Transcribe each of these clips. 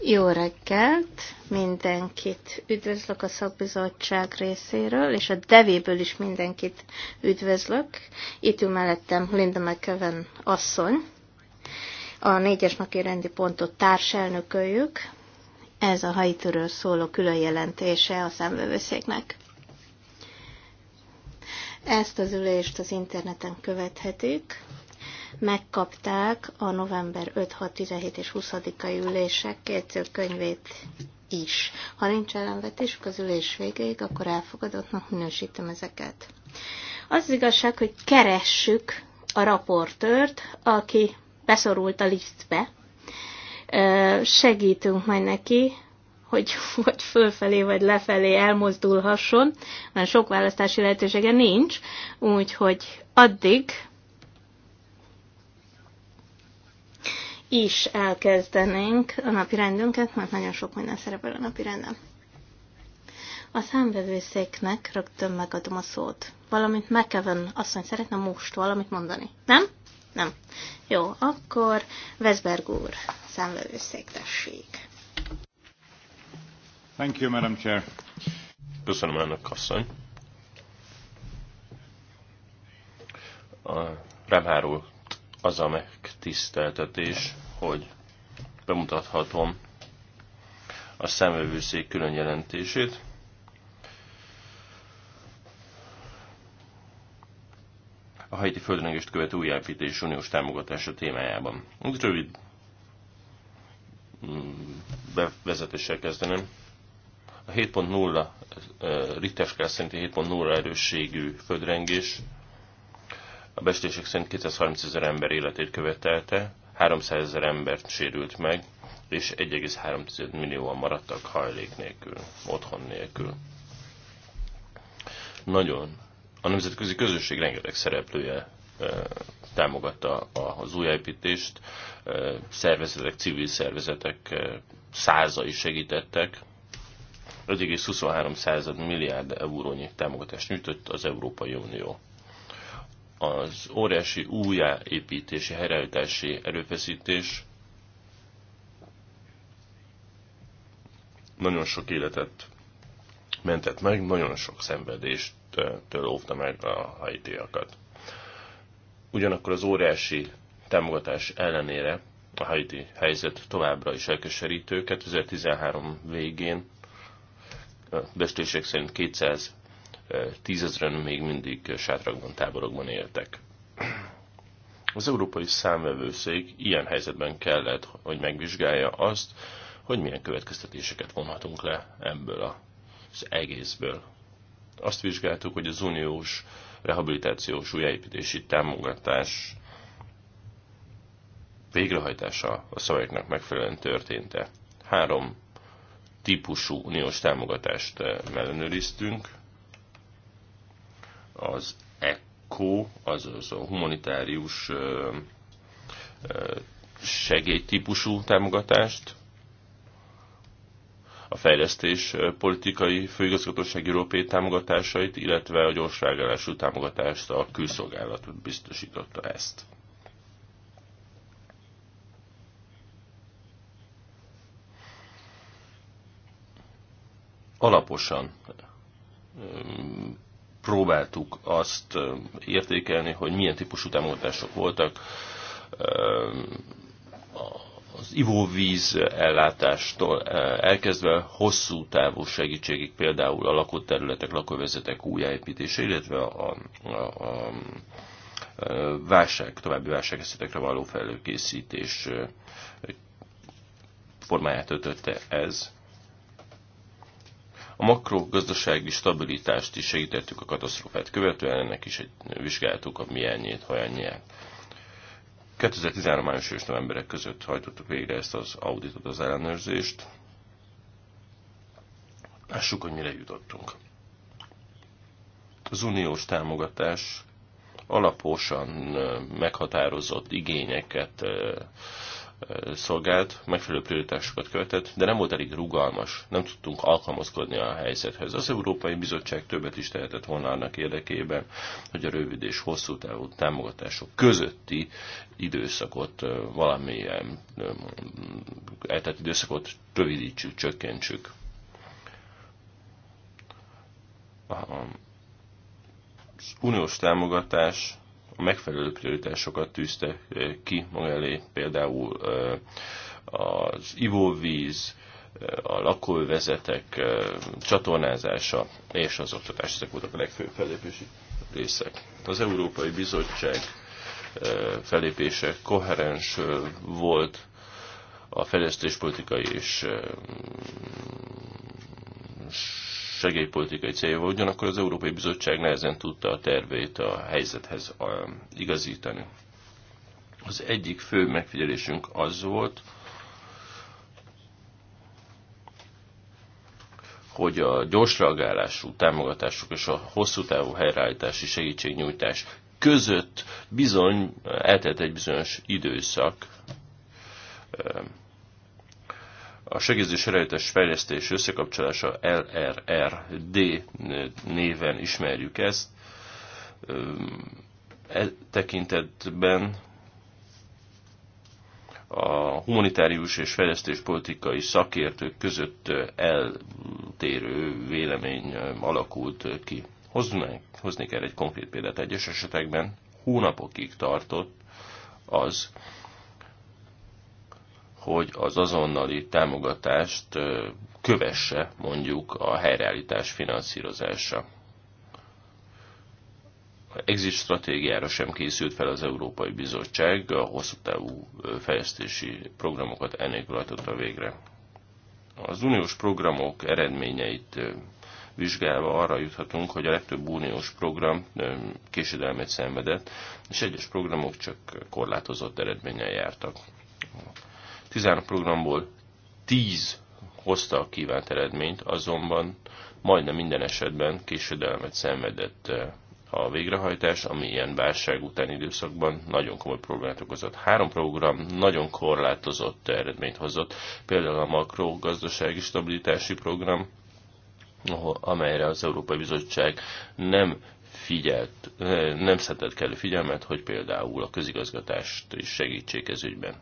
Jó reggelt! Mindenkit üdvözlök a szakbizottság részéről, és a devéből is mindenkit üdvözlök. Itt ül mellettem Linda McKeven asszony, a négyes napi rendi pontot társelnököljük. Ez a hajtőről szóló külön jelentése a szemvevőszéknek. Ezt az ülést az interneten követhetik megkapták a november 5, 6, 17 és 20-ai ülések két könyvét is. Ha nincs ellenvetés az ülés végéig, akkor elfogadottnak minősítem ezeket. Az, az igazság, hogy keressük a raportőrt, aki beszorult a liftbe. Segítünk majd neki, hogy vagy fölfelé, vagy lefelé elmozdulhasson, mert sok választási lehetősége nincs, úgyhogy addig is elkezdenénk a napi rendünket, mert nagyon sok minden szerepel a napi renden. A számvevőszéknek rögtön megadom a szót. Valamint azt, asszony szeretne most valamit mondani. Nem? Nem. Jó, akkor Veszberg úr, számvevőszék, tessék. Thank you, Madam Chair. Köszönöm, elnök asszony. A, rám az a megtiszteltetés, hogy bemutathatom a szemövőszék külön jelentését. A haiti földrengést követő újjáépítés uniós támogatása témájában. Rövid mm, bevezetéssel kezdenem. A 7.0 Richter szerinti 7.0 erősségű földrengés a bestések szerint 230 ezer ember életét követelte, 300 ezer embert sérült meg, és 1,3 millióan maradtak hajlék nélkül, otthon nélkül. Nagyon. A nemzetközi közösség rengeteg szereplője támogatta az újjáépítést, szervezetek, civil szervezetek százai segítettek, 5,23 milliárd eurónyi támogatást nyújtott az Európai Unió az óriási újjáépítési, helyreállítási erőfeszítés nagyon sok életet mentett meg, nagyon sok szenvedést óvta meg a haitiakat. Ugyanakkor az óriási támogatás ellenére a haiti helyzet továbbra is elkeserítő. 2013 végén a szerint 200 tízezren még mindig sátrakban, táborokban éltek. Az Európai Számvevőszék ilyen helyzetben kellett, hogy megvizsgálja azt, hogy milyen következtetéseket vonhatunk le ebből az egészből. Azt vizsgáltuk, hogy az uniós rehabilitációs újjáépítési támogatás végrehajtása a szavaiknak megfelelően történt-e. Három típusú uniós támogatást ellenőriztünk, az ECO, azaz a humanitárius segélytípusú támogatást, a fejlesztés politikai főigazgatósági európai támogatásait, illetve a gyorsrágálású támogatást a külszolgálat biztosította ezt. Alaposan próbáltuk azt értékelni, hogy milyen típusú támogatások voltak az ivóvíz ellátástól elkezdve hosszú távú segítségig például a lakott területek, lakóvezetek újjáépítése, illetve a, a, a válság, további válsághelyzetekre való felőkészítés formáját ötötte ez. A makrogazdasági stabilitást is segítettük a katasztrófát követően, ennek is egy, vizsgáltuk a milyenjét, hajánját. 2013. május és novemberek között hajtottuk végre ezt az auditot, az ellenőrzést. Lássuk, hogy mire jutottunk. Az uniós támogatás alaposan meghatározott igényeket szolgált, megfelelő prioritásokat követett, de nem volt elég rugalmas, nem tudtunk alkalmazkodni a helyzethez. Az Európai Bizottság többet is tehetett volna annak érdekében, hogy a rövid és hosszú távú támogatások közötti időszakot valamilyen eltelt időszakot rövidítsük, csökkentsük. Az uniós támogatás a megfelelő prioritásokat tűzte eh, ki maga elé, például eh, az ivóvíz, eh, a lakóvezetek csatornázása és az oktatás, ezek voltak a legfőbb felépési részek. Az Európai Bizottság felépése koherens volt a fejlesztéspolitikai és segélypolitikai volt, ugyanakkor az Európai Bizottság nehezen tudta a tervét a helyzethez igazítani. Az egyik fő megfigyelésünk az volt, hogy a gyors reagálású támogatások és a hosszú távú helyreállítási segítségnyújtás között bizony eltelt egy bizonyos időszak, a segítő serejtes fejlesztés összekapcsolása LRRD néven ismerjük ezt. E tekintetben a humanitárius és politikai szakértők között eltérő vélemény alakult ki. Hoznánk, hoznék erre egy konkrét példát. Egyes esetekben hónapokig tartott az, hogy az azonnali támogatást kövesse mondjuk a helyreállítás finanszírozása. Exit stratégiára sem készült fel az Európai Bizottság, a hosszú távú fejlesztési programokat enélkül hajtotta végre. Az uniós programok eredményeit vizsgálva arra juthatunk, hogy a legtöbb uniós program késedelmet szenvedett, és egyes programok csak korlátozott eredménnyel jártak. 13 programból 10 hozta a kívánt eredményt, azonban majdnem minden esetben késedelmet szenvedett eh, a végrehajtás, ami ilyen válság utáni időszakban nagyon komoly problémát okozott. Három program nagyon korlátozott eredményt hozott, például a makrogazdasági stabilitási program, amelyre az Európai Bizottság nem figyelt, eh, nem szedett kellő figyelmet, hogy például a közigazgatást is segítsék ez ügyben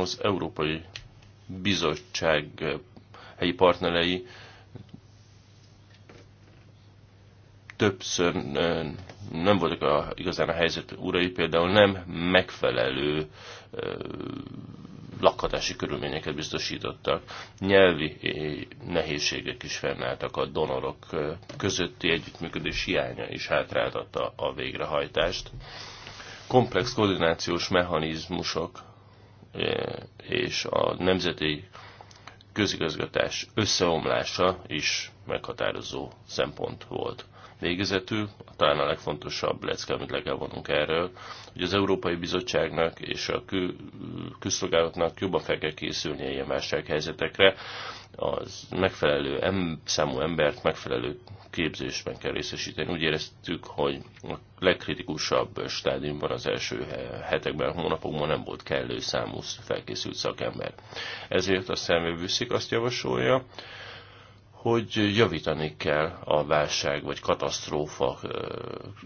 az Európai Bizottság eh, helyi partnerei többször eh, nem voltak a, igazán a helyzet urai, például nem megfelelő eh, lakhatási körülményeket biztosítottak. Nyelvi nehézségek is fennálltak a donorok közötti együttműködés hiánya is hátráltatta a végrehajtást. Komplex koordinációs mechanizmusok és a nemzeti közigazgatás összeomlása is meghatározó szempont volt. Végezetül, talán a legfontosabb lecke, amit le kell vonunk erről, hogy az Európai Bizottságnak és a kül, külszolgálatnak jobban fel kell készülnie ilyen helyzetekre, az megfelelő em, számú embert megfelelő képzésben kell részesíteni. Úgy éreztük, hogy a legkritikusabb stádiumban az első hetekben, hónapokban nem volt kellő számú felkészült szakember. Ezért a szemvevőszik azt javasolja, hogy javítani kell a válság vagy katasztrófa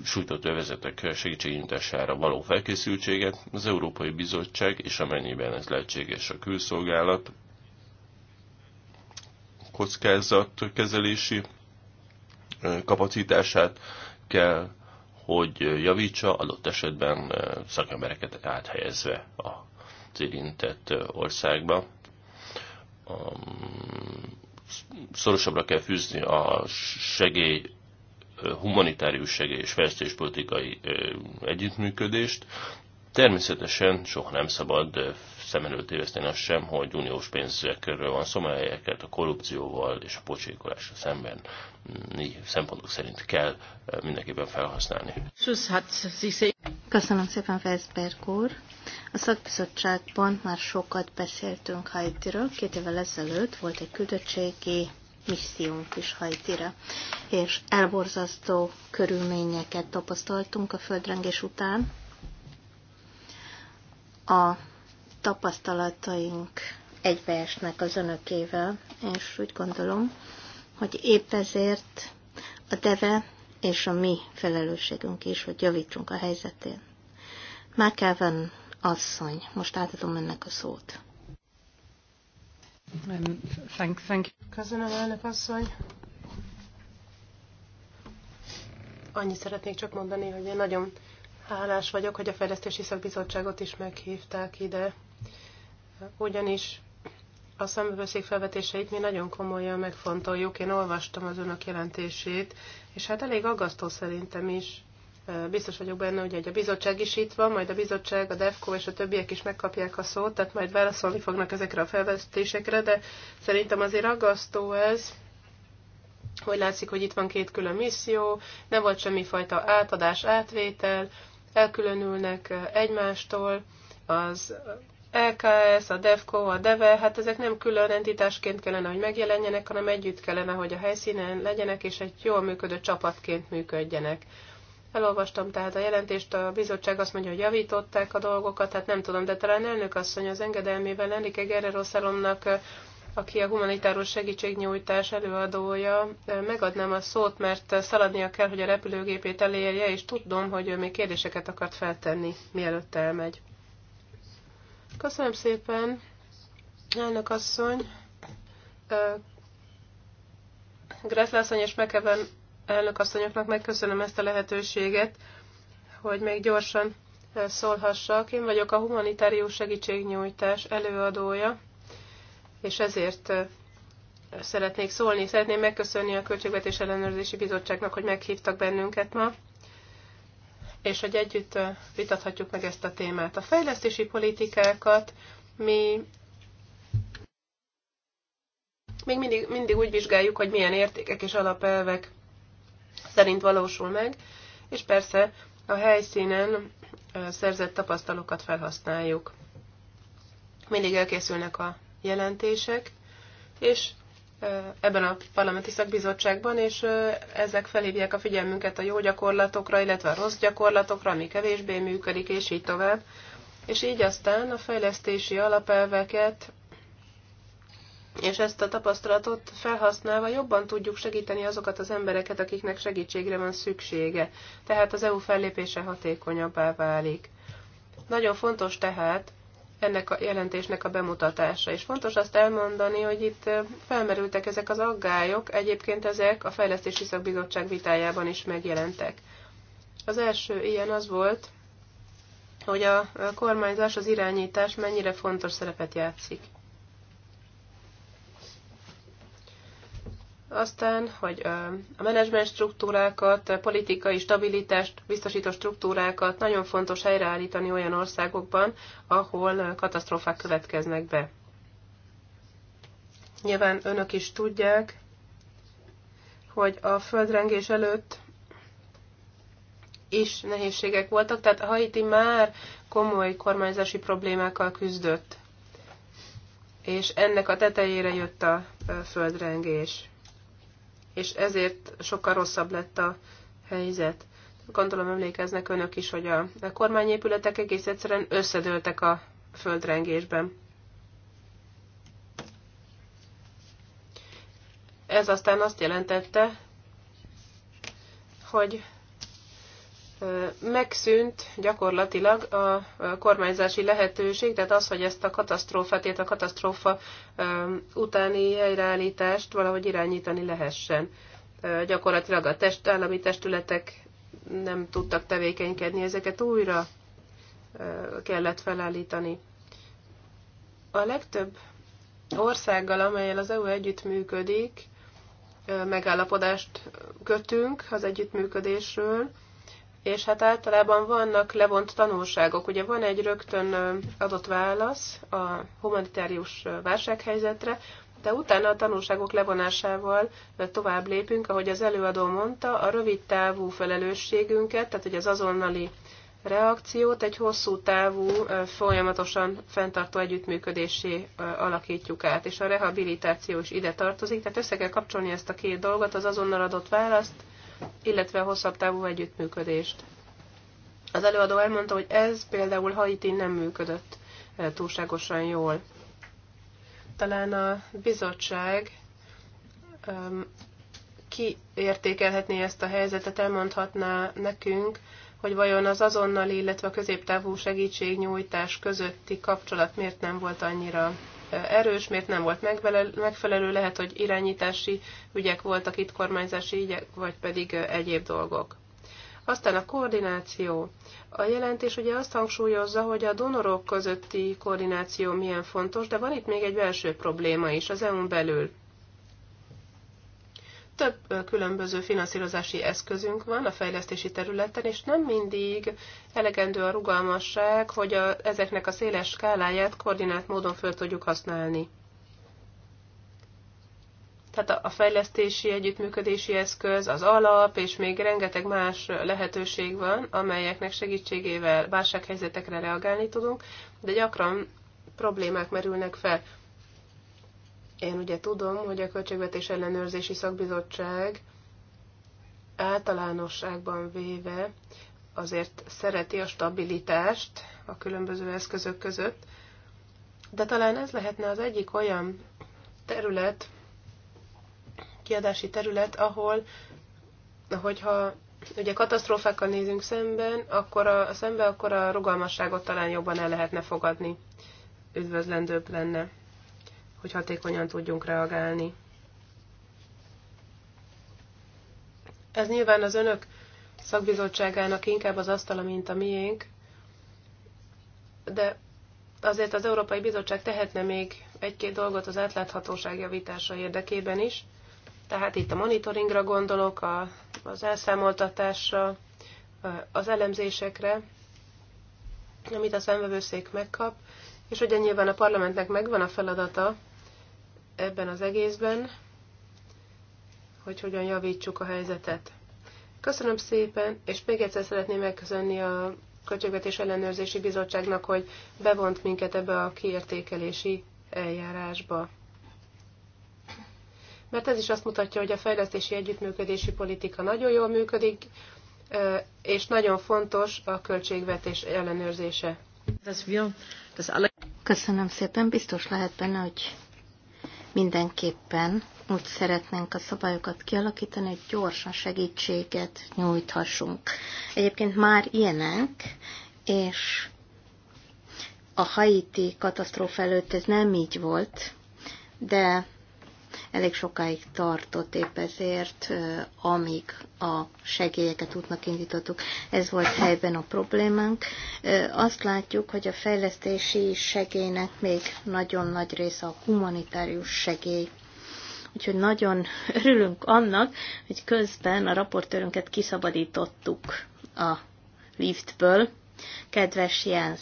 sújtott övezetek segítségnyújtására való felkészültséget. Az Európai Bizottság és amennyiben ez lehetséges a külszolgálat kockázat kezelési kapacitását kell, hogy javítsa, adott esetben szakembereket áthelyezve az érintett országba. Szorosabbra kell fűzni a segély humanitárius segély és fejlesztéspolitikai együttműködést. Természetesen soha nem szabad szem előtt éveszteni azt sem, hogy uniós pénzekről van szó, melyeket a korrupcióval és a pocsékolással szemben mm, szempontok szerint kell eh, mindenképpen felhasználni. Köszönöm szépen, Veszberg úr. A szakbizottságban már sokat beszéltünk Haitiről. Két évvel ezelőtt volt egy küldöttségi missziónk is Haitira, és elborzasztó körülményeket tapasztaltunk a földrengés után. A tapasztalataink egybeesnek az önökével, és úgy gondolom, hogy épp ezért a deve és a mi felelősségünk is, hogy javítsunk a helyzetén. McEwan asszony, most átadom ennek a szót. Thank, thank you. Köszönöm, elnök asszony. Annyit szeretnék csak mondani, hogy én nagyon hálás vagyok, hogy a Fejlesztési Szakbizottságot is meghívták ide ugyanis a szemüveszék felvetéseit mi nagyon komolyan megfontoljuk. Én olvastam az önök jelentését, és hát elég aggasztó szerintem is. Biztos vagyok benne, hogy egy a bizottság is itt van, majd a bizottság, a DEFCO és a többiek is megkapják a szót, tehát majd válaszolni fognak ezekre a felvetésekre, de szerintem azért aggasztó ez, hogy látszik, hogy itt van két külön misszió, nem volt semmifajta átadás, átvétel, elkülönülnek egymástól, az LKS, a DEVCO, a DEVE, hát ezek nem külön entitásként kellene, hogy megjelenjenek, hanem együtt kellene, hogy a helyszínen legyenek, és egy jól működő csapatként működjenek. Elolvastam tehát a jelentést, a bizottság azt mondja, hogy javították a dolgokat, hát nem tudom, de talán elnök asszony az engedelmével Enrique Guerrero Szalomnak, aki a humanitárus segítségnyújtás előadója, megadnám a szót, mert szaladnia kell, hogy a repülőgépét elérje, és tudom, hogy ő még kérdéseket akart feltenni, mielőtt elmegy. Köszönöm szépen, elnök asszony. Gressle asszony és Mekeven elnök asszonyoknak megköszönöm ezt a lehetőséget, hogy még gyorsan szólhassak. Én vagyok a humanitárius segítségnyújtás előadója, és ezért szeretnék szólni. Szeretném megköszönni a Költségvetés Ellenőrzési Bizottságnak, hogy meghívtak bennünket ma és hogy együtt vitathatjuk meg ezt a témát. A fejlesztési politikákat mi még mindig, mindig úgy vizsgáljuk, hogy milyen értékek és alapelvek szerint valósul meg, és persze a helyszínen szerzett tapasztalokat felhasználjuk. Mindig elkészülnek a jelentések, és ebben a parlamenti szakbizottságban, és ezek felhívják a figyelmünket a jó gyakorlatokra, illetve a rossz gyakorlatokra, ami kevésbé működik, és így tovább. És így aztán a fejlesztési alapelveket és ezt a tapasztalatot felhasználva jobban tudjuk segíteni azokat az embereket, akiknek segítségre van szüksége. Tehát az EU fellépése hatékonyabbá válik. Nagyon fontos tehát, ennek a jelentésnek a bemutatása. És fontos azt elmondani, hogy itt felmerültek ezek az aggályok, egyébként ezek a Fejlesztési Szakbizottság vitájában is megjelentek. Az első ilyen az volt, hogy a kormányzás, az irányítás mennyire fontos szerepet játszik. aztán, hogy a menedzsment struktúrákat, politikai stabilitást biztosító struktúrákat nagyon fontos helyreállítani olyan országokban, ahol katasztrófák következnek be. Nyilván önök is tudják, hogy a földrengés előtt is nehézségek voltak, tehát Haiti már komoly kormányzási problémákkal küzdött, és ennek a tetejére jött a földrengés és ezért sokkal rosszabb lett a helyzet. Gondolom emlékeznek önök is, hogy a kormányépületek egész egyszerűen összedőltek a földrengésben. Ez aztán azt jelentette, hogy megszűnt gyakorlatilag a kormányzási lehetőség, tehát az, hogy ezt a katasztrófát, illetve a katasztrófa utáni helyreállítást valahogy irányítani lehessen. Gyakorlatilag a test, állami testületek nem tudtak tevékenykedni, ezeket újra kellett felállítani. A legtöbb országgal, amelyel az EU együttműködik, megállapodást kötünk az együttműködésről, és hát általában vannak levont tanulságok. Ugye van egy rögtön adott válasz a humanitárius válsághelyzetre, de utána a tanulságok levonásával tovább lépünk, ahogy az előadó mondta, a rövid távú felelősségünket, tehát hogy az azonnali reakciót egy hosszú távú, folyamatosan fenntartó együttműködésé alakítjuk át, és a rehabilitáció is ide tartozik, tehát össze kell kapcsolni ezt a két dolgot, az azonnal adott választ illetve a hosszabb távú együttműködést. Az előadó elmondta, hogy ez például Haiti nem működött e, túlságosan jól. Talán a bizottság um, kiértékelhetné ezt a helyzetet, elmondhatná nekünk, hogy vajon az azonnali, illetve a középtávú segítségnyújtás közötti kapcsolat miért nem volt annyira erős, miért nem volt megfelelő, lehet, hogy irányítási ügyek voltak itt, kormányzási ügyek, vagy pedig egyéb dolgok. Aztán a koordináció. A jelentés ugye azt hangsúlyozza, hogy a donorok közötti koordináció milyen fontos, de van itt még egy belső probléma is az EU-n belül több különböző finanszírozási eszközünk van a fejlesztési területen, és nem mindig elegendő a rugalmasság, hogy a, ezeknek a széles skáláját koordinált módon föl tudjuk használni. Tehát a, fejlesztési együttműködési eszköz, az alap, és még rengeteg más lehetőség van, amelyeknek segítségével válsághelyzetekre reagálni tudunk, de gyakran problémák merülnek fel. Én ugye tudom, hogy a Költségvetés Ellenőrzési Szakbizottság általánosságban véve azért szereti a stabilitást a különböző eszközök között, de talán ez lehetne az egyik olyan terület, kiadási terület, ahol, hogyha ugye katasztrófákkal nézünk szemben, akkor a, szembe, akkor a rugalmasságot talán jobban el lehetne fogadni. Üdvözlendőbb lenne hogy hatékonyan tudjunk reagálni. Ez nyilván az önök szakbizottságának inkább az asztala, mint a miénk, de azért az Európai Bizottság tehetne még egy-két dolgot az átláthatóság javítása érdekében is. Tehát itt a monitoringra gondolok, a, az elszámoltatásra, az elemzésekre, amit a szemvevőszék megkap, és ugye nyilván a parlamentnek megvan a feladata, ebben az egészben, hogy hogyan javítsuk a helyzetet. Köszönöm szépen, és még egyszer szeretném megköszönni a Költségvetés Ellenőrzési Bizottságnak, hogy bevont minket ebbe a kiértékelési eljárásba. Mert ez is azt mutatja, hogy a fejlesztési együttműködési politika nagyon jól működik, és nagyon fontos a költségvetés ellenőrzése. Köszönöm szépen, biztos lehet benne, hogy Mindenképpen úgy szeretnénk a szabályokat kialakítani, hogy gyorsan segítséget nyújthassunk. Egyébként már ilyenek, és a haiti katasztrófa előtt ez nem így volt, de elég sokáig tartott épp ezért, amíg a segélyeket útnak indítottuk. Ez volt helyben a problémánk. Azt látjuk, hogy a fejlesztési segélynek még nagyon nagy része a humanitárius segély. Úgyhogy nagyon örülünk annak, hogy közben a raportőrünket kiszabadítottuk a liftből. Kedves Jens,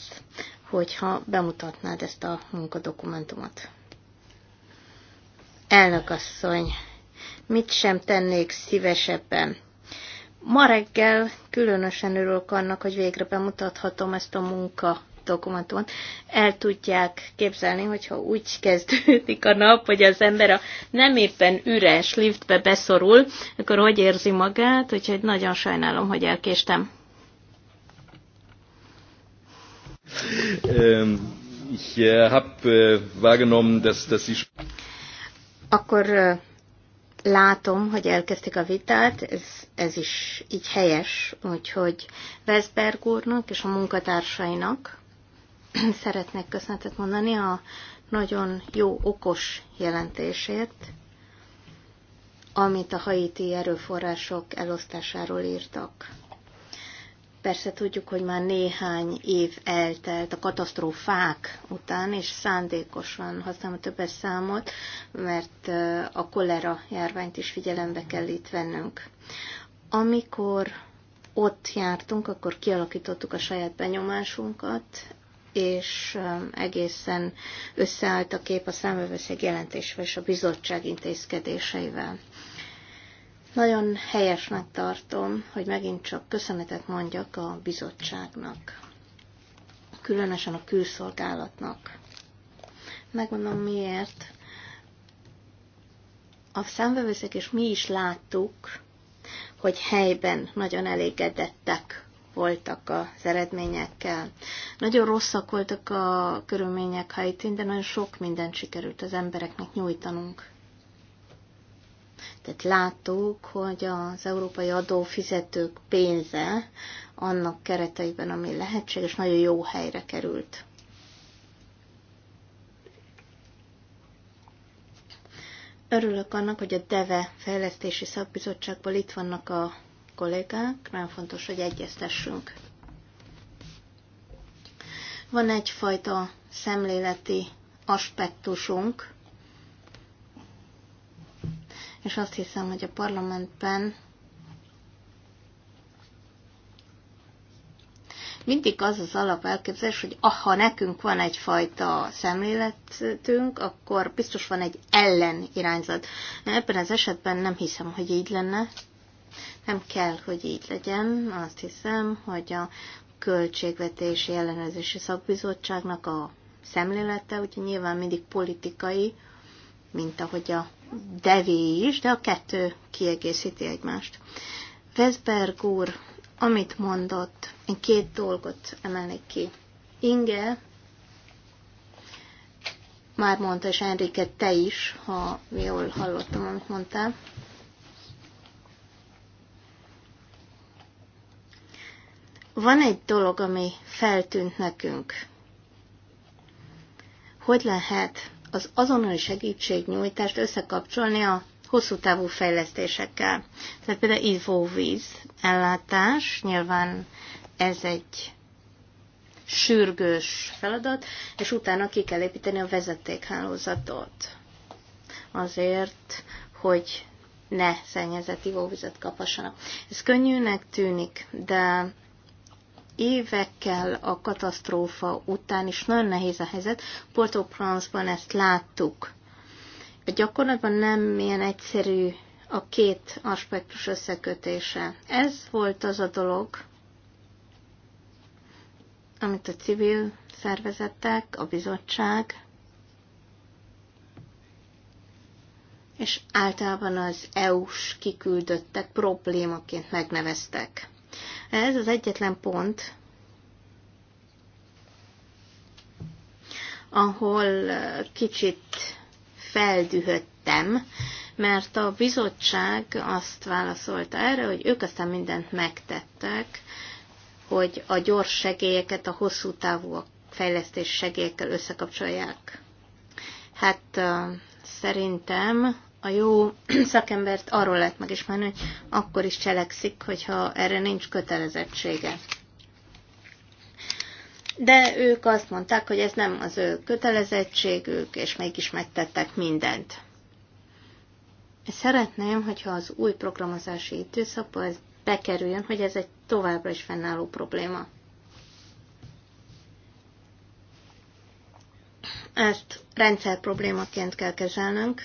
hogyha bemutatnád ezt a munkadokumentumot. Elnökasszony, mit sem tennék szívesebben. Ma reggel különösen örülök annak, hogy végre bemutathatom ezt a munka dokumentumot. El tudják képzelni, hogyha úgy kezdődik a nap, hogy az ember a nem éppen üres liftbe beszorul, akkor hogy érzi magát, úgyhogy nagyon sajnálom, hogy elkéstem. Ähm, ich äh, habe äh, wahrgenommen, dass, dass Sie akkor látom, hogy elkezdték a vitát, ez, ez is így helyes, úgyhogy Veszberg úrnak és a munkatársainak szeretnék köszönetet mondani a nagyon jó, okos jelentésért, amit a haiti erőforrások elosztásáról írtak. Persze tudjuk, hogy már néhány év eltelt a katasztrófák után, és szándékosan használom a többes számot, mert a kolera járványt is figyelembe kell itt vennünk. Amikor ott jártunk, akkor kialakítottuk a saját benyomásunkat, és egészen összeállt a kép a számövőszeg jelentésével és a bizottság intézkedéseivel. Nagyon helyesnek tartom, hogy megint csak köszönetet mondjak a bizottságnak, különösen a külszolgálatnak. Megmondom miért. A számvevőszék és mi is láttuk, hogy helyben nagyon elégedettek voltak az eredményekkel. Nagyon rosszak voltak a körülmények haiti de nagyon sok mindent sikerült az embereknek nyújtanunk. Tehát láttuk, hogy az európai adófizetők pénze annak kereteiben, ami lehetséges, nagyon jó helyre került. Örülök annak, hogy a DEVE fejlesztési szakbizottságból itt vannak a kollégák, nagyon fontos, hogy egyeztessünk. Van egyfajta szemléleti aspektusunk, és azt hiszem, hogy a parlamentben mindig az az alap elképzelés, hogy ah, ha nekünk van egyfajta szemléletünk, akkor biztos van egy ellen irányzat. Ebben az esetben nem hiszem, hogy így lenne. Nem kell, hogy így legyen. Azt hiszem, hogy a Költségvetési Ellenőrzési Szakbizottságnak a szemlélete, ugye nyilván mindig politikai, mint ahogy a Devi is, de a kettő kiegészíti egymást. Veszberg úr, amit mondott, én két dolgot emelnék ki. Inge, már mondta, és Enrique, te is, ha jól hallottam, amit mondtál. Van egy dolog, ami feltűnt nekünk. Hogy lehet az azonnali segítségnyújtást összekapcsolni a hosszú távú fejlesztésekkel. Tehát például ivóvíz ellátás, nyilván ez egy sürgős feladat, és utána ki kell építeni a vezetékhálózatot. Azért, hogy ne szennyezett ivóvizet kaphassanak. Ez könnyűnek tűnik, de évekkel a katasztrófa után is nagyon nehéz a helyzet. Port-au-Prince-ban ezt láttuk. A gyakorlatban nem ilyen egyszerű a két aspektus összekötése. Ez volt az a dolog, amit a civil szervezetek, a bizottság, és általában az EU-s kiküldöttek problémaként megneveztek. Ez az egyetlen pont, ahol kicsit feldühöttem, mert a bizottság azt válaszolta erre, hogy ők aztán mindent megtettek, hogy a gyors segélyeket a hosszú távú fejlesztés segélyekkel összekapcsolják. Hát szerintem a jó szakembert arról lehet megismerni, hogy akkor is cselekszik, hogyha erre nincs kötelezettsége. De ők azt mondták, hogy ez nem az ő kötelezettségük, és mégis megtettek mindent. Szeretném, hogyha az új programozási időszakba ez bekerüljön, hogy ez egy továbbra is fennálló probléma. Ezt rendszer problémaként kell kezelnünk,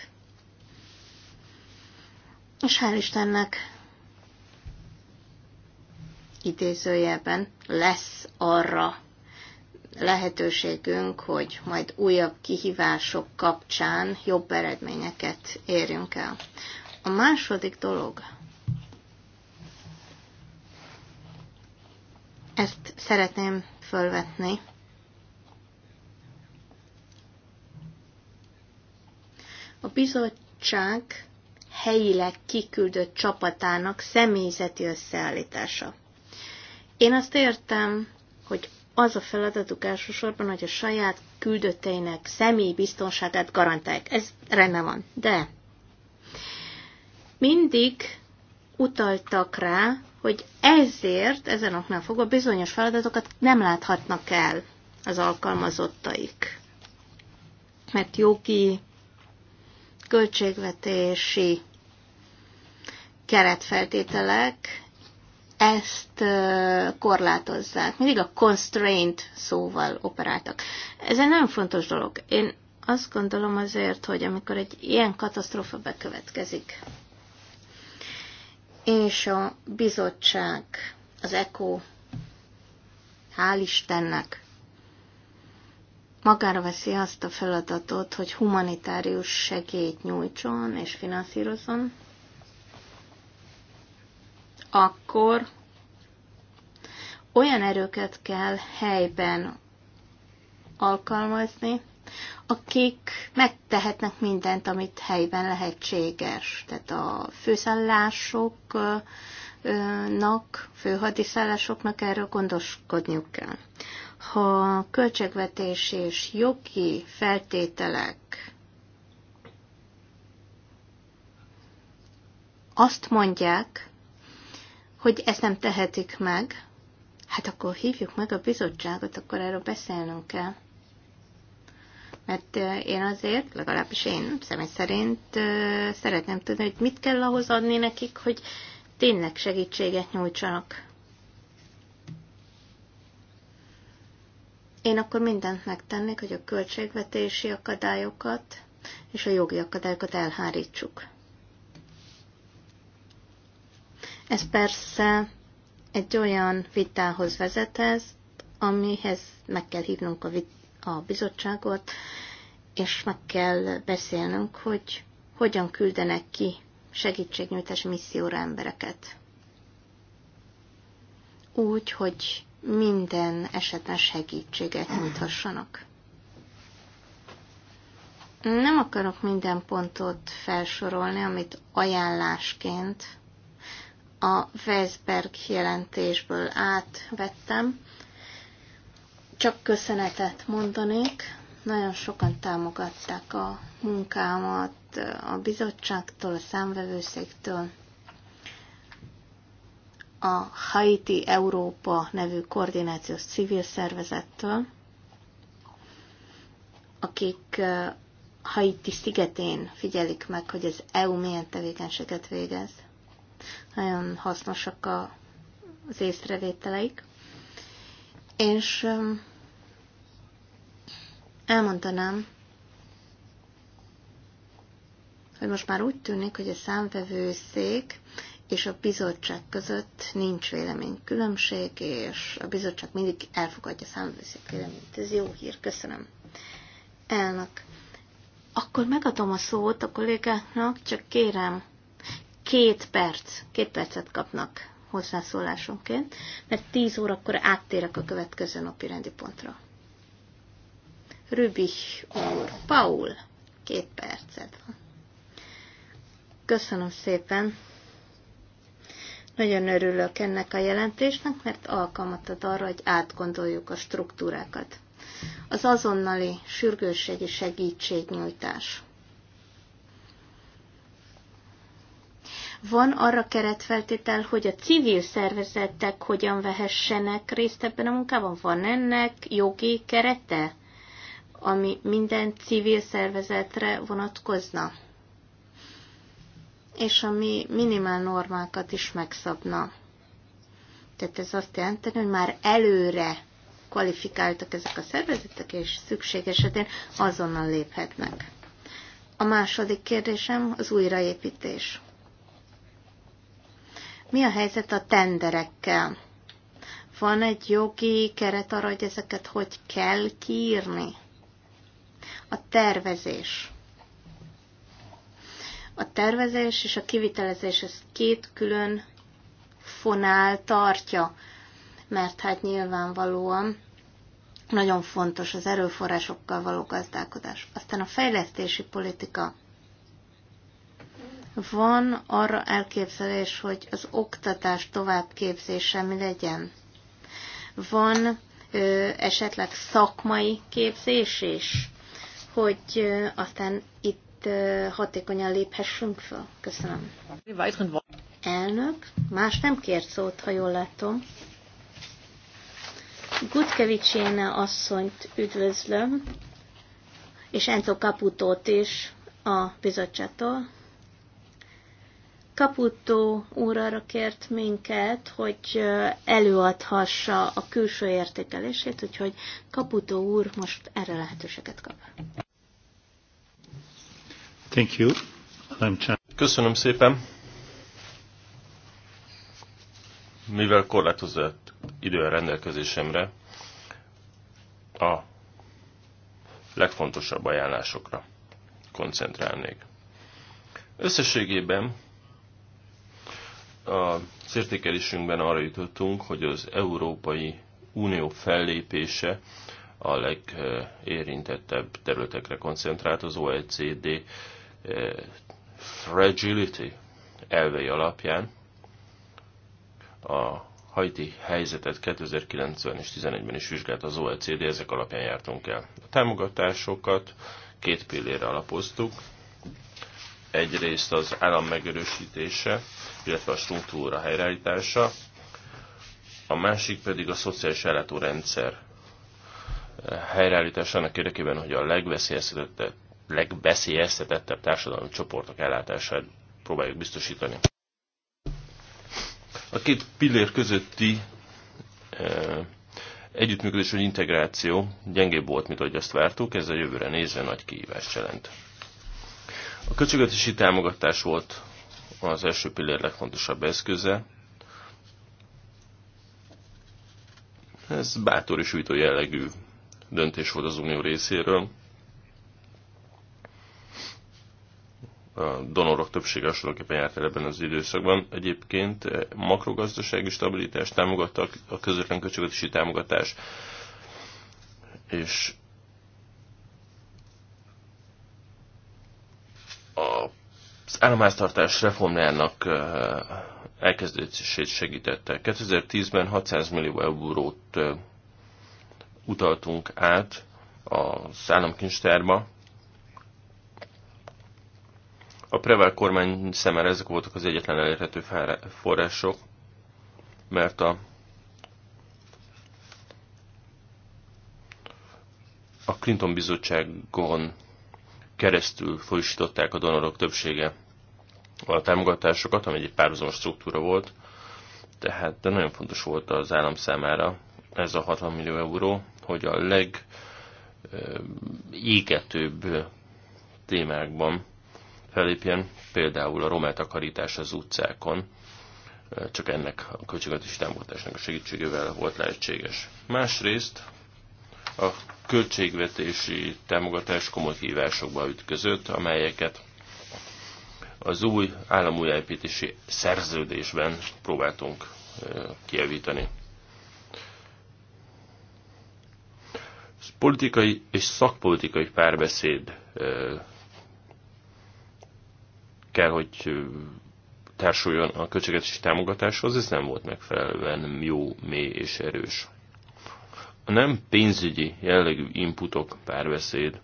és hál' Istennek idézőjelben lesz arra lehetőségünk, hogy majd újabb kihívások kapcsán jobb eredményeket érjünk el. A második dolog, ezt szeretném fölvetni, a bizottság helyileg kiküldött csapatának személyzeti összeállítása. Én azt értem, hogy az a feladatuk elsősorban, hogy a saját küldötteinek személyi biztonságát garantálják. Ez rendben van. De mindig utaltak rá, hogy ezért ezen oknál fogva bizonyos feladatokat nem láthatnak el az alkalmazottaik. Mert jogi, költségvetési keretfeltételek ezt korlátozzák. Mindig a constraint szóval operáltak. Ez egy nagyon fontos dolog. Én azt gondolom azért, hogy amikor egy ilyen katasztrófa bekövetkezik, és a bizottság, az ECO, hál' Istennek, magára veszi azt a feladatot, hogy humanitárius segélyt nyújtson és finanszírozon, akkor olyan erőket kell helyben alkalmazni, akik megtehetnek mindent, amit helyben lehetséges. Tehát a főszállásoknak, főhadiszállásoknak erről gondoskodniuk kell. Ha költségvetés és jogi feltételek azt mondják, hogy ezt nem tehetik meg, hát akkor hívjuk meg a bizottságot, akkor erről beszélnünk kell. Mert én azért, legalábbis én személy szerint szeretném tudni, hogy mit kell ahhoz adni nekik, hogy tényleg segítséget nyújtsanak. Én akkor mindent megtennék, hogy a költségvetési akadályokat és a jogi akadályokat elhárítsuk. Ez persze egy olyan vitához vezethez, amihez meg kell hívnunk a, vit- a bizottságot, és meg kell beszélnünk, hogy hogyan küldenek ki segítségnyújtás misszióra embereket. Úgy, hogy minden esetben segítséget nyújthassanak. Nem akarok minden pontot felsorolni, amit ajánlásként a Weisberg jelentésből átvettem. Csak köszönetet mondanék. Nagyon sokan támogatták a munkámat a bizottságtól, a számvevőszéktől. A Haiti Európa nevű koordinációs civil szervezettől, akik Haiti szigetén figyelik meg, hogy az EU milyen tevékenységet végez nagyon hasznosak a, az észrevételeik. És elmondanám, hogy most már úgy tűnik, hogy a számvevőszék és a bizottság között nincs véleménykülönbség, és a bizottság mindig elfogadja a számvevőszék véleményt. Ez jó hír, köszönöm. Elnök. Akkor megadom a szót a kollégáknak, csak kérem, két perc, két percet kapnak hozzászólásonként, mert 10 órakor áttérek a következő napi rendi pontra. Rübich úr, Paul, két percet. van. Köszönöm szépen. Nagyon örülök ennek a jelentésnek, mert alkalmat ad arra, hogy átgondoljuk a struktúrákat. Az azonnali sürgősségi segítségnyújtás Van arra keretfeltétel, hogy a civil szervezetek hogyan vehessenek részt ebben a munkában? Van ennek jogi kerete, ami minden civil szervezetre vonatkozna? És ami minimál normákat is megszabna. Tehát ez azt jelenti, hogy már előre kvalifikáltak ezek a szervezetek, és szükség esetén azonnal léphetnek. A második kérdésem az újraépítés. Mi a helyzet a tenderekkel? Van egy jogi keret arra, hogy ezeket hogy kell kiírni? A tervezés. A tervezés és a kivitelezés, ez két külön fonál tartja, mert hát nyilvánvalóan nagyon fontos az erőforrásokkal való gazdálkodás. Aztán a fejlesztési politika. Van arra elképzelés, hogy az oktatás továbbképzése mi legyen? Van ö, esetleg szakmai képzés is, hogy ö, aztán itt ö, hatékonyan léphessünk fel? Köszönöm. Elnök, más nem kért szót, ha jól látom. Gutkevicséne asszonyt üdvözlöm, és Enzo Caputót is a bizottságtól. Kaputó úr arra kért minket, hogy előadhassa a külső értékelését, úgyhogy Kaputó úr most erre lehetőséget kap. Thank you. Köszönöm szépen. Mivel korlátozott idő a rendelkezésemre, a legfontosabb ajánlásokra koncentrálnék. Összességében a értékelésünkben arra jutottunk, hogy az Európai Unió fellépése a legérintettebb területekre koncentrált az OECD eh, fragility elvei alapján a haiti helyzetet 2090 és 2011-ben is vizsgált az OECD, ezek alapján jártunk el. A támogatásokat két pillére alapoztuk. Egyrészt az állam megerősítése, illetve a struktúra helyreállítása, a másik pedig a szociális ellátórendszer eh, helyreállítása annak érdekében, hogy a legveszélyeztetettebb, társadalmi csoportok ellátását próbáljuk biztosítani. A két pillér közötti eh, együttműködés vagy integráció gyengébb volt, mint ahogy azt vártuk, ez a jövőre nézve nagy kihívást jelent. A költségvetési támogatás volt az első pillér legfontosabb eszköze. Ez bátor és újtó jellegű döntés volt az Unió részéről. A donorok többsége hasonlóképpen járt el ebben az időszakban. Egyébként makrogazdasági stabilitást támogattak, a közvetlen költségvetési támogatás, és a az államháztartás reformjának elkezdését segítette. 2010-ben 600 millió eurót utaltunk át az államkincstárba. A Prevel kormány szemére ezek voltak az egyetlen elérhető források, mert a a Clinton bizottságon keresztül folyosították a donorok többsége a támogatásokat, ami egy párhuzamos struktúra volt, tehát de nagyon fontos volt az állam számára ez a 60 millió euró, hogy a égetőbb témákban felépjen, például a akarítás az utcákon, csak ennek a költségvetési támogatásnak a segítségével volt lehetséges. Másrészt a költségvetési támogatás komoly hívásokba ütközött, amelyeket az új államújjáépítési szerződésben próbáltunk kijavítani. Politikai és szakpolitikai párbeszéd kell, hogy társuljon a költségvetési támogatáshoz, ez nem volt megfelelően jó, mély és erős. A nem pénzügyi jellegű inputok, párbeszéd,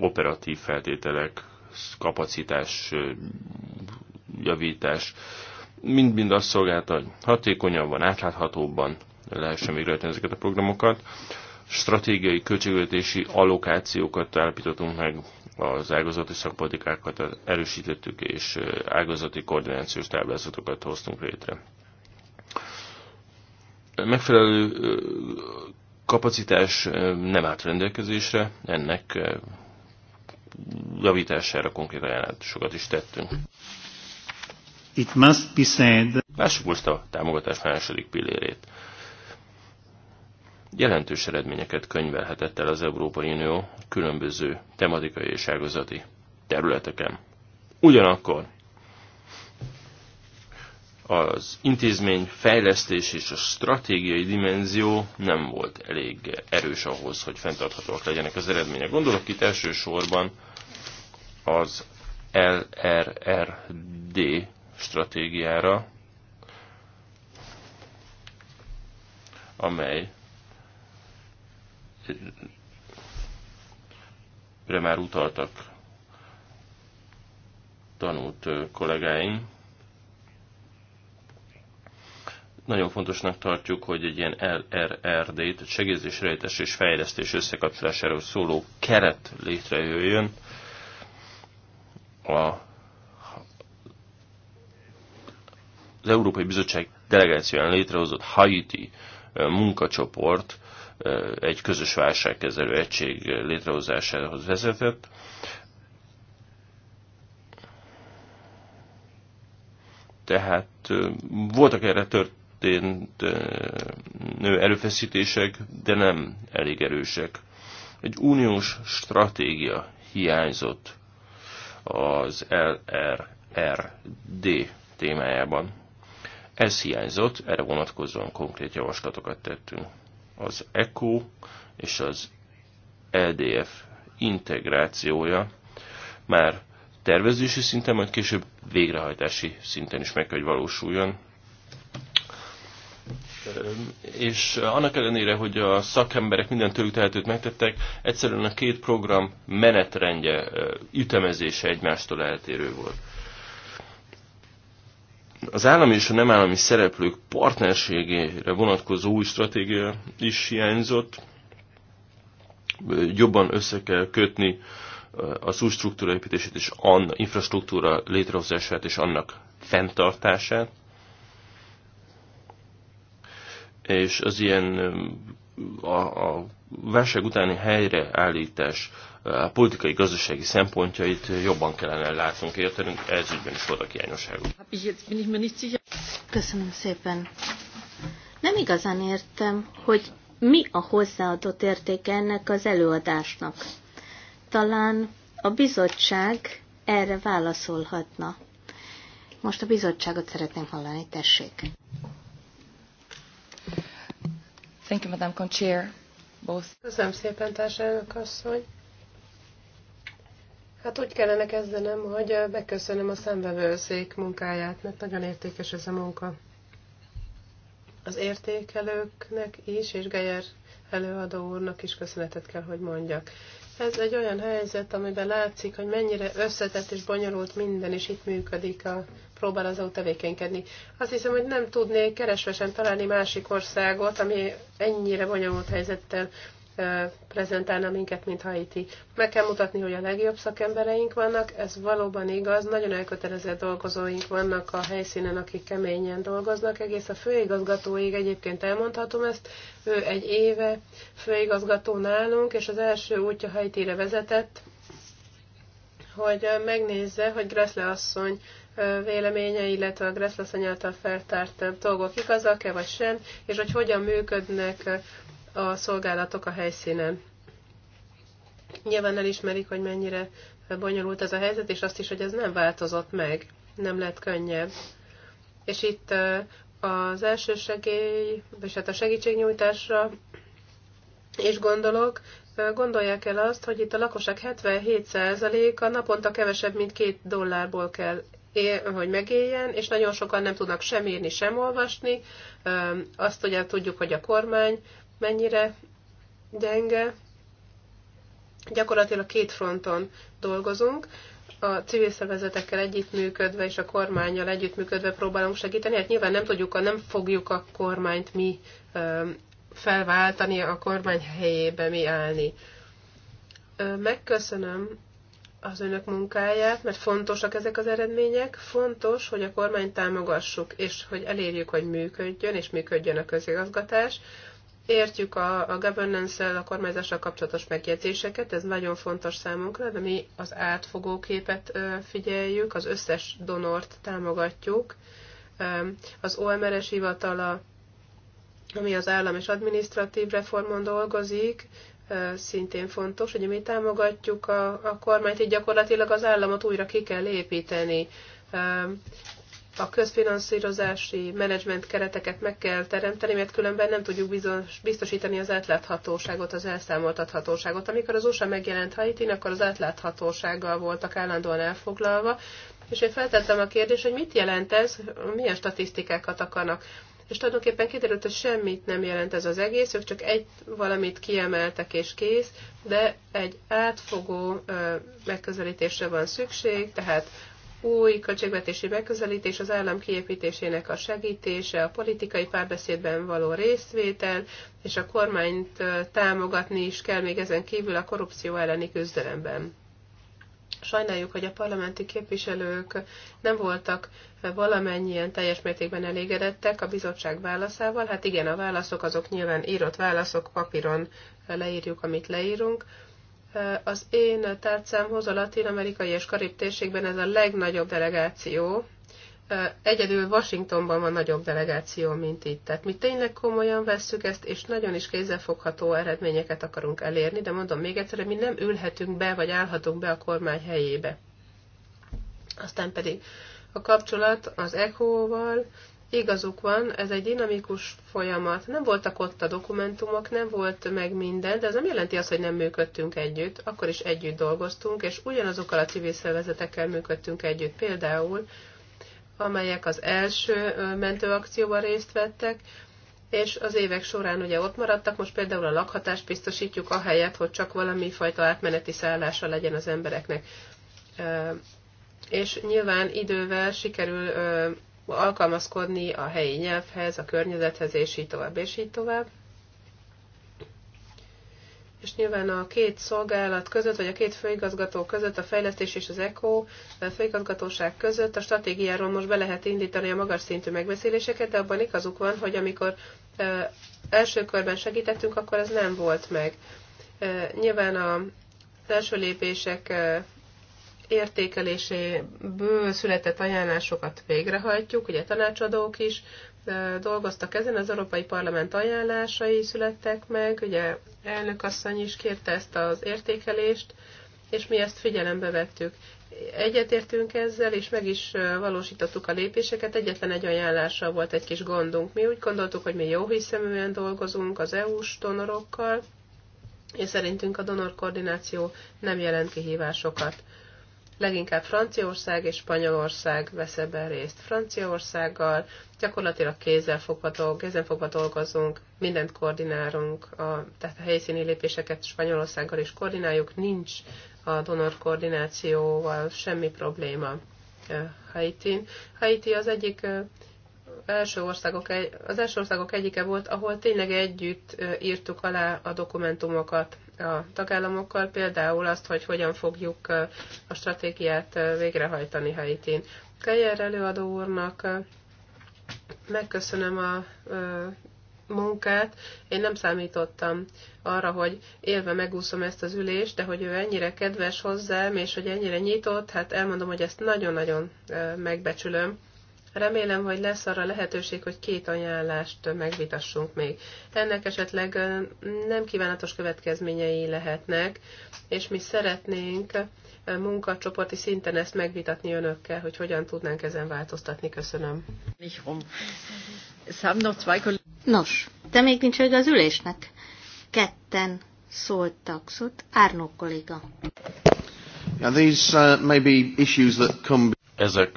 operatív feltételek, kapacitás, javítás, mind-mind azt szolgálta, hogy hatékonyabban, átláthatóbban lehessen végrehajtani ezeket a programokat. Stratégiai költségvetési allokációkat állapítottunk meg, az ágazati szakpolitikákat erősítettük, és ágazati koordinációs táblázatokat hoztunk létre. Megfelelő kapacitás nem állt rendelkezésre, ennek javítására konkrét ajánlásokat is tettünk. It must be said. Lássuk most a támogatás második pillérét. Jelentős eredményeket könyvelhetett el az Európai Unió különböző tematikai és ágazati területeken. Ugyanakkor az intézmény fejlesztés és a stratégiai dimenzió nem volt elég erős ahhoz, hogy fenntarthatóak legyenek az eredmények. Gondolok itt elsősorban az LRRD stratégiára, amely már utaltak tanult kollégáim, Nagyon fontosnak tartjuk, hogy egy ilyen LRRD-t, segélyzés, rejtés és fejlesztés összekapcsolásáról szóló keret létrejöjjön. A, az Európai Bizottság delegációján létrehozott Haiti munkacsoport egy közös válságkezelő egység létrehozásához vezetett. Tehát voltak erre tört nő erőfeszítések, de nem elég erősek. Egy uniós stratégia hiányzott az LRRD témájában. Ez hiányzott, erre vonatkozóan konkrét javaslatokat tettünk. Az ECO és az LDF e integrációja már tervezési szinten, majd később végrehajtási szinten is meg kell, hogy valósuljon és annak ellenére, hogy a szakemberek minden tőlük tehetőt megtettek, egyszerűen a két program menetrendje, ütemezése egymástól eltérő volt. Az állami és a nem állami szereplők partnerségére vonatkozó új stratégia is hiányzott. Jobban össze kell kötni az új struktúraépítését és an infrastruktúra létrehozását és annak fenntartását és az ilyen a, a válság utáni helyreállítás a politikai, gazdasági szempontjait jobban kellene látnunk, értenünk, ez ügyben is voltak hiányosságok. Köszönöm szépen. Nem igazán értem, hogy mi a hozzáadott értéke ennek az előadásnak. Talán a bizottság erre válaszolhatna. Most a bizottságot szeretném hallani, tessék. Thank you, Madam Conchair. Both. Köszönöm szépen, társadalmak asszony. Hát úgy kellene kezdenem, hogy beköszönöm a szembevőszék munkáját, mert nagyon értékes ez a munka. Az értékelőknek is, és Geyer előadó úrnak is köszönetet kell, hogy mondjak. Ez egy olyan helyzet, amiben látszik, hogy mennyire összetett és bonyolult minden, és itt működik a próbál az EU tevékenykedni. Azt hiszem, hogy nem tudnék sem találni másik országot, ami ennyire bonyolult helyzettel prezentálna minket, mint Haiti. Meg kell mutatni, hogy a legjobb szakembereink vannak, ez valóban igaz, nagyon elkötelezett dolgozóink vannak a helyszínen, akik keményen dolgoznak, egész a főigazgatóig egyébként elmondhatom ezt, ő egy éve főigazgató nálunk, és az első útja Haitire vezetett, hogy megnézze, hogy Gressle asszony véleménye, illetve a Gressless által feltárt dolgok igazak-e vagy sem, és hogy hogyan működnek a szolgálatok a helyszínen. Nyilván elismerik, hogy mennyire bonyolult ez a helyzet, és azt is, hogy ez nem változott meg, nem lett könnyebb. És itt az első segély, és hát a segítségnyújtásra és gondolok, gondolják el azt, hogy itt a lakosság 77%-a naponta kevesebb, mint két dollárból kell él, hogy megéljen, és nagyon sokan nem tudnak sem írni, sem olvasni. Azt ugye tudjuk, hogy a kormány mennyire gyenge. Gyakorlatilag két fronton dolgozunk a civil szervezetekkel együttműködve és a kormányjal együttműködve próbálunk segíteni. Hát nyilván nem tudjuk, nem fogjuk a kormányt mi felváltani, a kormány helyébe mi állni. Megköszönöm az önök munkáját, mert fontosak ezek az eredmények, fontos, hogy a kormány támogassuk, és hogy elérjük, hogy működjön, és működjön a közigazgatás. Értjük a, a governance-el, a kormányzással kapcsolatos megjegyzéseket, ez nagyon fontos számunkra, de mi az átfogó képet figyeljük, az összes donort támogatjuk. Az OMRS hivatala, ami az állam és adminisztratív reformon dolgozik, szintén fontos, hogy mi támogatjuk a, a kormányt, így gyakorlatilag az államot újra ki kell építeni. A közfinanszírozási menedzsment kereteket meg kell teremteni, mert különben nem tudjuk biztosítani az átláthatóságot, az elszámoltathatóságot. Amikor az USA megjelent haiti akkor az átláthatósággal voltak állandóan elfoglalva, és én feltettem a kérdést, hogy mit jelent ez, milyen statisztikákat akarnak és tulajdonképpen kiderült, hogy semmit nem jelent ez az egész, ők csak egy valamit kiemeltek és kész, de egy átfogó megközelítésre van szükség, tehát új költségvetési megközelítés, az állam kiépítésének a segítése, a politikai párbeszédben való részvétel, és a kormányt támogatni is kell még ezen kívül a korrupció elleni küzdelemben. Sajnáljuk, hogy a parlamenti képviselők nem voltak valamennyien teljes mértékben elégedettek a bizottság válaszával. Hát igen, a válaszok azok nyilván írott válaszok, papíron leírjuk, amit leírunk. Az én tárcámhoz a latin-amerikai és karib térségben ez a legnagyobb delegáció. Egyedül Washingtonban van nagyobb delegáció, mint itt. Tehát mi tényleg komolyan vesszük ezt, és nagyon is kézzelfogható eredményeket akarunk elérni, de mondom még egyszer, mi nem ülhetünk be, vagy állhatunk be a kormány helyébe. Aztán pedig a kapcsolat az ECHO-val, igazuk van, ez egy dinamikus folyamat. Nem voltak ott a dokumentumok, nem volt meg minden, de ez nem jelenti azt, hogy nem működtünk együtt, akkor is együtt dolgoztunk, és ugyanazokkal a civil szervezetekkel működtünk együtt, például, amelyek az első mentőakcióban részt vettek, és az évek során ugye ott maradtak, most például a lakhatást biztosítjuk helyet hogy csak valami fajta átmeneti szállása legyen az embereknek és nyilván idővel sikerül ö, alkalmazkodni a helyi nyelvhez, a környezethez, és így tovább, és így tovább. És nyilván a két szolgálat között, vagy a két főigazgató között, a fejlesztés és az ECO főigazgatóság között a stratégiáról most be lehet indítani a magas szintű megbeszéléseket, de abban igazuk van, hogy amikor ö, első körben segítettünk, akkor ez nem volt meg. Ö, nyilván a, az első lépések értékeléséből született ajánlásokat végrehajtjuk, ugye tanácsadók is dolgoztak ezen, az Európai Parlament ajánlásai születtek meg, ugye elnökasszony is kérte ezt az értékelést, és mi ezt figyelembe vettük. Egyetértünk ezzel, és meg is valósítottuk a lépéseket. Egyetlen egy ajánlással volt egy kis gondunk. Mi úgy gondoltuk, hogy mi jó hiszeműen dolgozunk az EU-s donorokkal, és szerintünk a donor koordináció nem jelent kihívásokat leginkább Franciaország és Spanyolország vesz ebben részt. Franciaországgal gyakorlatilag kézzelfogva, fogva dolgozunk, mindent koordinálunk, a, tehát a helyszíni lépéseket Spanyolországgal is koordináljuk, nincs a donor koordinációval semmi probléma eh, Haitin. Haiti az egyik eh, első országok, az első országok egyike volt, ahol tényleg együtt eh, írtuk alá a dokumentumokat a tagállamokkal, például azt, hogy hogyan fogjuk a stratégiát végrehajtani Haitin. Kejer előadó úrnak megköszönöm a munkát. Én nem számítottam arra, hogy élve megúszom ezt az ülést, de hogy ő ennyire kedves hozzám, és hogy ennyire nyitott, hát elmondom, hogy ezt nagyon-nagyon megbecsülöm. Remélem, hogy lesz arra lehetőség, hogy két ajánlást megvitassunk még. Ennek esetleg nem kívánatos következményei lehetnek, és mi szeretnénk munkacsoporti szinten ezt megvitatni önökkel, hogy hogyan tudnánk ezen változtatni. Köszönöm. Nos, de még nincs vége az ülésnek. Ketten szóltak, szólt Árnó kolléga. Yeah, these, uh, may be issues that come... Ezek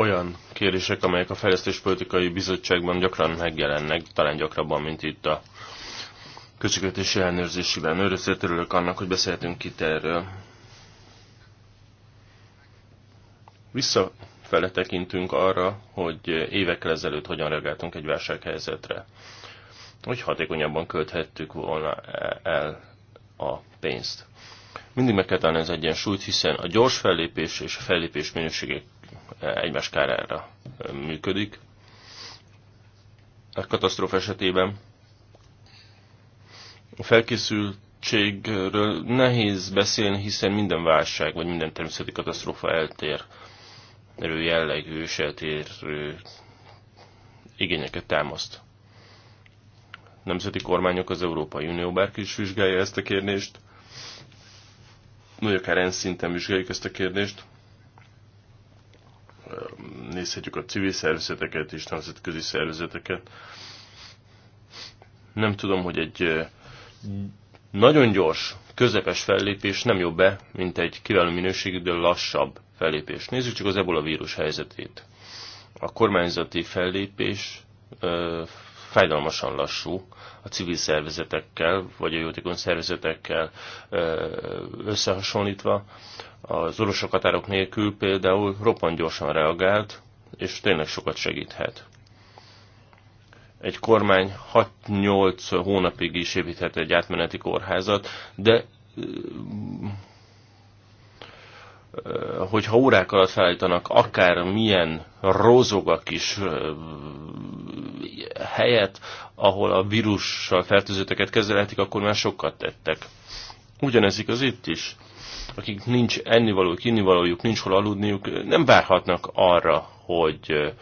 olyan kérdések, amelyek a Fejlesztéspolitikai Bizottságban gyakran megjelennek, talán gyakrabban, mint itt a Költségvetési ellenőrzésében. Örösször örülök annak, hogy beszélhetünk itt erről. Visszafele tekintünk arra, hogy évekkel ezelőtt hogyan reagáltunk egy válsághelyzetre. Hogy hatékonyabban költhettük volna el a pénzt. Mindig meg kell találni az egyensúlyt, hiszen a gyors fellépés és a fellépés minőségek egymás kárára működik. A katasztróf esetében a felkészültségről nehéz beszélni, hiszen minden válság vagy minden természeti katasztrófa eltér eltérő jellegű és eltérő igényeket támaszt. nemzeti kormányok az Európai Unió bárki is vizsgálja ezt a kérdést, vagy akár ENSZ szinten vizsgáljuk ezt a kérdést nézhetjük a civil szervezeteket és nemzetközi szervezeteket. Nem tudom, hogy egy nagyon gyors, közepes fellépés nem jobb be, mint egy kiváló minőségű, de lassabb fellépés. Nézzük csak az ebola vírus helyzetét. A kormányzati fellépés fájdalmasan lassú a civil szervezetekkel, vagy a jótékony szervezetekkel összehasonlítva. Az orvosok határok nélkül például roppant gyorsan reagált, és tényleg sokat segíthet. Egy kormány 6-8 hónapig is építhet egy átmeneti kórházat, de hogyha órák alatt felállítanak akár milyen rozogak is helyet, ahol a vírussal fertőzötteket kezelhetik, akkor már sokat tettek. Ugyanez az itt is. Akik nincs ennivalójuk, innivalójuk, nincs hol aludniuk, nem várhatnak arra, hogy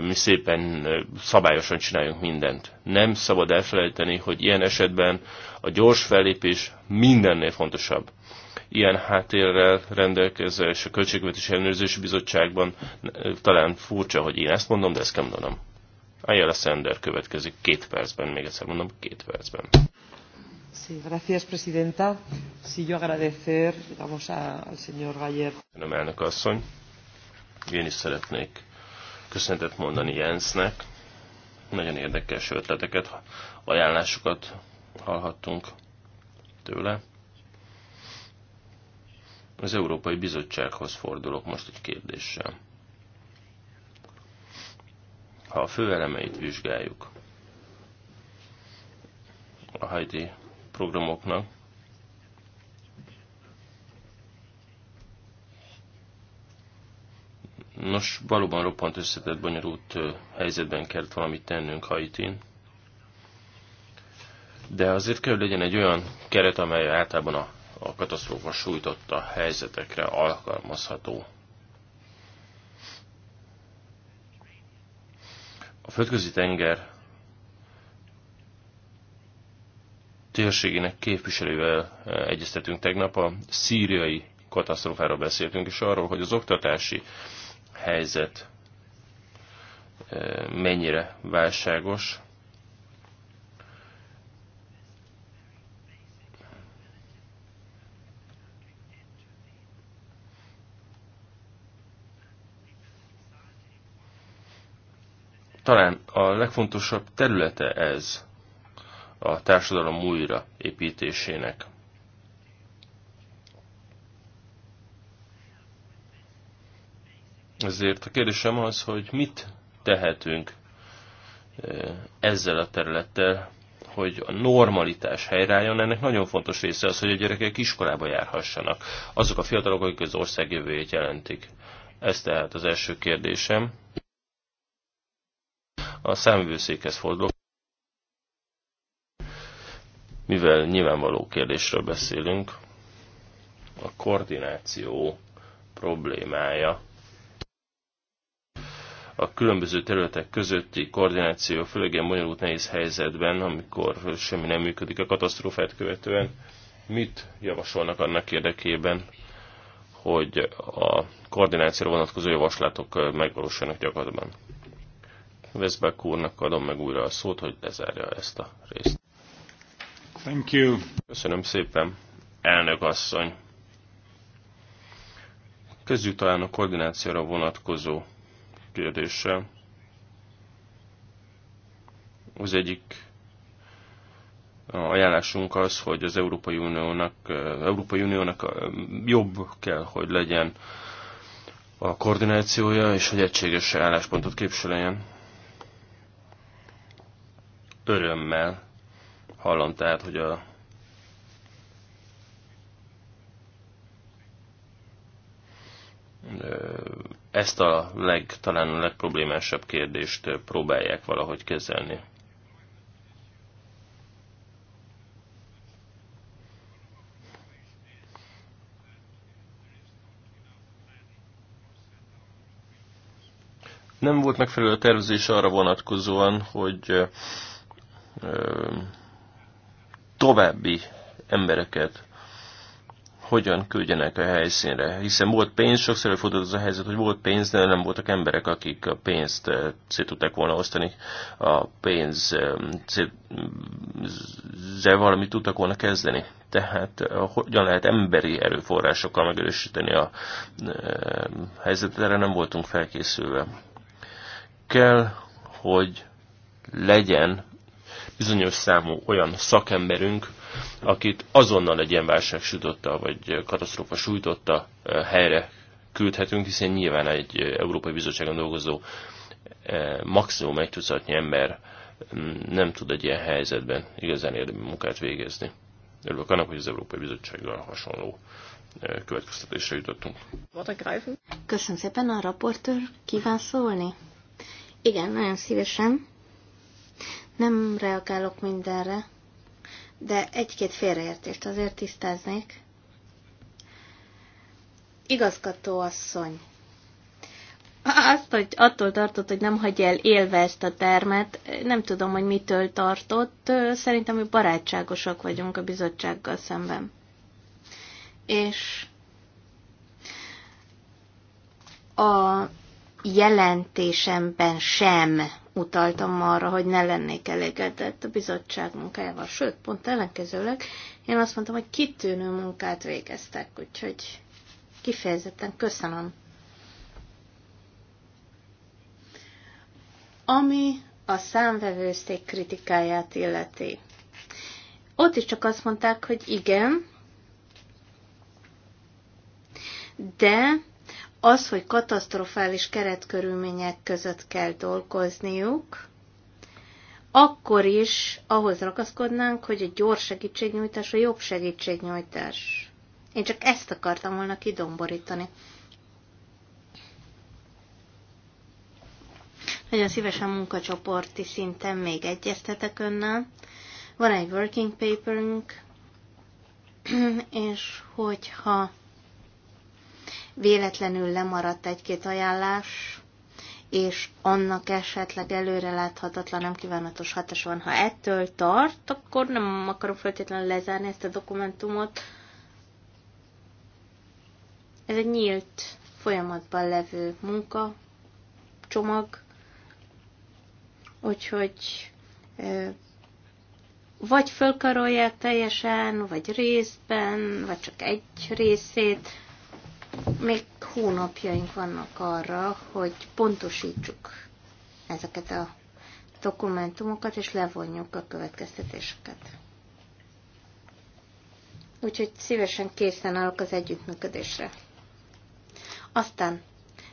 mi szépen szabályosan csináljunk mindent. Nem szabad elfelejteni, hogy ilyen esetben a gyors fellépés mindennél fontosabb. Ilyen háttérrel rendelkező, és a Költségvetési Ellenőrzési Bizottságban talán furcsa, hogy én ezt mondom, de ezt kell mondanom. Ayala Sender következik két percben, még egyszer mondom, két percben. Sí, gracias, presidenta. Sí, yo agradecer, vamos a, al señor Gayer. Köszönöm, elnök asszony. Én is szeretnék köszönetet mondani Jensnek. Nagyon érdekes ötleteket, ajánlásokat hallhattunk tőle. Az Európai Bizottsághoz fordulok most egy kérdéssel. Ha a fő elemeit vizsgáljuk a hajdi programoknak, Nos, valóban roppant összetett, bonyolult helyzetben kellett valamit tennünk Haitin. De azért kell, legyen egy olyan keret, amely általában a, a katasztrófa sújtotta helyzetekre alkalmazható. a földközi tenger térségének képviselővel eh, egyeztetünk tegnap, a szíriai katasztrófáról beszéltünk, és arról, hogy az oktatási helyzet eh, mennyire válságos. talán a legfontosabb területe ez a társadalom újra építésének. Ezért a kérdésem az, hogy mit tehetünk eh, ezzel a területtel, hogy a normalitás helyreálljon, ennek nagyon fontos része az, hogy a gyerekek iskolába járhassanak. Azok a fiatalok, akik az ország jövőjét jelentik. Ez tehát az első kérdésem a számvőszékhez fordulok, mivel nyilvánvaló kérdésről beszélünk, a koordináció problémája a különböző területek közötti koordináció, főleg ilyen bonyolult nehéz helyzetben, amikor semmi nem működik a katasztrófát követően, mit javasolnak annak érdekében, hogy a koordinációra vonatkozó javaslatok megvalósulnak gyakorlatban? Veszbek úrnak adom meg újra a szót, hogy lezárja ezt a részt. Thank you. Köszönöm szépen, elnök asszony. Kezdjük talán a koordinációra vonatkozó kérdéssel. Az egyik ajánlásunk az, hogy az Európai Uniónak, Európai Uniónak jobb kell, hogy legyen a koordinációja, és hogy egységes álláspontot képviseljen örömmel hallom tehát, hogy a ezt a leg, talán a legproblémásabb kérdést próbálják valahogy kezelni. Nem volt megfelelő tervezés arra vonatkozóan, hogy további embereket hogyan küldjenek a helyszínre. Hiszen volt pénz, sokszor előfordult az a helyzet, hogy volt pénz, de nem voltak emberek, akik a pénzt szét tudták volna osztani, a pénz pénzzel valamit tudtak volna kezdeni. Tehát hogyan lehet emberi erőforrásokkal megerősíteni a helyzetet, erre nem voltunk felkészülve. Kell, hogy legyen bizonyos számú olyan szakemberünk, akit azonnal egy ilyen válság sütötte, vagy katasztrófa sújtotta helyre küldhetünk, hiszen nyilván egy Európai Bizottságon dolgozó maximum egy tucatnyi ember nem tud egy ilyen helyzetben igazán érdemi munkát végezni. Örülök annak, hogy az Európai Bizottsággal hasonló következtetésre jutottunk. Köszönöm szépen, a raportőr kíván szólni? Igen, nagyon szívesen. Nem reagálok mindenre, de egy-két félreértést azért tisztáznék. Igazgató asszony, azt, hogy attól tartott, hogy nem hagyja el élve ezt a termet, nem tudom, hogy mitől tartott. Szerintem mi barátságosak vagyunk a bizottsággal szemben. És a jelentésemben sem utaltam arra, hogy ne lennék elégedett a bizottság munkájával, sőt, pont ellenkezőleg én azt mondtam, hogy kitűnő munkát végeztek, úgyhogy kifejezetten köszönöm. Ami a számvevőszék kritikáját illeti. Ott is csak azt mondták, hogy igen, de az, hogy katasztrofális keretkörülmények között kell dolgozniuk, akkor is ahhoz ragaszkodnánk, hogy a gyors segítségnyújtás a jobb segítségnyújtás. Én csak ezt akartam volna kidomborítani. Nagyon szívesen munkacsoporti szinten még egyeztetek önnel. Van egy working paperünk, és hogyha véletlenül lemaradt egy-két ajánlás, és annak esetleg előre láthatatlan, nem kívánatos hatása van. Ha ettől tart, akkor nem akarom feltétlenül lezárni ezt a dokumentumot. Ez egy nyílt folyamatban levő munka, csomag, úgyhogy vagy fölkarolják teljesen, vagy részben, vagy csak egy részét, még hónapjaink vannak arra, hogy pontosítsuk ezeket a dokumentumokat, és levonjuk a következtetéseket. Úgyhogy szívesen készen állok az együttműködésre. Aztán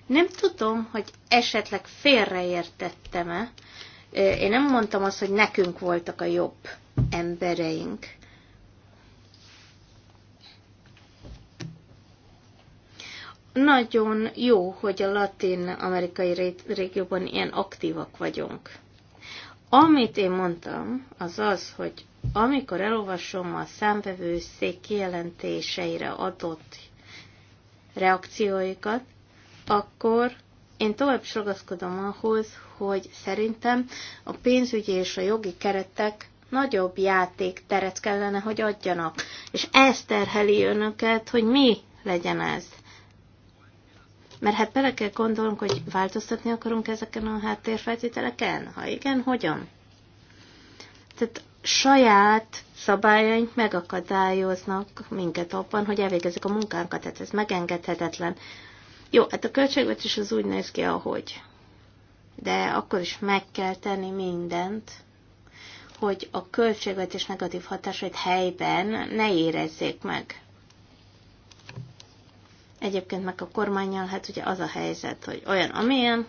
nem tudom, hogy esetleg félreértettem-e. Én nem mondtam azt, hogy nekünk voltak a jobb embereink. Nagyon jó, hogy a latin-amerikai régióban ilyen aktívak vagyunk. Amit én mondtam, az az, hogy amikor elolvasom a szék kijelentéseire adott reakcióikat, akkor én tovább is ahhoz, hogy szerintem a pénzügyi és a jogi keretek nagyobb játékteret kellene, hogy adjanak. És ez terheli önöket, hogy mi legyen ez. Mert hát bele kell gondolnunk, hogy változtatni akarunk ezeken a háttérfeltételeken? Ha igen, hogyan? Tehát saját szabályaink megakadályoznak minket abban, hogy elvégezzük a munkánkat, tehát ez megengedhetetlen. Jó, hát a költségvetés az úgy néz ki, ahogy. De akkor is meg kell tenni mindent, hogy a költségvetés negatív hatásait helyben ne érezzék meg. Egyébként meg a kormányjal, hát ugye az a helyzet, hogy olyan, amilyen,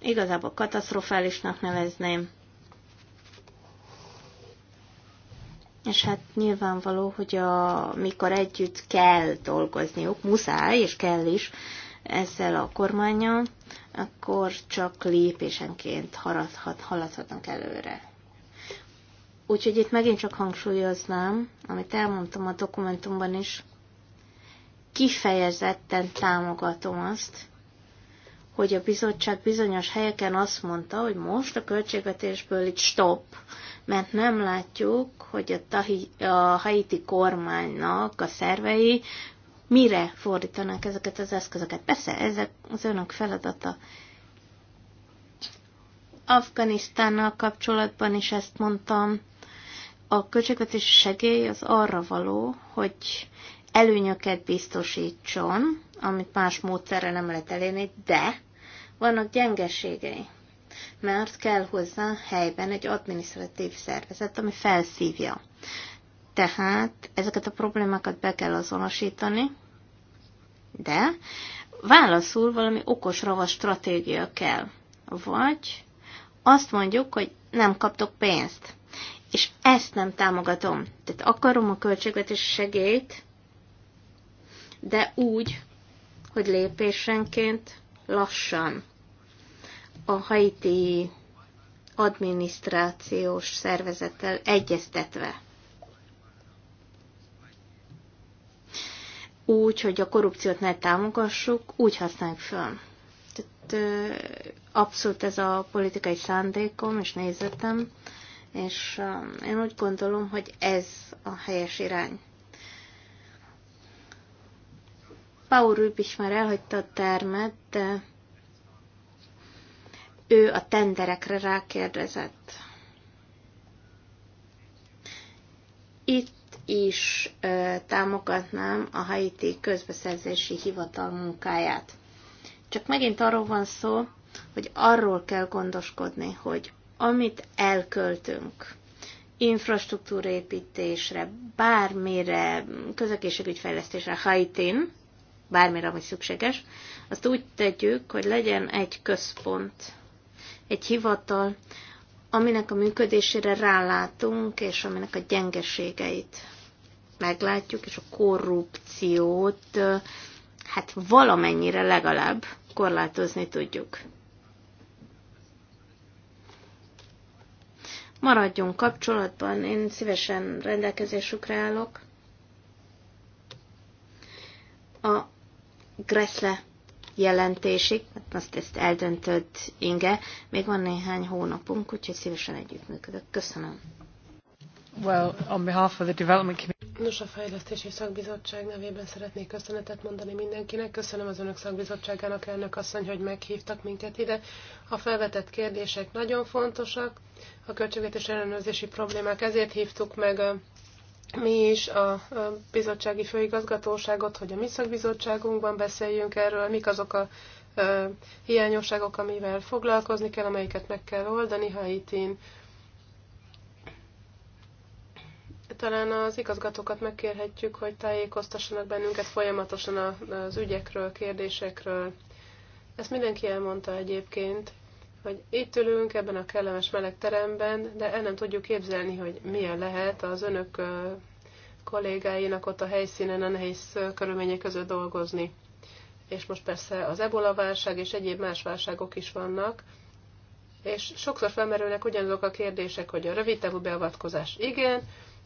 igazából katasztrofálisnak nevezném, És hát nyilvánvaló, hogy a mikor együtt kell dolgozniuk, muszáj és kell is ezzel a kormányjal, akkor csak lépésenként haladhat, haladhatnak előre. Úgyhogy itt megint csak hangsúlyoznám, amit elmondtam a dokumentumban is, kifejezetten támogatom azt, hogy a bizottság bizonyos helyeken azt mondta, hogy most a költségvetésből itt stop, mert nem látjuk, hogy a, tahi, a haiti kormánynak a szervei mire fordítanak ezeket az eszközöket. Persze, ezek az önök feladata. Afganisztánnal kapcsolatban is ezt mondtam, a költségvetési segély az arra való, hogy előnyöket biztosítson, amit más módszerre nem lehet elérni, de vannak gyengeségei, mert kell hozzá helyben egy adminisztratív szervezet, ami felszívja. Tehát ezeket a problémákat be kell azonosítani, de válaszul valami okos ravas stratégia kell. Vagy azt mondjuk, hogy nem kaptok pénzt és ezt nem támogatom. Tehát akarom a költségvetés segélyt, de úgy, hogy lépésenként lassan a haiti adminisztrációs szervezettel egyeztetve. Úgy, hogy a korrupciót ne támogassuk, úgy használjuk föl. Tehát abszolút ez a politikai szándékom és nézetem, és én úgy gondolom, hogy ez a helyes irány. Paul Rüb is már elhagyta a termet, de ő a tenderekre rákérdezett. Itt is ö, támogatnám a Haiti közbeszerzési hivatal munkáját. Csak megint arról van szó, hogy arról kell gondoskodni, hogy amit elköltünk infrastruktúraépítésre, bármire, fejlesztésre hajtén, bármire, ami szükséges, azt úgy tegyük, hogy legyen egy központ, egy hivatal, aminek a működésére rálátunk, és aminek a gyengeségeit meglátjuk, és a korrupciót, hát valamennyire legalább korlátozni tudjuk. Maradjon kapcsolatban, én szívesen rendelkezésükre állok. A Gressle jelentésig, mert hát azt ezt eldöntött Inge, még van néhány hónapunk, úgyhogy szívesen együttműködök. Köszönöm. Well, on behalf of the Development Nos, a Fejlesztési Szakbizottság nevében szeretnék köszönetet mondani mindenkinek. Köszönöm az Önök Szakbizottságának elnök asszony, hogy meghívtak minket ide. A felvetett kérdések nagyon fontosak. A költségvetés ellenőrzési problémák ezért hívtuk meg mi is a bizottsági főigazgatóságot, hogy a mi szakbizottságunkban beszéljünk erről, mik azok a hiányosságok, amivel foglalkozni kell, amelyeket meg kell oldani itt én Talán az igazgatókat megkérhetjük, hogy tájékoztassanak bennünket folyamatosan az ügyekről, kérdésekről. Ezt mindenki elmondta egyébként, hogy itt ülünk ebben a kellemes meleg teremben, de el nem tudjuk képzelni, hogy milyen lehet az önök kollégáinak ott a helyszínen a nehéz körülmények között dolgozni. És most persze az ebola válság és egyéb más válságok is vannak, és sokszor felmerülnek ugyanazok a kérdések, hogy a rövid távú beavatkozás igen,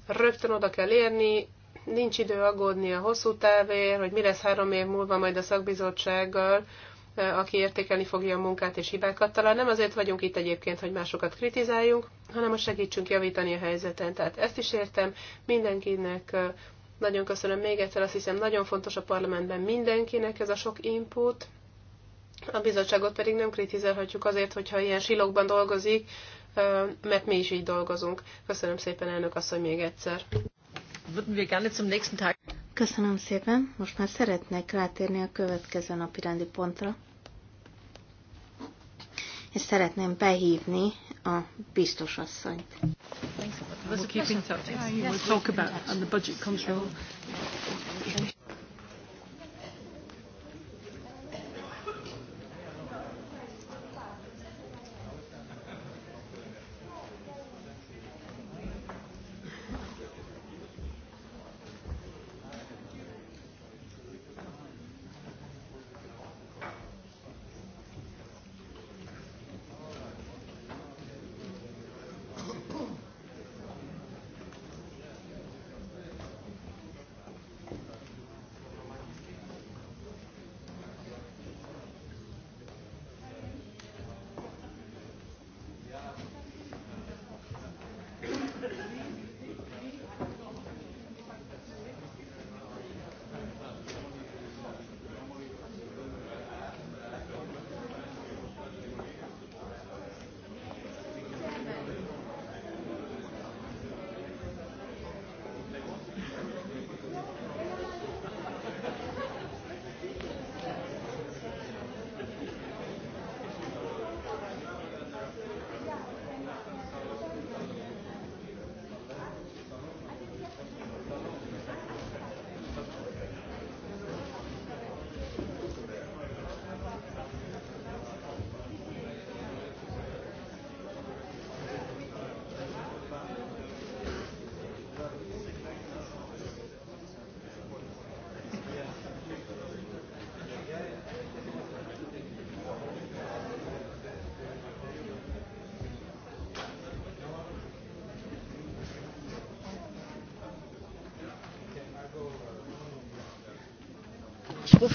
rögtön oda kell érni, nincs idő aggódni a hosszú távért, hogy mi lesz három év múlva majd a szakbizottsággal, aki értékelni fogja a munkát és hibákat. talál, nem azért vagyunk itt egyébként, hogy másokat kritizáljunk, hanem a segítsünk javítani a helyzeten. Tehát ezt is értem, mindenkinek nagyon köszönöm még egyszer, azt hiszem nagyon fontos a parlamentben mindenkinek ez a sok input, a bizottságot pedig nem kritizálhatjuk azért, hogyha ilyen silokban dolgozik, mert mi is így dolgozunk. Köszönöm szépen, elnök asszony, még egyszer. Köszönöm szépen. Most már szeretnék rátérni a következő napi rendi pontra. És szeretném behívni a biztos asszonyt. We'll keep in touch. We'll talk about and the budget control.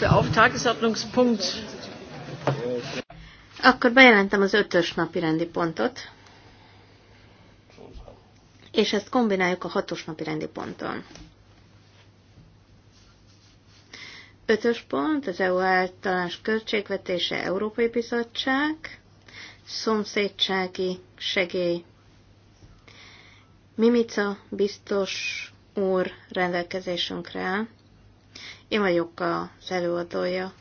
auf Tagesordnungspunkt. Akkor bejelentem az ötös napi rendi pontot, és ezt kombináljuk a hatos napi rendi ponton. Ötös pont, az EU általános költségvetése Európai Bizottság, szomszédsági segély. Mimica biztos úr rendelkezésünkre áll. Én vagyok az előadója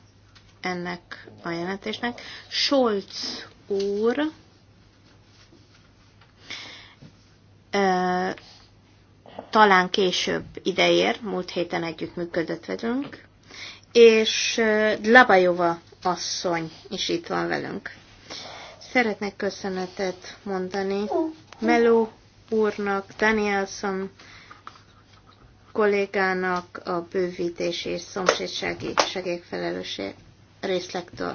ennek a jelentésnek. Scholz úr talán később ideér, múlt héten együttműködött velünk, és Labajova asszony is itt van velünk. Szeretnék köszönetet mondani Meló úrnak, Danielson kollégának a bővítési és szomszédsági segélyfelelősség részlektől.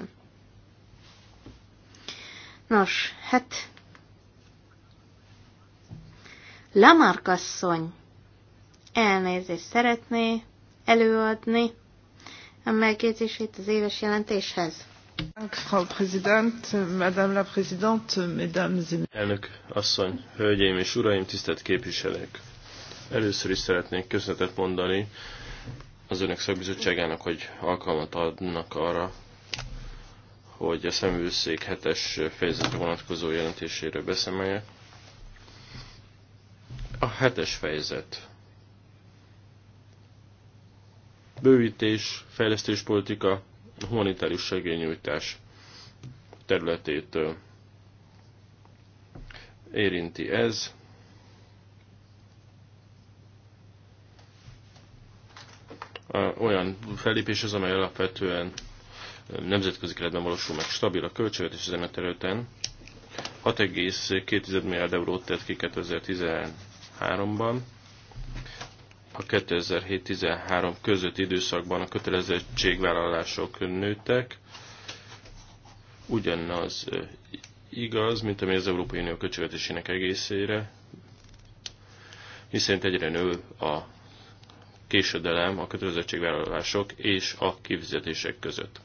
Nos, hát asszony, elnézést szeretné előadni a megjegyzését az éves jelentéshez. Elnök asszony, hölgyeim és uraim, tisztelt képviselők! Először is szeretnék köszönetet mondani az önök szakbizottságának, hogy alkalmat adnak arra, hogy a szemvőszék hetes fejezetre vonatkozó jelentéséről beszemeljek. A hetes fejezet. Bővítés, fejlesztéspolitika, humanitárius segélynyújtás területét érinti ez. olyan fellépés az, amely alapvetően nemzetközi keretben valósul meg stabil a költségvetés ezen a területen. 6,2 milliárd eurót tett ki 2013-ban. A 2007-13 közötti időszakban a kötelezettségvállalások nőttek. Ugyanaz igaz, mint ami az Európai Unió költségvetésének egészére, hiszen egyre nő a késedelem a kötelezettségvállalások és a kifizetések között.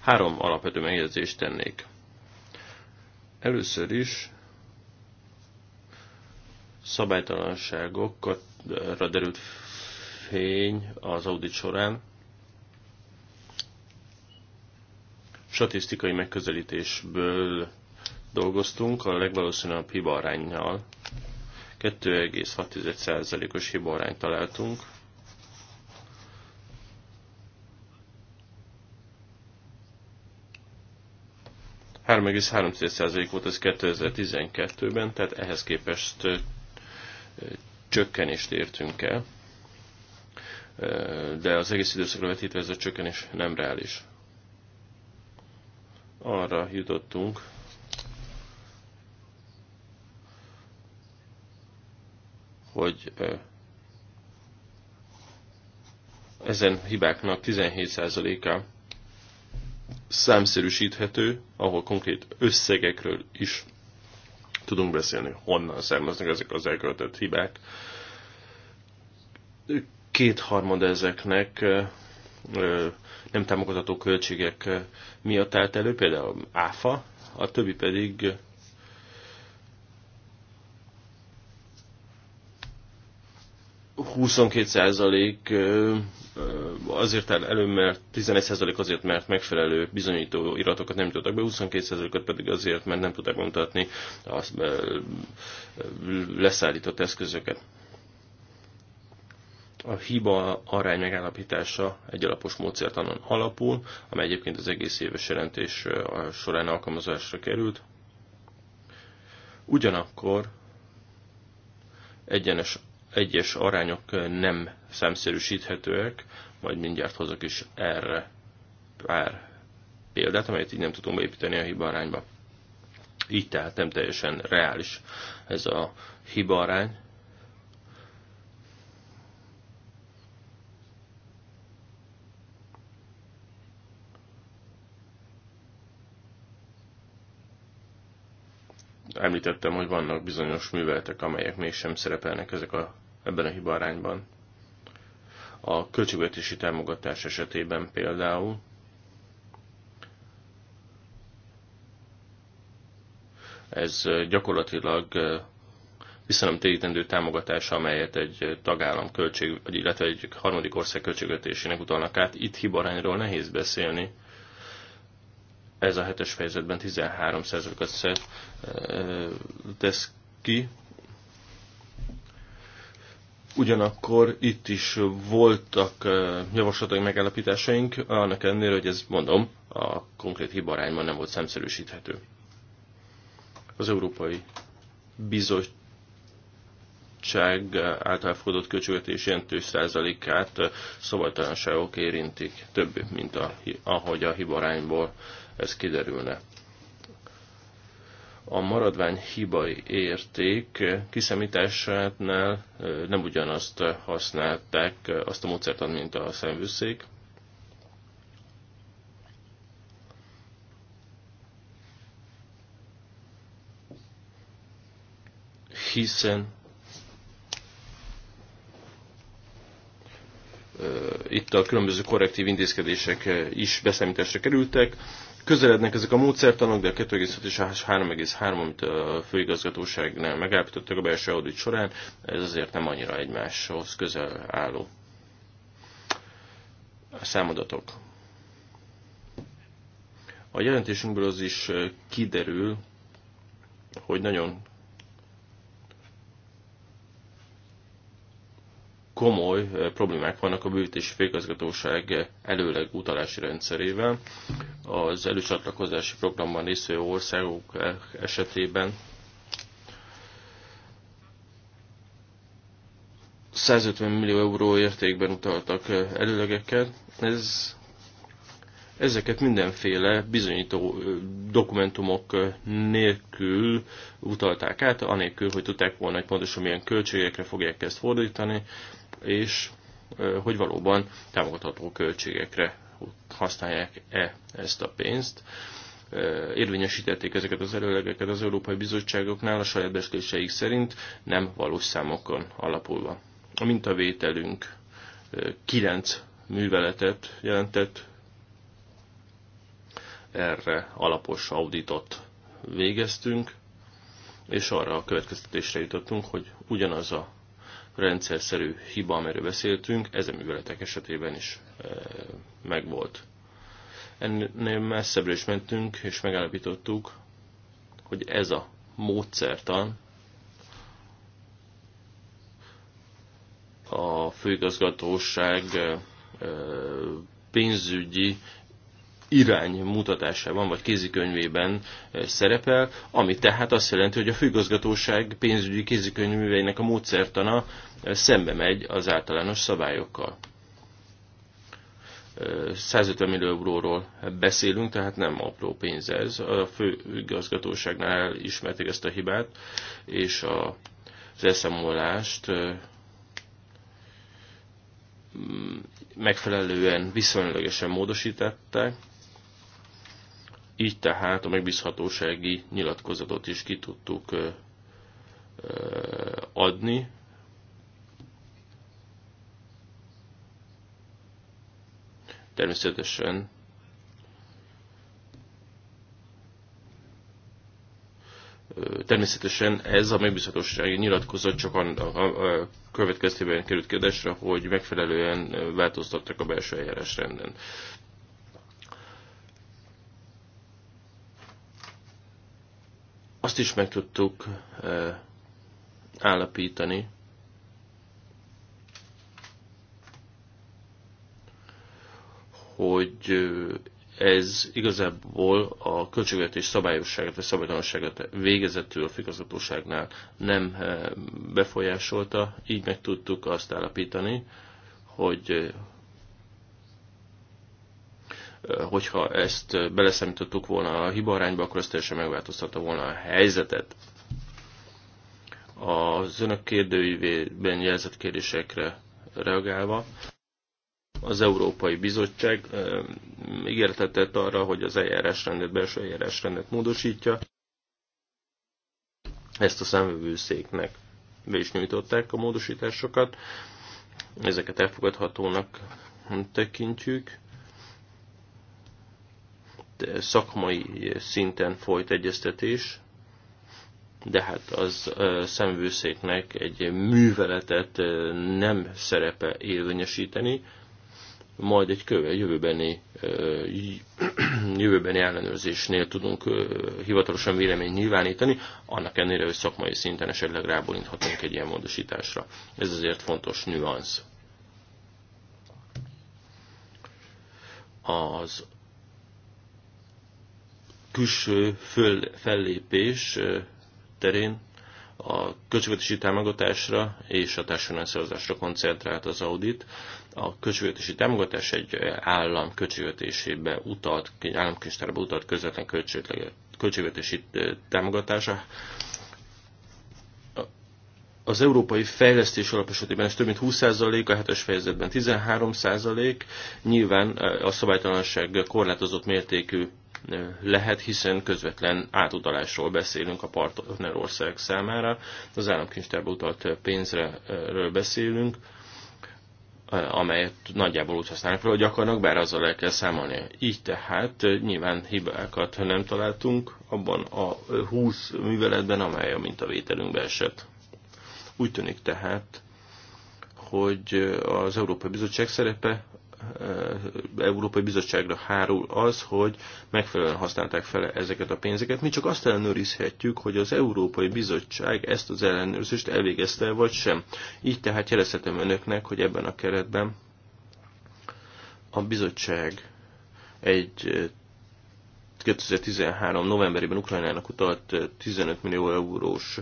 Három alapvető megjegyzést tennék. Először is szabálytalanságokra derült fény az audit során. Statisztikai megközelítésből dolgoztunk a legvalószínűbb hiba arányjal 2,6%-os hibarányt találtunk. volt ez 2012-ben, tehát ehhez képest csökkenést értünk el, de az egész időszakra vetítve ez a csökkenés nem reális. Arra jutottunk, hogy ezen hibáknak 17%-a számszerűsíthető, ahol konkrét összegekről is tudunk beszélni, honnan származnak ezek az elköltött hibák. Kétharmad ezeknek nem támogatható költségek miatt állt elő, például áfa, a többi pedig 22% azért áll elő, mert 11% azért, mert megfelelő bizonyító iratokat nem tudtak be, 22%-ot pedig azért, mert nem tudták bemutatni a leszállított eszközöket. A hiba arány megállapítása egy alapos módszertanon alapul, amely egyébként az egész éves jelentés során alkalmazásra került. Ugyanakkor egyenes egyes arányok nem szemszerűsíthetőek, majd mindjárt hozok is erre pár példát, amelyet így nem tudunk beépíteni a hiba arányba. Így tehát nem teljesen reális ez a hiba arány, említettem, hogy vannak bizonyos műveletek, amelyek mégsem szerepelnek ezek a, ebben a hibarányban. A költségvetési támogatás esetében például ez gyakorlatilag visszanemtérítendő támogatás, amelyet egy tagállam költség, illetve egy harmadik ország költségvetésének utalnak át. Itt hibarányról nehéz beszélni, ez a hetes fejezetben 13%-ot eh, tesz ki. Ugyanakkor itt is voltak eh, javaslatai megállapításaink, annak ellenére, hogy ez mondom, a konkrét hibarányban nem volt szemszerűsíthető. Az Európai Bizottság által fogadott költségvetés jelentős százalékát szabálytalanságok érintik, több, mint a, ahogy a hibarányból ez kiderülne. A maradvány hibai érték kiszemításánál nem ugyanazt használták, azt a módszertan, mint a szemvűszék. hiszen itt a különböző korrektív intézkedések is beszámításra kerültek, közelednek ezek a módszertanok, de a 2,6 és a 3,3, amit a főigazgatóságnál megállapítottak a belső audit során, ez azért nem annyira egymáshoz közel álló. A számadatok. A jelentésünkből az is kiderül, hogy nagyon komoly eh, problémák vannak a bűvítési főigazgatóság eh, előleg utalási rendszerével. Az előcsatlakozási programban részvő országok eh, esetében 150 millió euró értékben utaltak előlegeket. Ez, ezeket mindenféle bizonyító dokumentumok nélkül utalták át, anélkül, hogy tudták volna, hogy pontosan milyen költségekre fogják ezt fordítani és hogy valóban támogatható költségekre használják-e ezt a pénzt. Érvényesítették ezeket az előlegeket az Európai Bizottságoknál a saját beszéléseik szerint, nem valós számokon alapulva. A mintavételünk 9 műveletet jelentett, erre alapos auditot végeztünk, és arra a következtetésre jutottunk, hogy ugyanaz a rendszerszerű hiba, amiről beszéltünk, ezen műveletek esetében is e, megvolt. Ennél messzebbre is mentünk, és megállapítottuk, hogy ez a módszertan a főigazgatóság e, e, pénzügyi irány mutatásában vagy kézikönyvében eh, szerepel, ami tehát azt jelenti, hogy a főigazgatóság pénzügyi kézikönyveinek a módszertana eh, szembe megy az általános szabályokkal. 150 eh, millió euróról beszélünk, tehát nem apró pénz ez. A főigazgatóságnál ismerték ezt a hibát, és a, az elszámolást mm, megfelelően viszonylagosan módosították. Így tehát a megbízhatósági nyilatkozatot is ki tudtuk adni. Természetesen Természetesen ez a megbízhatósági nyilatkozat csak a következtében került kérdésre, hogy megfelelően változtattak a belső eljárásrenden. Azt is meg tudtuk e, állapítani, hogy e, ez igazából a költségvetés szabályosságát vagy szabálytalanságát végezetül a függazgatóságnál nem e, befolyásolta, így meg tudtuk azt állapítani, hogy Eh, hogyha ezt eh, beleszámítottuk volna a hibarányba, akkor ezt teljesen megváltoztatta volna a helyzetet. Az önök kérdőjében jelzett kérdésekre reagálva, az Európai Bizottság eh, ígéretet arra, hogy az eljárásrendet, belső eljárásrendet módosítja. Ezt a számvevőszéknek be is nyújtották a módosításokat. Ezeket elfogadhatónak tekintjük szakmai szinten folyt egyeztetés, de hát az szemvőszéknek egy műveletet nem szerepe érvényesíteni, majd egy köve, jövőbeni, jövőbeni ellenőrzésnél tudunk hivatalosan véleményt nyilvánítani, annak ellenére, hogy szakmai szinten esetleg rábólinthatunk egy ilyen módosításra. Ez azért fontos nüansz. Az külső föl, fellépés terén a költségvetési támogatásra és a társadalmi koncentrált az audit. A költségvetési támogatás egy állam költségvetésébe utalt, egy államkincstárba utalt közvetlen költségvetési támogatása. Az európai fejlesztés alap esetében ez több mint 20%, a hetes fejezetben 13%, nyilván a szabálytalanság korlátozott mértékű lehet, hiszen közvetlen átutalásról beszélünk a partnerország számára. Az államkincstárba utalt pénzről beszélünk, amelyet nagyjából úgy használnak fel, hogy akarnak, bár azzal el kell számolni. Így tehát nyilván hibákat nem találtunk abban a 20 műveletben, amely a mintavételünkbe esett. Úgy tűnik tehát, hogy az Európai Bizottság szerepe Eh, Európai Bizottságra hárul az, hogy megfelelően használták fel ezeket a pénzeket. Mi csak azt ellenőrizhetjük, hogy az Európai Bizottság ezt az ellenőrzést elvégezte vagy sem. Így tehát jelezhetem önöknek, hogy ebben a keretben a bizottság egy 2013. Eh, novemberében Ukrajnának utalt 15 eh, millió eurós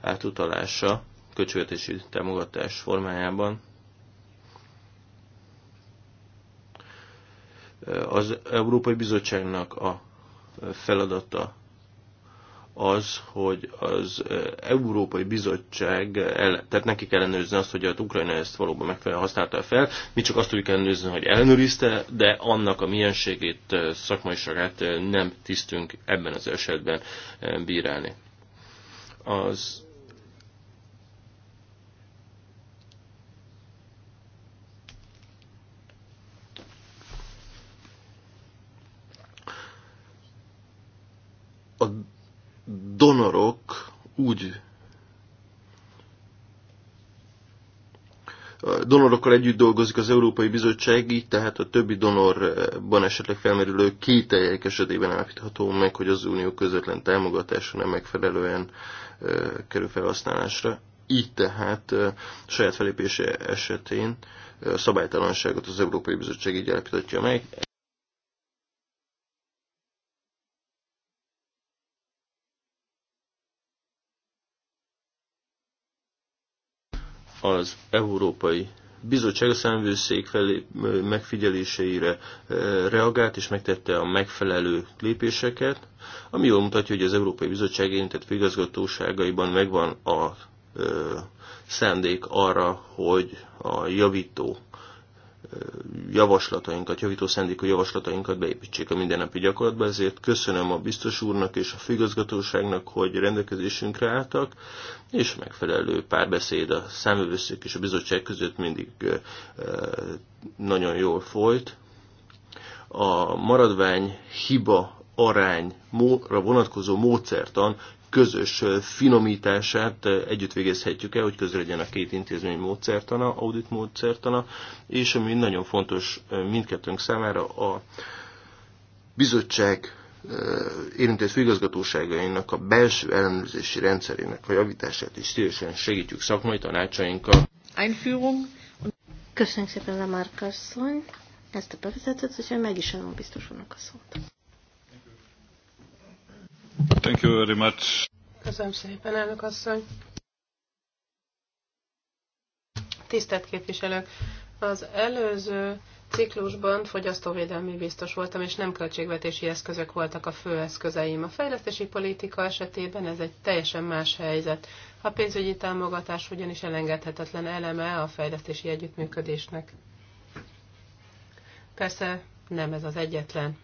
átutalása költségvetési támogatás formájában Az Európai Bizottságnak a feladata az, hogy az Európai Bizottság, el, tehát neki kell ellenőrizni azt, hogy az Ukrajna ezt valóban megfelelően használta fel. Mi csak azt tudjuk ellenőrizni, hogy ellenőrizte, de annak a mienségét, szakmaiságát nem tisztünk ebben az esetben bírálni. Az a donorok úgy donorokkal együtt dolgozik az Európai Bizottság, így tehát a többi donorban esetleg felmerülő kételyek esetében állapítható meg, hogy az unió közvetlen támogatása nem megfelelően kerül felhasználásra. Így tehát saját felépése esetén szabálytalanságot az Európai Bizottság így állapítatja meg. az Európai Bizottság a számvőszék felé megfigyeléseire reagált és megtette a megfelelő lépéseket, ami jól mutatja, hogy az Európai Bizottság érintett főigazgatóságaiban megvan a szándék arra, hogy a javító javaslatainkat, javító szendékú javaslatainkat beépítsék a mindennapi gyakorlatba, ezért köszönöm a biztos úrnak és a főigazgatóságnak, hogy rendelkezésünkre álltak, és megfelelő párbeszéd a számövőszék és a bizottság között mindig nagyon jól folyt. A maradvány hiba arányra vonatkozó módszertan közös finomítását együtt végezhetjük el, hogy közre legyen a két intézmény módszertana, audit módszertana, és ami nagyon fontos mindkettőnk számára, a bizottság érintett főigazgatóságainak a belső ellenőrzési rendszerének a javítását is szívesen segítjük szakmai tanácsainkkal. Einführung. Köszönjük szépen Lamárkasszony ezt a bevezetőt, hogy meg is adom biztos a szót. Thank you very much. Köszönöm szépen, elnök asszony. Tisztelt képviselők! Az előző ciklusban fogyasztóvédelmi biztos voltam, és nem költségvetési eszközök voltak a fő eszközeim. A fejlesztési politika esetében ez egy teljesen más helyzet. A pénzügyi támogatás ugyanis elengedhetetlen eleme a fejlesztési együttműködésnek. Persze nem ez az egyetlen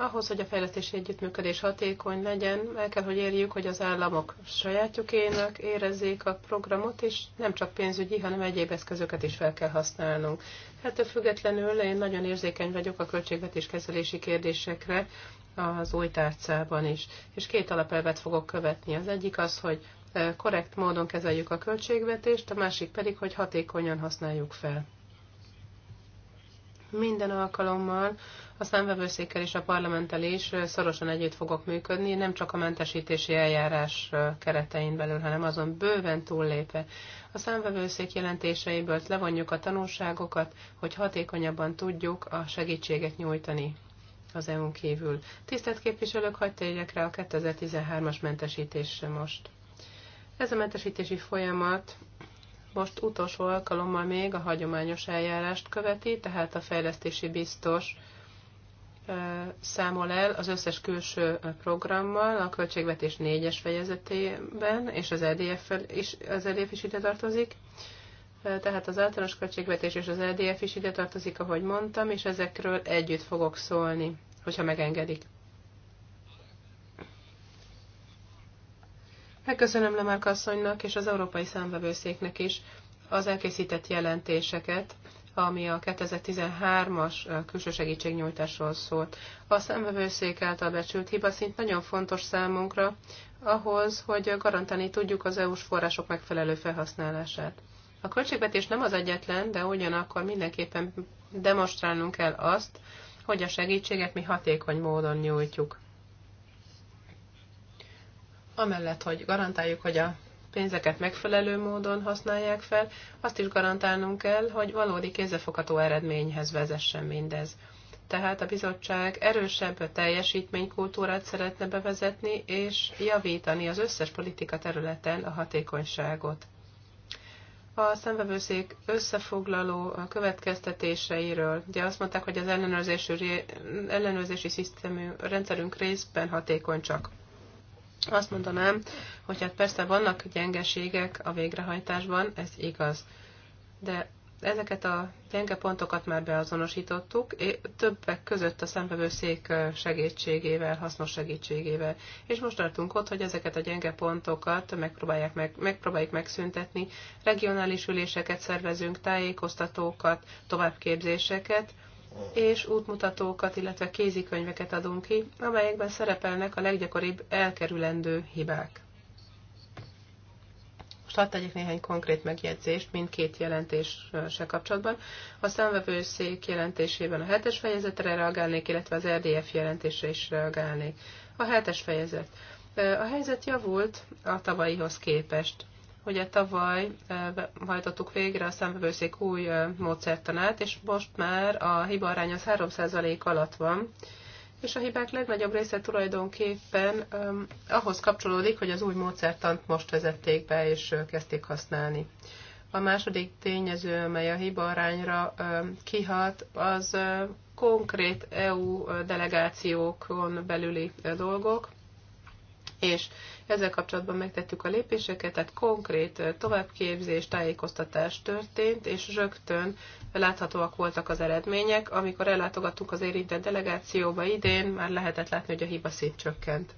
ahhoz, hogy a fejlesztési együttműködés hatékony legyen, el kell, hogy érjük, hogy az államok sajátjukének érezzék a programot, és nem csak pénzügyi, hanem egyéb eszközöket is fel kell használnunk. Hát a függetlenül én nagyon érzékeny vagyok a költségvetés kezelési kérdésekre az új tárcában is. És két alapelvet fogok követni. Az egyik az, hogy eh, korrekt módon kezeljük a költségvetést, a másik pedig, hogy hatékonyan használjuk fel. Minden alkalommal, a számvevőszékkel és a parlamenttel is szorosan együtt fogok működni, nem csak a mentesítési eljárás keretein belül, hanem azon bőven túllépve. A számvevőszék jelentéseiből levonjuk a tanulságokat, hogy hatékonyabban tudjuk a segítséget nyújtani az EU-n kívül. Tisztelt képviselők, hagyd térjek rá a 2013-as mentesítésre most. Ez a mentesítési folyamat most utolsó alkalommal még a hagyományos eljárást követi, tehát a fejlesztési biztos számol el az összes külső programmal a költségvetés négyes fejezetében, és az EDF, is, az EDF is ide tartozik. Tehát az általános költségvetés és az EDF is ide tartozik, ahogy mondtam, és ezekről együtt fogok szólni, hogyha megengedik. Megköszönöm Lemárk asszonynak és az Európai Számvevőszéknek is az elkészített jelentéseket, ami a 2013-as külső segítségnyújtásról szólt. A szemvevőszék által becsült szint nagyon fontos számunkra ahhoz, hogy garantálni tudjuk az EU-s források megfelelő felhasználását. A költségvetés nem az egyetlen, de ugyanakkor mindenképpen demonstrálnunk kell azt, hogy a segítséget mi hatékony módon nyújtjuk. Amellett, hogy garantáljuk, hogy a pénzeket megfelelő módon használják fel, azt is garantálnunk kell, hogy valódi kézzelfogható eredményhez vezessen mindez. Tehát a bizottság erősebb teljesítménykultúrát szeretne bevezetni, és javítani az összes politika területen a hatékonyságot. A szemvevőszék összefoglaló következtetéseiről, ugye azt mondták, hogy az ellenőrzési, ellenőrzési szisztemű rendszerünk részben hatékony csak. Azt mondanám, hogy hát persze vannak gyengeségek a végrehajtásban, ez igaz. De ezeket a gyenge pontokat már beazonosítottuk, és többek között a szembevőszék segítségével, hasznos segítségével. És most tartunk ott, hogy ezeket a gyenge pontokat megpróbálják meg, megpróbáljuk megszüntetni. Regionális üléseket szervezünk, tájékoztatókat, továbbképzéseket, és útmutatókat, illetve kézikönyveket adunk ki, amelyekben szerepelnek a leggyakoribb elkerülendő hibák. Most hadd tegyek néhány konkrét megjegyzést mindkét jelentéssel kapcsolatban. A számvevőszék jelentésében a hetes fejezetre reagálnék, illetve az RDF jelentésre is reagálnék. A hetes fejezet. A helyzet javult a tavalyihoz képest. Ugye tavaly hajtottuk végre a szemvevőszék új módszertanát, és most már a hibaarány az 3% alatt van, és a hibák legnagyobb része tulajdonképpen um, ahhoz kapcsolódik, hogy az új módszertant most vezették be és uh, kezdték használni. A második tényező, mely a hiba arányra um, kihat, az uh, konkrét EU delegációkon belüli uh, dolgok, és ezzel kapcsolatban megtettük a lépéseket, tehát konkrét továbbképzés, tájékoztatás történt, és rögtön láthatóak voltak az eredmények. Amikor ellátogattunk az érintett delegációba idén, már lehetett látni, hogy a hiba szint csökkent.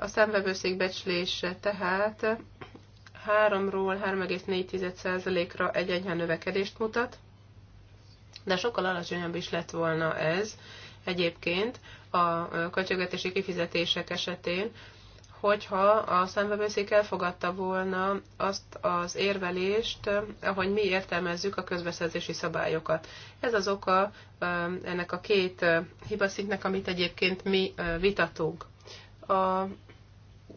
A számvevőszék becslése tehát 3-ról 3,4%-ra egy enyhe növekedést mutat, de sokkal alacsonyabb is lett volna ez egyébként, a költségvetési kifizetések esetén, hogyha a számvevőszék elfogadta volna azt az érvelést, ahogy mi értelmezzük a közbeszerzési szabályokat. Ez az oka ennek a két hibaszintnek, amit egyébként mi vitatunk. A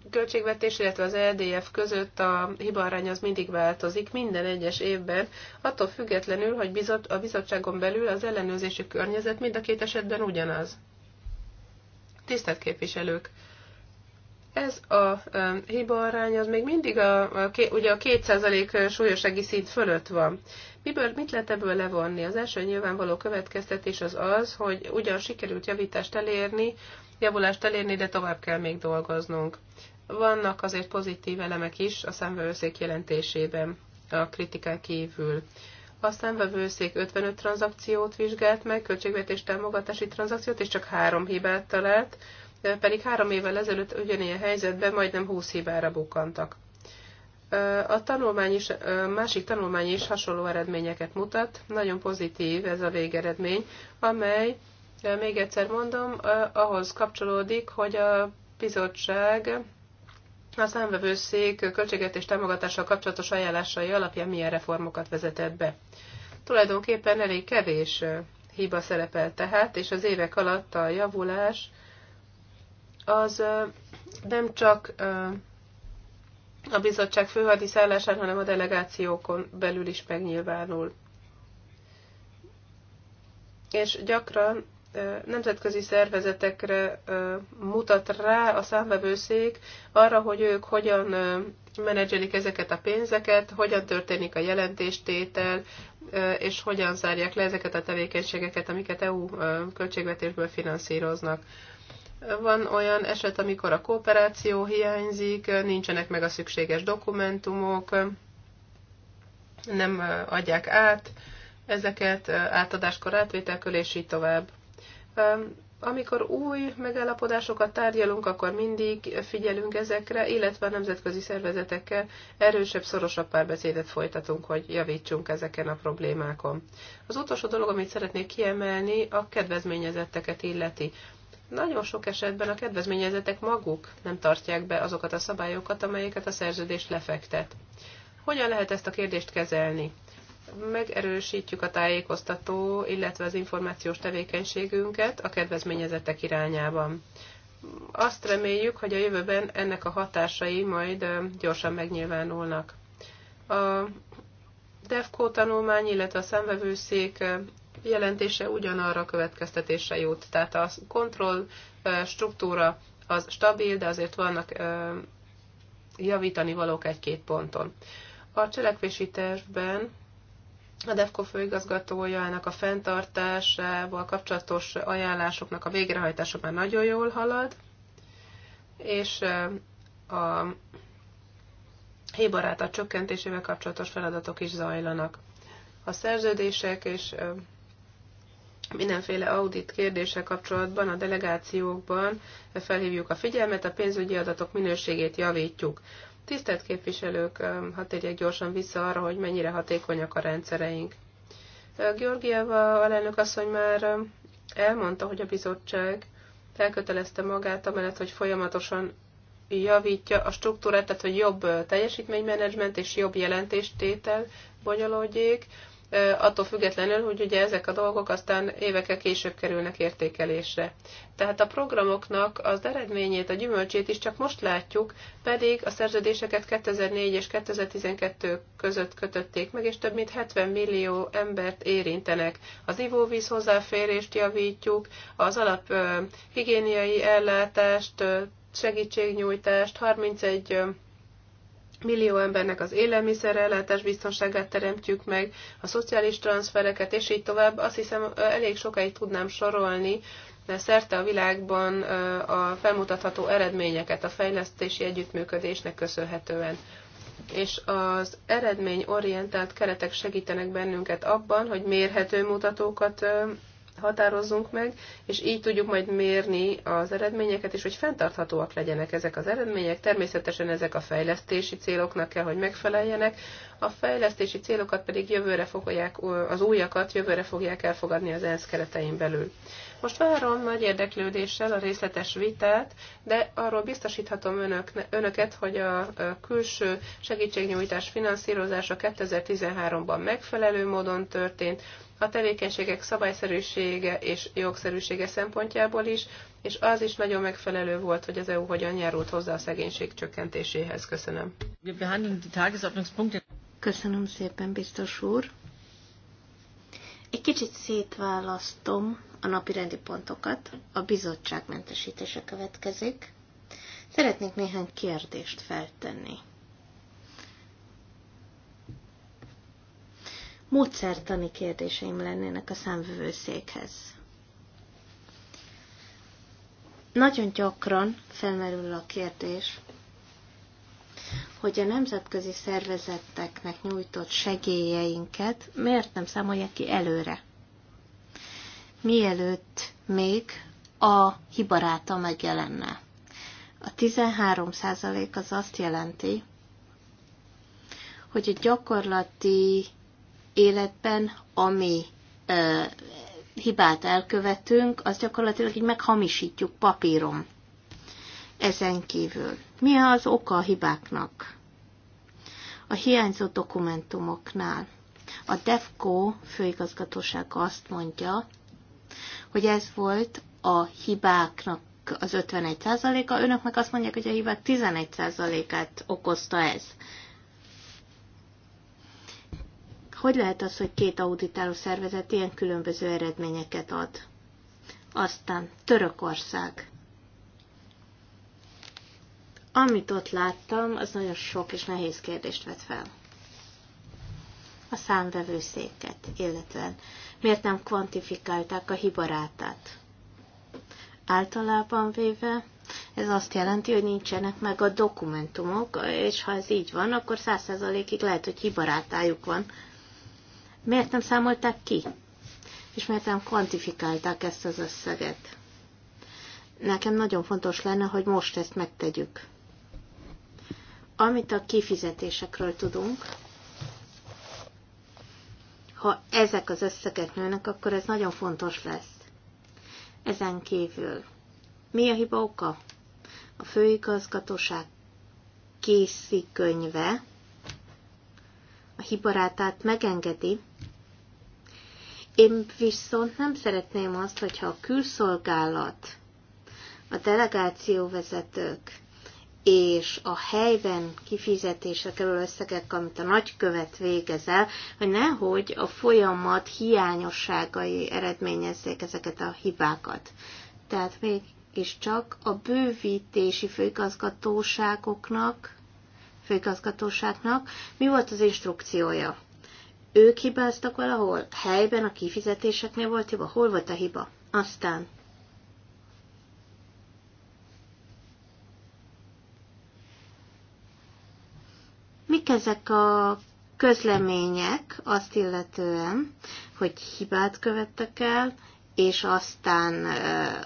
költségvetés, illetve az LDF e között a hibarány az mindig változik minden egyes évben, attól függetlenül, hogy a bizottságon belül az ellenőrzési környezet mind a két esetben ugyanaz. Tisztelt képviselők! Ez a um, hiba arány az még mindig a, ugye a 2% uh, súlyosági szint fölött van. Miből, mit lehet ebből levonni? Az első nyilvánvaló következtetés az az, hogy ugyan sikerült javítást elérni, javulást elérni, de tovább kell még dolgoznunk. Vannak azért pozitív elemek is a számvevőszék jelentésében a kritikán kívül a számvevőszék 55 tranzakciót vizsgált meg, költségvetés támogatási tranzakciót, és csak három hibát talált, pedig három évvel ezelőtt ugyanilyen helyzetben majdnem 20 hibára bukkantak. A tanulmány is, a másik tanulmány is hasonló eredményeket mutat, nagyon pozitív ez a végeredmény, amely, még egyszer mondom, ahhoz kapcsolódik, hogy a bizottság a számvevőszék költségvetés támogatással kapcsolatos ajánlásai alapján milyen reformokat vezetett be. Tulajdonképpen elég kevés hiba szerepel tehát, és az évek alatt a javulás az nem csak a bizottság szállásán, hanem a delegációkon belül is megnyilvánul. És gyakran nemzetközi szervezetekre mutat rá a számvevőszék arra, hogy ők hogyan menedzselik ezeket a pénzeket, hogyan történik a jelentéstétel, és hogyan zárják le ezeket a tevékenységeket, amiket EU költségvetésből finanszíroznak. Van olyan eset, amikor a kooperáció hiányzik, nincsenek meg a szükséges dokumentumok, nem adják át ezeket átadáskor átvételkül, és így tovább amikor új megállapodásokat tárgyalunk, akkor mindig figyelünk ezekre, illetve a nemzetközi szervezetekkel erősebb, szorosabb párbeszédet folytatunk, hogy javítsunk ezeken a problémákon. Az utolsó dolog, amit szeretnék kiemelni, a kedvezményezetteket illeti. Nagyon sok esetben a kedvezményezetek maguk nem tartják be azokat a szabályokat, amelyeket a szerződés lefektet. Hogyan lehet ezt a kérdést kezelni? megerősítjük a tájékoztató, illetve az információs tevékenységünket a kedvezményezettek irányában. Azt reméljük, hogy a jövőben ennek a hatásai majd gyorsan megnyilvánulnak. A DEFCO tanulmány, illetve a szemvevőszék jelentése ugyanarra a következtetésre jut. Tehát a kontroll struktúra az stabil, de azért vannak javítani valók egy-két ponton. A cselekvési tervben a DEFCO főigazgatójának a fenntartásával kapcsolatos ajánlásoknak a végrehajtása már nagyon jól halad, és a hibaráta csökkentésével kapcsolatos feladatok is zajlanak. A szerződések és mindenféle audit kérdése kapcsolatban a delegációkban felhívjuk a figyelmet, a pénzügyi adatok minőségét javítjuk. Tisztelt képviselők, ha térjek gyorsan vissza arra, hogy mennyire hatékonyak a rendszereink. Georgieva alelnök asszony már elmondta, hogy a bizottság elkötelezte magát, amellett, hogy folyamatosan javítja a struktúrát, tehát hogy jobb teljesítménymenedzsment és jobb jelentéstétel bonyolódjék, attól függetlenül, hogy ugye ezek a dolgok aztán évekkel később kerülnek értékelésre. Tehát a programoknak az eredményét, a gyümölcsét is csak most látjuk, pedig a szerződéseket 2004 és 2012 között kötötték meg, és több mint 70 millió embert érintenek. Az ivóvíz hozzáférést javítjuk, az alap higiéniai ellátást, segítségnyújtást, 31 millió embernek az élelmiszerellátás biztonságát teremtjük meg, a szociális transfereket, és így tovább. Azt hiszem, elég sokáig tudnám sorolni, de szerte a világban a felmutatható eredményeket a fejlesztési együttműködésnek köszönhetően. És az eredményorientált keretek segítenek bennünket abban, hogy mérhető mutatókat határozzunk meg, és így tudjuk majd mérni az eredményeket, és hogy fenntarthatóak legyenek ezek az eredmények. Természetesen ezek a fejlesztési céloknak kell, hogy megfeleljenek, a fejlesztési célokat pedig jövőre fogják, az újakat jövőre fogják elfogadni az ENSZ keretein belül. Most várom nagy érdeklődéssel a részletes vitát, de arról biztosíthatom önök, önöket, hogy a külső segítségnyújtás finanszírozása 2013-ban megfelelő módon történt, a tevékenységek szabályszerűsége és jogszerűsége szempontjából is, és az is nagyon megfelelő volt, hogy az EU hogyan járult hozzá a szegénység csökkentéséhez. Köszönöm. Köszönöm szépen, biztos úr. Egy kicsit szétválasztom a napi rendi pontokat. A bizottság mentesítése következik. Szeretnék néhány kérdést feltenni. módszertani kérdéseim lennének a számvevőszékhez. Nagyon gyakran felmerül a kérdés, hogy a nemzetközi szervezeteknek nyújtott segélyeinket miért nem számolják ki előre? Mielőtt még a hibaráta megjelenne. A 13% az azt jelenti, hogy a gyakorlati életben, ami ö, hibát elkövetünk, az gyakorlatilag így meghamisítjuk papíron. Ezen kívül. Mi az oka a hibáknak? A hiányzó dokumentumoknál. A DEFCO főigazgatóság azt mondja, hogy ez volt a hibáknak az 51%-a, önök meg azt mondják, hogy a hibák 11%-át okozta ez hogy lehet az, hogy két auditáló szervezet ilyen különböző eredményeket ad? Aztán Törökország. Amit ott láttam, az nagyon sok és nehéz kérdést vet fel. A számvevőszéket, illetve miért nem kvantifikálták a hibarátát. Általában véve ez azt jelenti, hogy nincsenek meg a dokumentumok, és ha ez így van, akkor 100 lehet, hogy hibarátájuk van. Miért nem számolták ki? És miért nem kvantifikálták ezt az összeget? Nekem nagyon fontos lenne, hogy most ezt megtegyük. Amit a kifizetésekről tudunk, ha ezek az összegek nőnek, akkor ez nagyon fontos lesz. Ezen kívül. Mi a hiba oka? A főigazgatóság könyve a hibarátát megengedi. Én viszont nem szeretném azt, hogyha a külszolgálat, a delegációvezetők és a helyben kifizetésre kerül összegek, amit a nagykövet végez el, hogy nehogy a folyamat hiányosságai eredményezzék ezeket a hibákat. Tehát még és csak a bővítési főigazgatóságoknak főigazgatóságnak. Mi volt az instrukciója? Ők hibáztak valahol? Helyben a kifizetéseknél volt hiba? Hol volt a hiba? Aztán mik ezek a közlemények azt illetően, hogy hibát követtek el, és aztán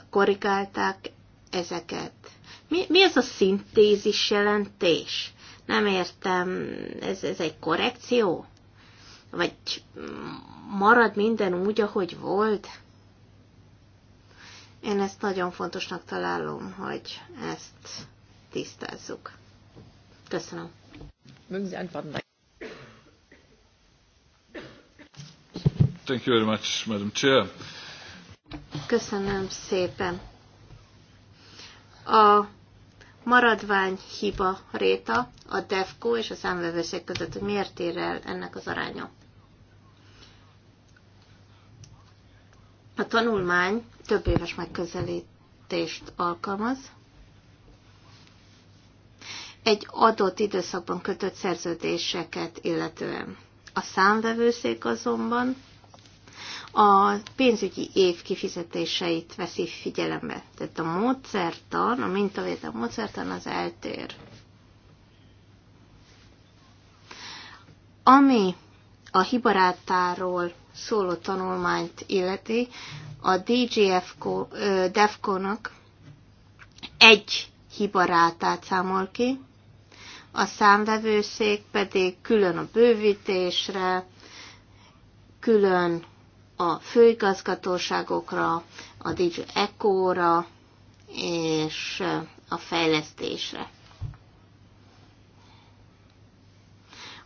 korrigálták ezeket. Mi, mi ez a szintézis jelentés? Nem értem, ez, ez egy korrekció? Vagy marad minden úgy, ahogy volt? Én ezt nagyon fontosnak találom, hogy ezt tisztázzuk. Köszönöm. Thank you very much, Madam Chair. Köszönöm szépen. A maradvány hiba réta a DEFCO és a számvevőszék között, hogy miért ér el ennek az aránya. A tanulmány több éves megközelítést alkalmaz. Egy adott időszakban kötött szerződéseket illetően. A számvevőszék azonban a pénzügyi év kifizetéseit veszi figyelembe. Tehát a módszertan, a mintavétel módszertan az eltér. Ami a hibarátáról szóló tanulmányt illeti, a dgf e nak egy hibarátát számol ki, a számvevőszék pedig külön a bővítésre, külön a főigazgatóságokra, a DJ Eco-ra és a fejlesztésre.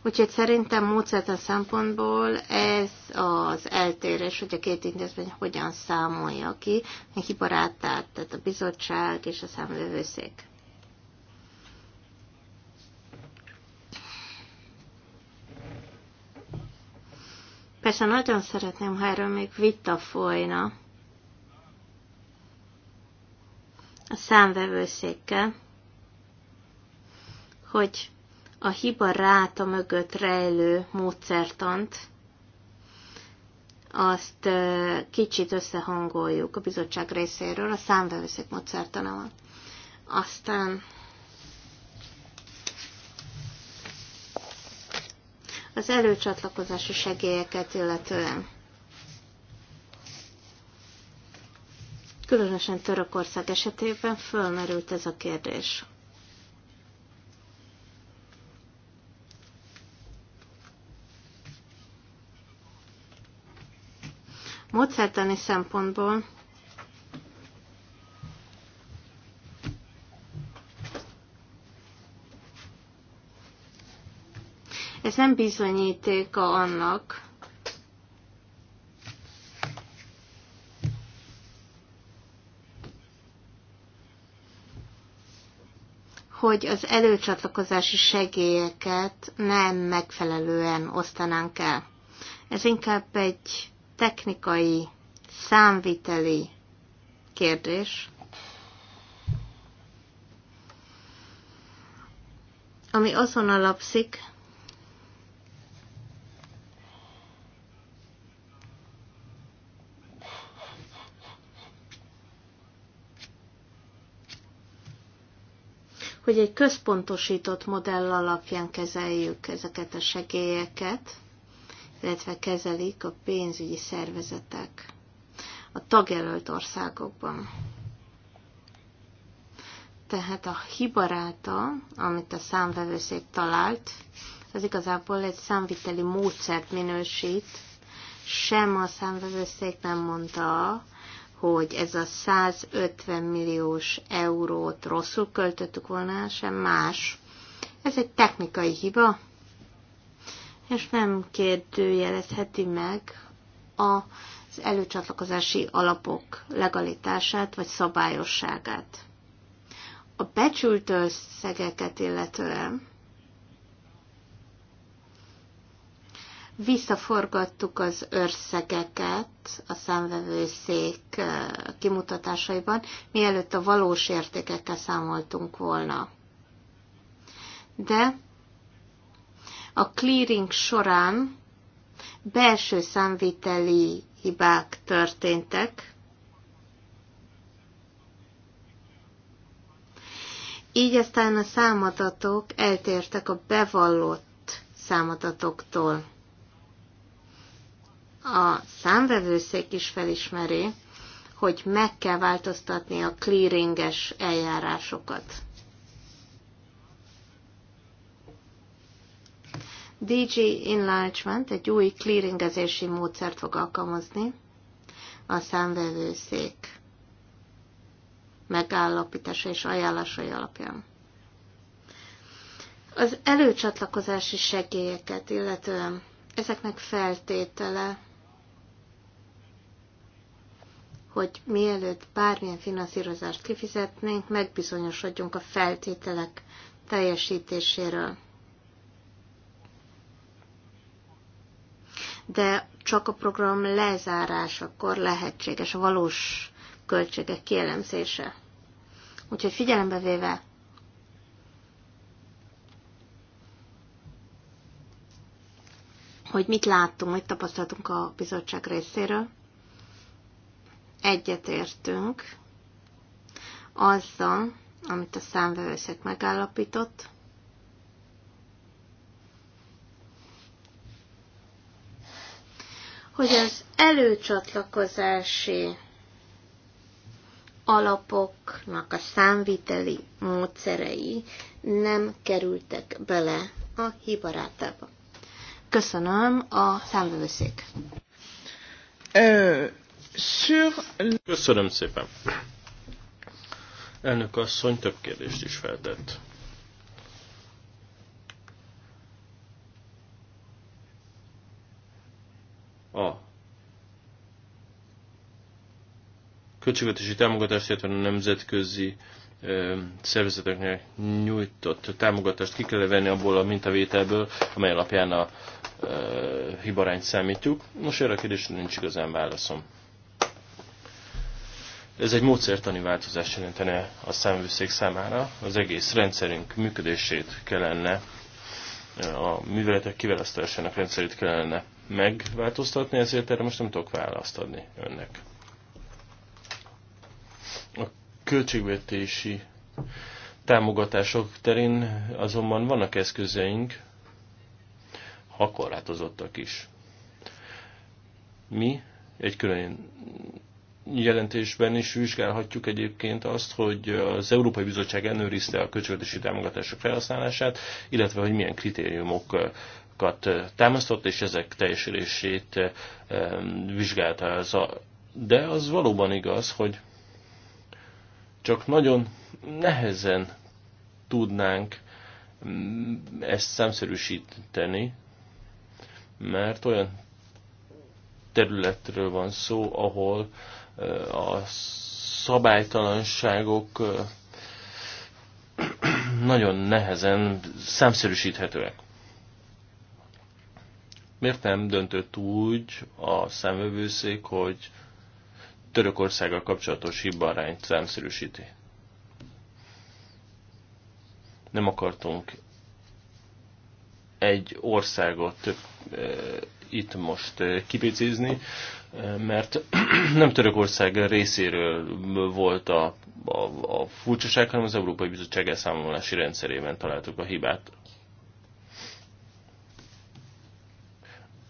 Úgyhogy szerintem módszertan szempontból ez az eltérés, hogy a két intézmény hogyan számolja ki, a hibarátát, tehát a bizottság és a számlővőszék. Persze nagyon szeretném, ha erről még vita folyna a számvevőszékkel, hogy a hiba ráta mögött rejlő módszertant azt kicsit összehangoljuk a bizottság részéről a számvevőszék módszertanával. Aztán az előcsatlakozási segélyeket illetően. Különösen Törökország esetében fölmerült ez a kérdés. Módszertani szempontból Ez nem bizonyítéka annak, hogy az előcsatlakozási segélyeket nem megfelelően osztanánk el. Ez inkább egy technikai, számviteli kérdés, ami azon alapszik, hogy egy központosított modell alapján kezeljük ezeket a segélyeket, illetve kezelik a pénzügyi szervezetek a tagjelölt országokban. Tehát a hibaráta, amit a számvevőszék talált, az igazából egy számviteli módszert minősít, sem a számvevőszék nem mondta, hogy ez a 150 milliós eurót rosszul költöttük volna, sem más. Ez egy technikai hiba, és nem kérdőjelezheti meg az előcsatlakozási alapok legalitását vagy szabályosságát. A becsült összegeket illetően Visszaforgattuk az örszegeket a számvevőszék kimutatásaiban, mielőtt a valós értékekkel számoltunk volna. De a clearing során belső számviteli hibák történtek, Így aztán a számadatok eltértek a bevallott számadatoktól a számvevőszék is felismeri, hogy meg kell változtatni a clearinges eljárásokat. DG Enlargement egy új clearingezési módszert fog alkalmazni, a számvevőszék megállapítása és ajánlásai alapján. Az előcsatlakozási segélyeket, illetően ezeknek feltétele hogy mielőtt bármilyen finanszírozást kifizetnénk, megbizonyosodjunk a feltételek teljesítéséről. De csak a program lezárásakor lehetséges a valós költségek kielemzése. Úgyhogy figyelembe véve hogy mit láttunk, mit tapasztaltunk a bizottság részéről, egyetértünk azzal, amit a számvevőszék megállapított, hogy az előcsatlakozási alapoknak a számviteli módszerei nem kerültek bele a hibarátába. Köszönöm a számvevőszék. Köszönöm szépen. Elnök asszony több kérdést is feltett. A költségvetési támogatást, illetve a nemzetközi szervezeteknek nyújtott támogatást ki kell venni abból a mintavételből, amely alapján a hibarányt számítjuk. Most erre a kérdésre nincs igazán válaszom. Ez egy módszertani változás jelentene a számvőszék számára. Az egész rendszerünk működését kellene, a műveletek kiválasztásának rendszerét kellene megváltoztatni, ezért erre most nem tudok választ adni önnek. A költségvetési támogatások terén azonban vannak eszközeink, ha korlátozottak is. Mi egy külön jelentésben is vizsgálhatjuk egyébként azt, hogy az Európai Bizottság ellenőrizte a költségvetési támogatások felhasználását, illetve hogy milyen kritériumok támasztott, és ezek teljesülését vizsgálta Az a... De az valóban igaz, hogy csak nagyon nehezen tudnánk ezt számszerűsíteni, mert olyan területről van szó, ahol a szabálytalanságok nagyon nehezen számszerűsíthetőek. Miért nem döntött úgy a számövőszék, hogy Törökországgal kapcsolatos hibarányt számszerűsíti? Nem akartunk egy országot itt most kipicizni, mert nem Törökország részéről volt a, a, a furcsaság, hanem az Európai Bizottság elszámolási rendszerében találtuk a hibát.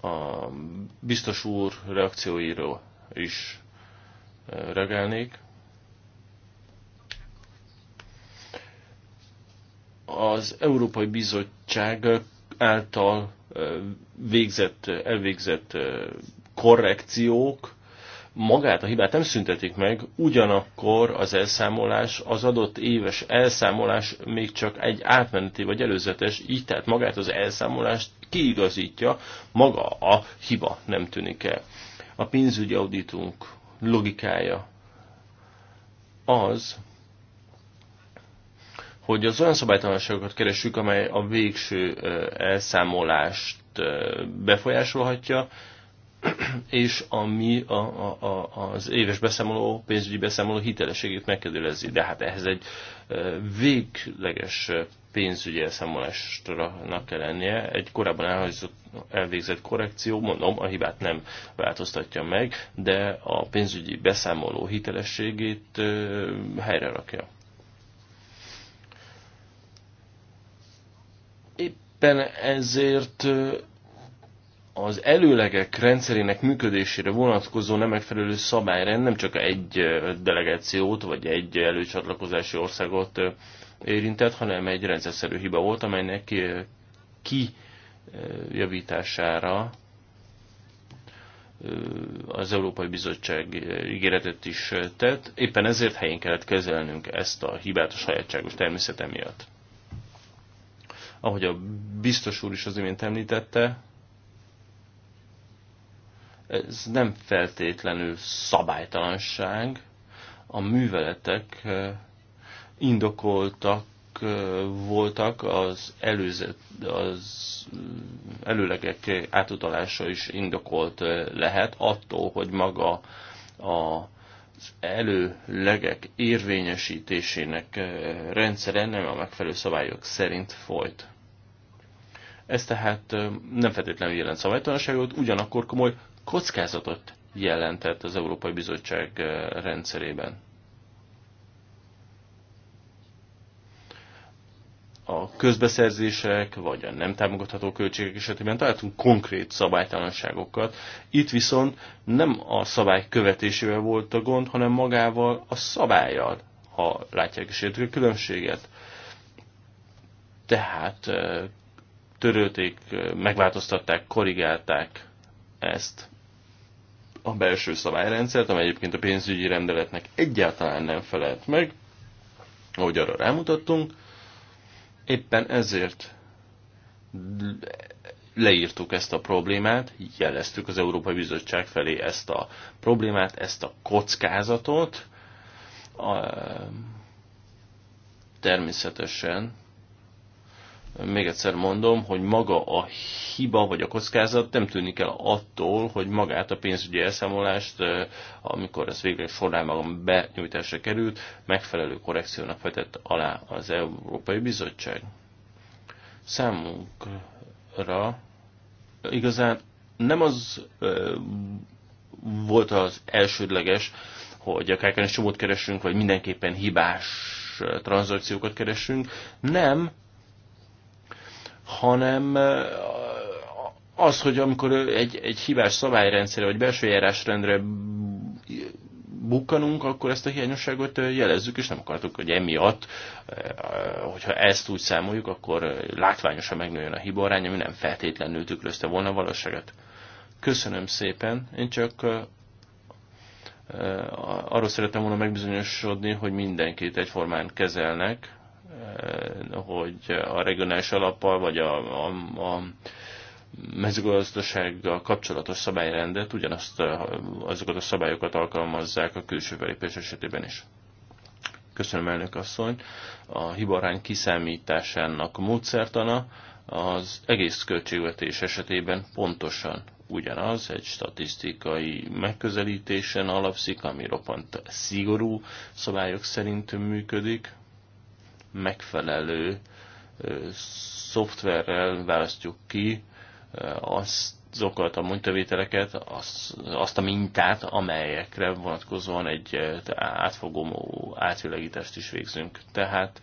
A biztos úr reakcióiról is eh, regelnék. Az Európai Bizottság által eh, végzett, elvégzett eh, korrekciók magát a hibát nem szüntetik meg, ugyanakkor az elszámolás, az adott éves elszámolás még csak egy átmeneti vagy előzetes, így tehát magát az elszámolást kiigazítja, maga a hiba nem tűnik el. A pénzügyi auditunk logikája az, hogy az olyan szabálytalanságokat keressük, amely a végső elszámolást befolyásolhatja, és ami a, a, a, az éves beszámoló, pénzügyi beszámoló hitelességét megkérdőjelezi. De hát ehhez egy végleges pénzügyi elszámolásnak kell lennie. Egy korábban elhagyzott, elvégzett korrekció, mondom, a hibát nem változtatja meg, de a pénzügyi beszámoló hitelességét helyre rakja. Éppen ezért az előlegek rendszerének működésére vonatkozó nem megfelelő szabályrend nem csak egy delegációt vagy egy előcsatlakozási országot érintett, hanem egy rendszerszerű hiba volt, amelynek kijavítására az Európai Bizottság ígéretet is tett. Éppen ezért helyén kellett kezelnünk ezt a hibát a sajátságos természete miatt. Ahogy a biztos úr is az imént említette, ez nem feltétlenül szabálytalanság. A műveletek indokoltak voltak, az, előzet, az előlegek átutalása is indokolt lehet, attól, hogy maga a előlegek érvényesítésének rendszere nem a megfelelő szabályok szerint folyt. Ez tehát nem feltétlenül jelent szabálytalanságot, ugyanakkor komoly kockázatot jelentett az Európai Bizottság rendszerében. A közbeszerzések vagy a nem támogatható költségek esetében találtunk konkrét szabálytalanságokat. Itt viszont nem a szabály követésével volt a gond, hanem magával a szabályjal, ha látják is a különbséget. Tehát törölték, megváltoztatták, korrigálták ezt a belső szabályrendszert, amely egyébként a pénzügyi rendeletnek egyáltalán nem felelt meg, ahogy arra rámutattunk. Éppen ezért leírtuk ezt a problémát, jeleztük az Európai Bizottság felé ezt a problémát, ezt a kockázatot. A, természetesen még egyszer mondom, hogy maga a hiba vagy a kockázat nem tűnik el attól, hogy magát a pénzügyi elszámolást, amikor ez végre során magam benyújtásra került, megfelelő korrekciónak vetett alá az Európai Bizottság. Számunkra igazán nem az volt az elsődleges, hogy a KKN csomót keresünk, vagy mindenképpen hibás tranzakciókat keresünk. Nem, hanem az, hogy amikor egy, egy hibás szabályrendszerre vagy belső járásrendre bukkanunk, akkor ezt a hiányosságot jelezzük, és nem akartuk, hogy emiatt, hogyha ezt úgy számoljuk, akkor látványosan megnőjön a hiba arány, ami nem feltétlenül tükrözte volna a valóságot. Köszönöm szépen, én csak arról szerettem volna megbizonyosodni, hogy mindenkit egyformán kezelnek, Eh, hogy a regionális alappal vagy a, a, a mezőgazdasággal kapcsolatos szabályrendet ugyanazt eh, azokat a szabályokat alkalmazzák a külső felépés esetében is. Köszönöm, elnök asszony. A hibarány kiszámításának módszertana az egész költségvetés esetében pontosan ugyanaz, egy statisztikai megközelítésen alapszik, ami roppant szigorú szabályok szerint működik, megfelelő szoftverrel választjuk ki azokat a munkavételeket, azt, azt a mintát, amelyekre vonatkozóan egy átfogó átvilágítást is végzünk. Tehát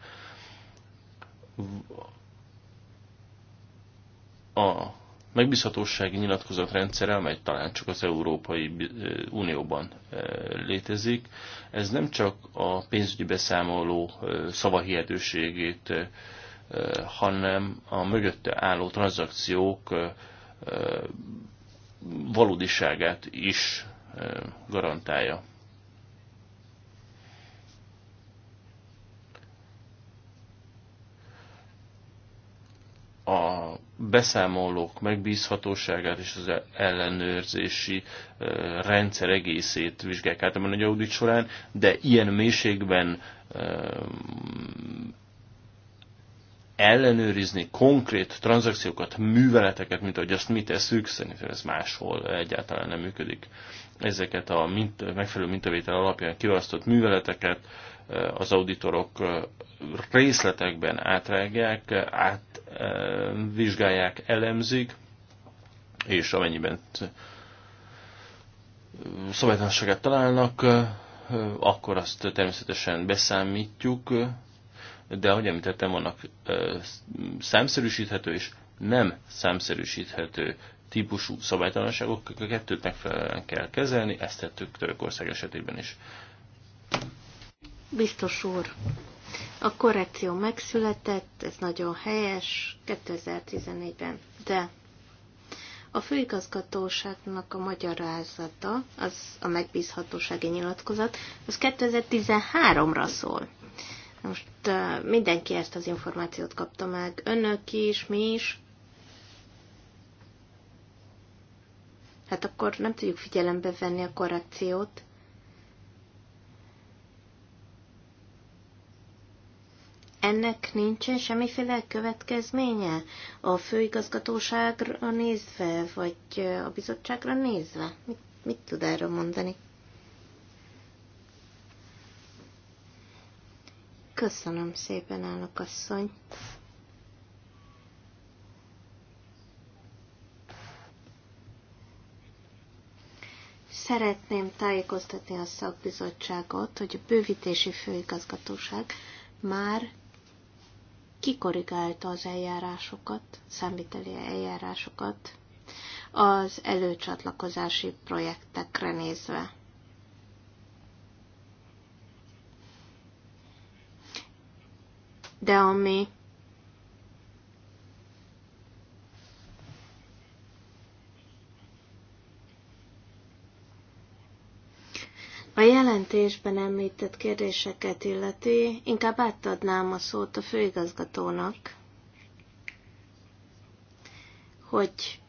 a megbízhatósági nyilatkozat rendszere, amely talán csak az Európai Unióban létezik, ez nem csak a pénzügyi beszámoló szavahihetőségét, hanem a mögötte álló tranzakciók valódiságát is garantálja. A beszámolók megbízhatóságát és az ellenőrzési rendszer egészét vizsgálják át a nagy audit során, de ilyen mélységben ellenőrizni konkrét tranzakciókat, műveleteket, mint ahogy azt mi teszünk, szerintem ez máshol egyáltalán nem működik. Ezeket a mint, megfelelő mintavétel alapján kiválasztott műveleteket, az auditorok részletekben átrágják, átvizsgálják, elemzik, és amennyiben szabálytalanságát találnak, akkor azt természetesen beszámítjuk, de ahogy említettem, vannak számszerűsíthető és nem számszerűsíthető típusú szabálytalanságok, a kettőt megfelelően kell kezelni, ezt tettük Törökország esetében is. Biztos úr, a korrekció megszületett, ez nagyon helyes 2014-ben, de a főigazgatóságnak a magyarázata, az a megbízhatósági nyilatkozat, az 2013-ra szól. Most mindenki ezt az információt kapta meg, önök is, mi is. Hát akkor nem tudjuk figyelembe venni a korrekciót, ennek nincsen semmiféle következménye a főigazgatóságra nézve, vagy a bizottságra nézve? Mit, mit tud erről mondani? Köszönöm szépen, állok asszony. Szeretném tájékoztatni a szakbizottságot, hogy a bővítési főigazgatóság már kikorrigálta az eljárásokat, számviteli eljárásokat az előcsatlakozási projektekre nézve. De ami A jelentésben említett kérdéseket illeti, inkább átadnám a szót a főigazgatónak, hogy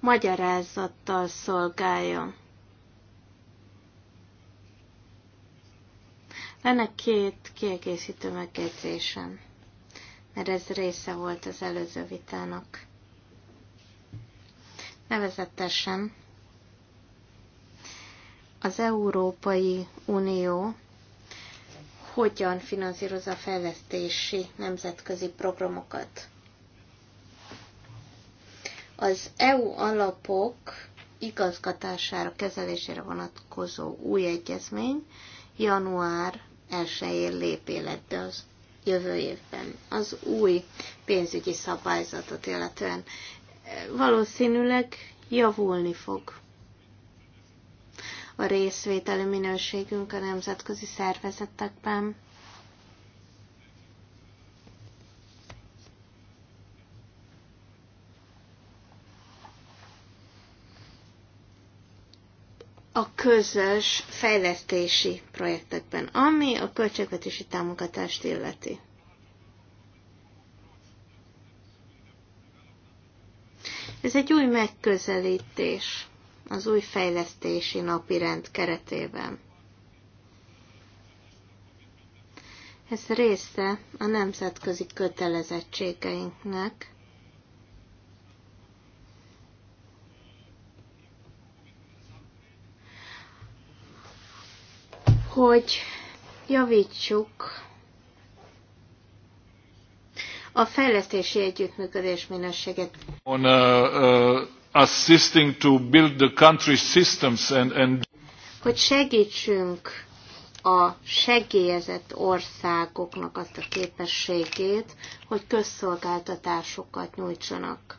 magyarázattal szolgálja. Lenne két kiegészítő megjegyzésem, mert ez része volt az előző vitának. Nevezetesen az Európai Unió hogyan finanszírozza a fejlesztési nemzetközi programokat. Az EU alapok igazgatására, kezelésére vonatkozó új egyezmény január 1-én lép életbe az jövő évben. Az új pénzügyi szabályzatot illetően eh, valószínűleg javulni fog a részvételi minőségünk a nemzetközi szervezetekben. a közös fejlesztési projektekben, ami a költségvetési támogatást illeti. Ez egy új megközelítés az új fejlesztési napirend keretében. Ez része a nemzetközi kötelezettségeinknek, hogy javítsuk a fejlesztési együttműködés minőségét. On, uh, uh assisting to build the country's systems and, and hogy segítsünk a segélyezett országoknak azt a képességét, hogy közszolgáltatásokat nyújtsanak.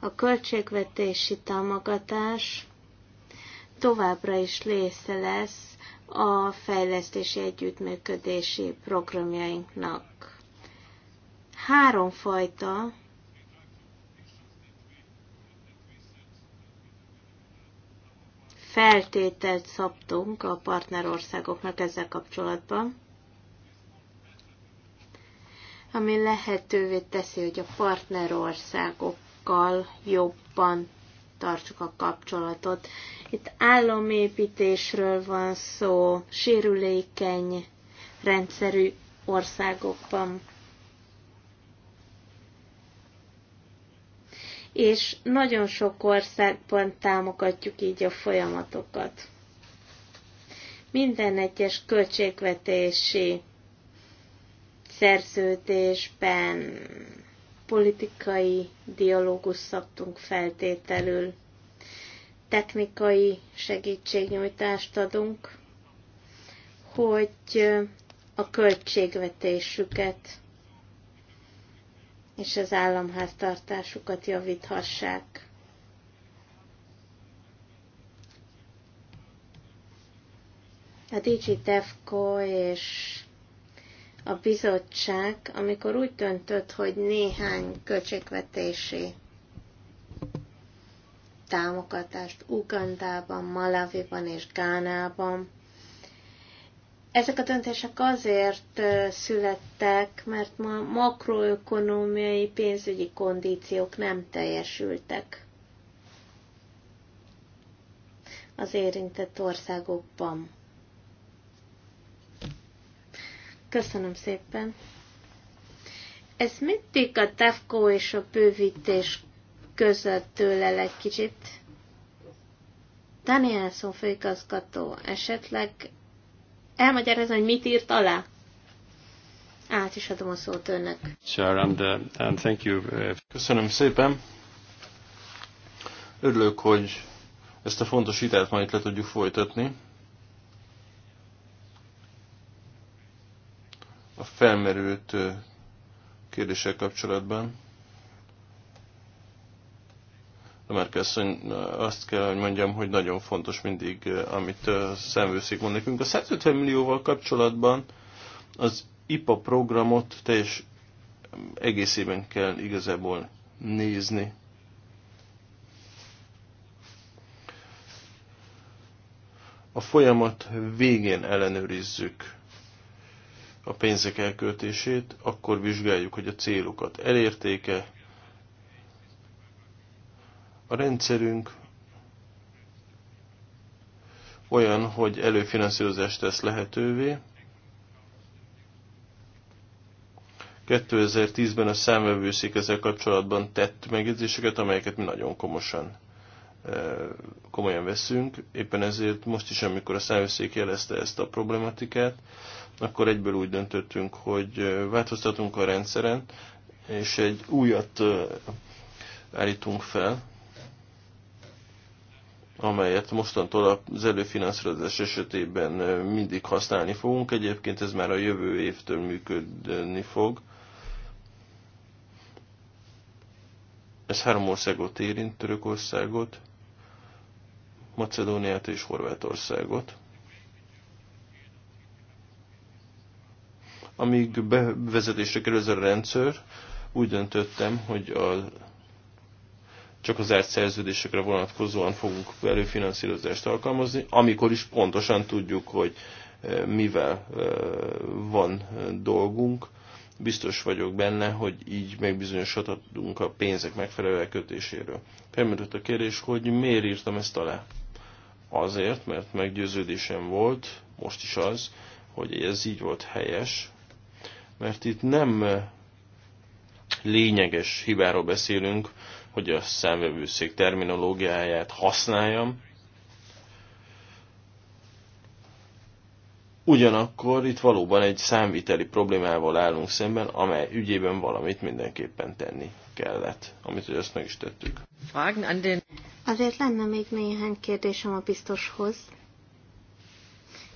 A költségvetési támogatás továbbra is része lesz a fejlesztési együttműködési programjainknak. Háromfajta feltételt szabtunk a partnerországoknak ezzel kapcsolatban, ami lehetővé teszi, hogy a partnerországokkal jobban tartsuk a kapcsolatot. Itt államépítésről van szó, sérülékeny rendszerű országokban és nagyon sok országban támogatjuk így a folyamatokat. Minden egyes költségvetési szerződésben politikai dialógus szabtunk feltételül, technikai segítségnyújtást adunk, hogy a költségvetésüket és az államháztartásukat javíthassák. A DigiDevco és a bizottság, amikor úgy döntött, hogy néhány költségvetési támogatást Ugandában, Malaviban és Gánában ezek a döntések azért születtek, mert ma makroökonomiai pénzügyi kondíciók nem teljesültek az érintett országokban. Köszönöm szépen. Ez mindig a TEFCO és a bővítés között tőle egy kicsit. Danielson főigazgató, esetleg elmagyarázni, hogy mit írt alá? Át is adom a szót önnek. Sure, and, uh, and thank you. Uh, Köszönöm szépen. Örülök, hogy ezt a fontos hitelt majd itt le tudjuk folytatni. A felmerült uh, kérdések kapcsolatban. Merkel asszony, eh, azt kell, hogy mondjam, hogy nagyon fontos mindig, eh, amit eh, szemvőszik mond nekünk. A 150 millióval kapcsolatban az IPA programot teljes egészében kell igazából nézni. A folyamat végén ellenőrizzük a pénzek elköltését, akkor vizsgáljuk, hogy a célokat elértéke, a rendszerünk olyan, hogy előfinanszírozást tesz lehetővé. 2010-ben a számvevőszék ezzel kapcsolatban tett megjegyzéseket, amelyeket mi nagyon komosan e, komolyan veszünk. Éppen ezért most is, amikor a számvevőszék jelezte ezt a problematikát, akkor egyből úgy döntöttünk, hogy e, változtatunk a rendszeren, és egy újat e, állítunk fel, amelyet mostantól az előfinanszírozás esetében mindig használni fogunk. Egyébként ez már a jövő évtől működni fog. Ez három országot érint, Törökországot, Macedóniát és Horvátországot. Amíg bevezetésre kerül ez a rendszer, úgy döntöttem, hogy a csak az szerződésekre vonatkozóan fogunk előfinanszírozást alkalmazni, amikor is pontosan tudjuk, hogy e, mivel e, van e, dolgunk. Biztos vagyok benne, hogy így megbizonyosodhatunk a pénzek megfelelő elkötéséről. Felmerült a kérdés, hogy miért írtam ezt alá. Azért, mert meggyőződésem volt, most is az, hogy ez így volt helyes, mert itt nem lényeges hibáról beszélünk, hogy a számvevőszék terminológiáját használjam. Ugyanakkor itt valóban egy számviteli problémával állunk szemben, amely ügyében valamit mindenképpen tenni kellett, amit ezt meg is tettük. Azért lenne még néhány kérdésem a biztoshoz,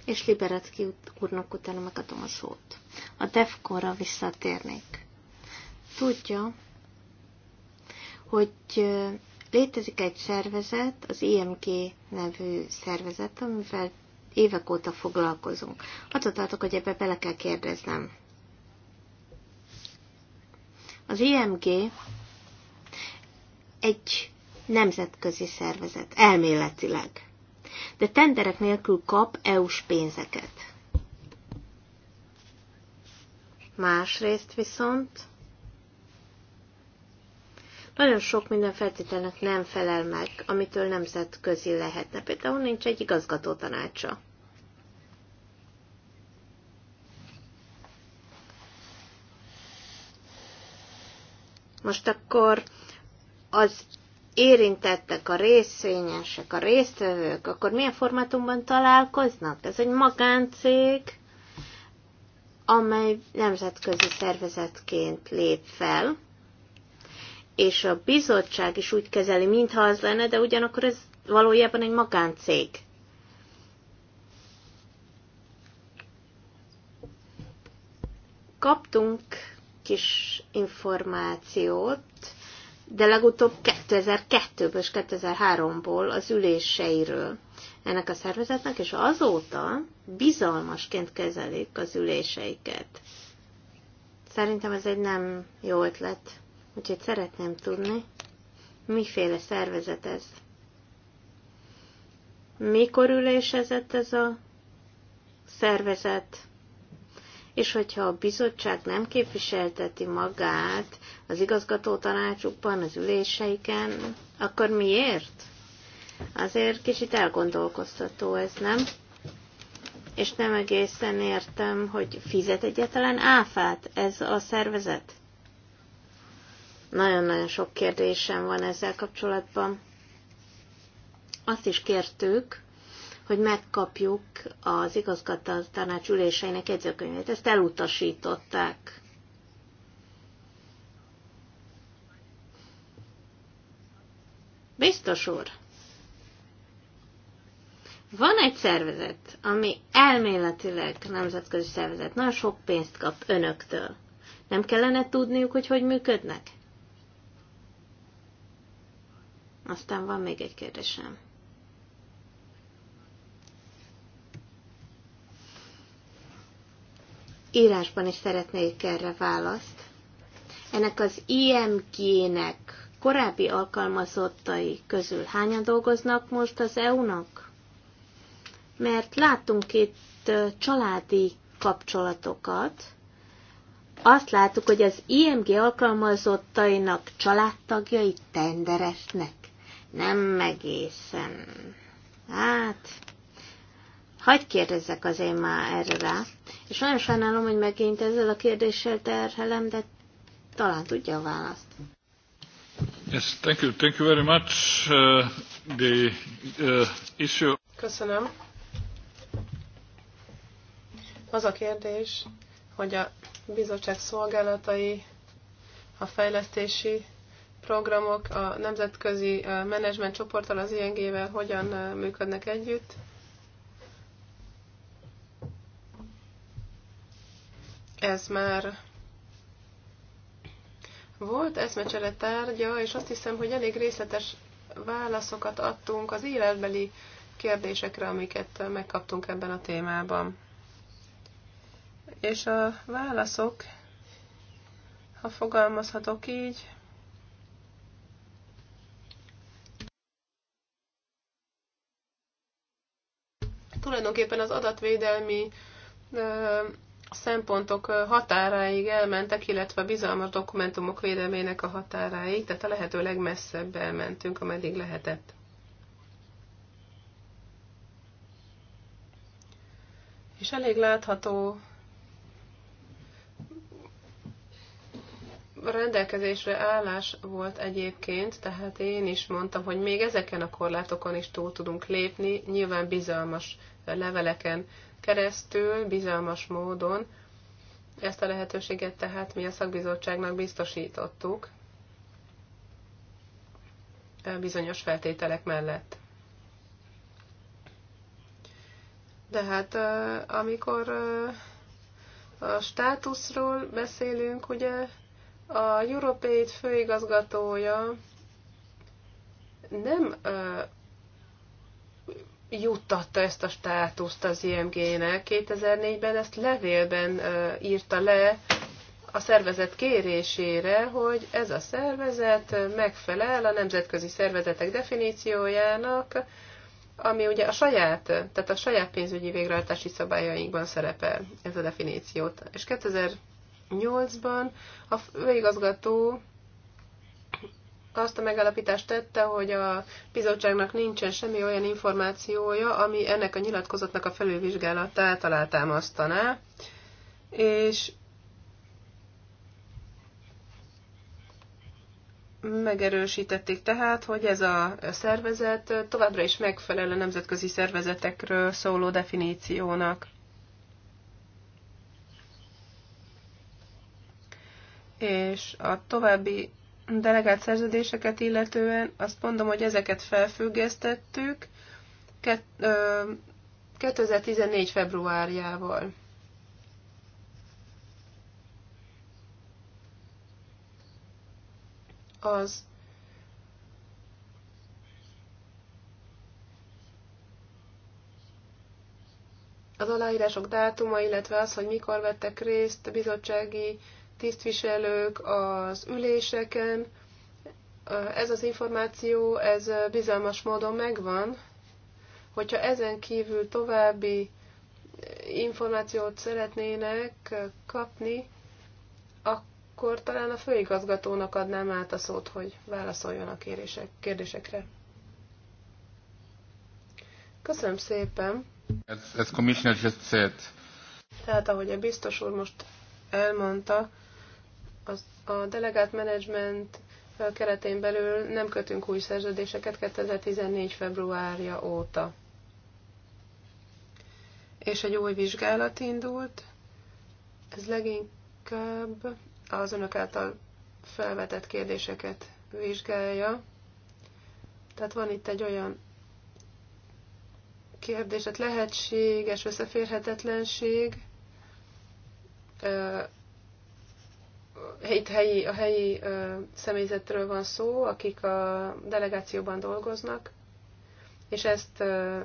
és Liberecki úrnak utána megadom a szót. A defkorra visszatérnék. Tudja, hogy létezik egy szervezet, az IMG nevű szervezet, amivel évek óta foglalkozunk. Attól tartok, hogy ebbe bele kell kérdeznem. Az IMG egy nemzetközi szervezet, elméletileg. De tenderek nélkül kap EU-s pénzeket. Másrészt viszont nagyon sok minden feltételnek nem felel meg, amitől nemzetközi lehetne. Például nincs egy igazgató tanácsa. Most akkor az érintettek, a részvényesek, a résztvevők, akkor milyen formátumban találkoznak? Ez egy magáncég, amely nemzetközi szervezetként lép fel, és a bizottság is úgy kezeli, mintha az lenne, de ugyanakkor ez valójában egy magáncég. Kaptunk kis információt, de legutóbb 2002-ből és 2003-ból az üléseiről ennek a szervezetnek, és azóta bizalmasként kezelik az üléseiket. Szerintem ez egy nem jó ötlet. Úgyhogy szeretném tudni, miféle szervezet ez. Mikor ülésezett ez a szervezet? És hogyha a bizottság nem képviselteti magát az igazgató tanácsukban, az üléseiken, akkor miért? Azért kicsit elgondolkoztató ez, nem? És nem egészen értem, hogy fizet egyetlen áfát ez a szervezet. Nagyon-nagyon sok kérdésem van ezzel kapcsolatban. Azt is kértük, hogy megkapjuk az igazgató tanács üléseinek jegyzőkönyvét. Ezt elutasították. Biztos úr, van egy szervezet, ami elméletileg nemzetközi szervezet, nagyon sok pénzt kap önöktől. Nem kellene tudniuk, hogy hogy működnek? Aztán van még egy kérdésem. Írásban is szeretnék erre választ. Ennek az IMG-nek korábbi alkalmazottai közül hányan dolgoznak most az EU-nak? Mert láttunk itt családi kapcsolatokat, azt láttuk, hogy az IMG alkalmazottainak családtagjai tenderesnek nem egészen. Hát, hagyd kérdezzek az én már erre rá. És nagyon sajnálom, hogy megint ezzel a kérdéssel terhelem, de talán tudja a választ. Yes, thank you, thank you very much. Uh, the uh, issue... Köszönöm. Az a kérdés, hogy a bizottság szolgálatai a fejlesztési programok a nemzetközi menedzsment csoporttal, az ING-vel hogyan működnek együtt. Ez már volt eszmecsere tárgya, és azt hiszem, hogy elég részletes válaszokat adtunk az életbeli kérdésekre, amiket megkaptunk ebben a témában. És a válaszok, ha fogalmazhatok így, tulajdonképpen az adatvédelmi szempontok határáig elmentek, illetve a bizalmas dokumentumok védelmének a határáig, tehát a lehető legmesszebb elmentünk, ameddig lehetett. És elég látható rendelkezésre állás volt egyébként, tehát én is mondtam, hogy még ezeken a korlátokon is túl tudunk lépni, nyilván bizalmas leveleken keresztül, bizalmas módon. Ezt a lehetőséget tehát mi a szakbizottságnak biztosítottuk bizonyos feltételek mellett. De hát amikor a státuszról beszélünk, ugye a Europaid főigazgatója nem ö, juttatta ezt a státuszt az IMG-nek. 2004-ben ezt levélben ö, írta le a szervezet kérésére, hogy ez a szervezet megfelel a nemzetközi szervezetek definíciójának, ami ugye a saját, tehát a saját pénzügyi végrehajtási szabályainkban szerepel ez a definíciót. És 2000 2008-ban a főigazgató azt a megállapítást tette, hogy a bizottságnak nincsen semmi olyan információja, ami ennek a nyilatkozatnak a felülvizsgálatát alátámasztaná, és megerősítették tehát, hogy ez a szervezet továbbra is megfelel a nemzetközi szervezetekről szóló definíciónak. és a további delegált szerződéseket illetően azt mondom, hogy ezeket felfüggesztettük 2014. februárjával. Az az aláírások dátuma, illetve az, hogy mikor vettek részt a bizottsági uh, tisztviselők az üléseken. Ez az információ, ez bizalmas módon megvan. Hogyha ezen kívül további információt szeretnének kapni, akkor talán a főigazgatónak adnám át a szót, hogy válaszoljon a kérések, kérdésekre. Köszönöm szépen. Ez, ez commissioner just said. Tehát, ahogy a biztos úr most elmondta, a delegált menedzsment keretén belül nem kötünk új szerződéseket 2014. februárja óta. És egy új vizsgálat indult, ez leginkább az önök által felvetett kérdéseket vizsgálja. Tehát van itt egy olyan kérdés, tehát lehetséges összeférhetetlenség, itt helyi, a helyi ö, személyzetről van szó, akik a delegációban dolgoznak, és ezt ö,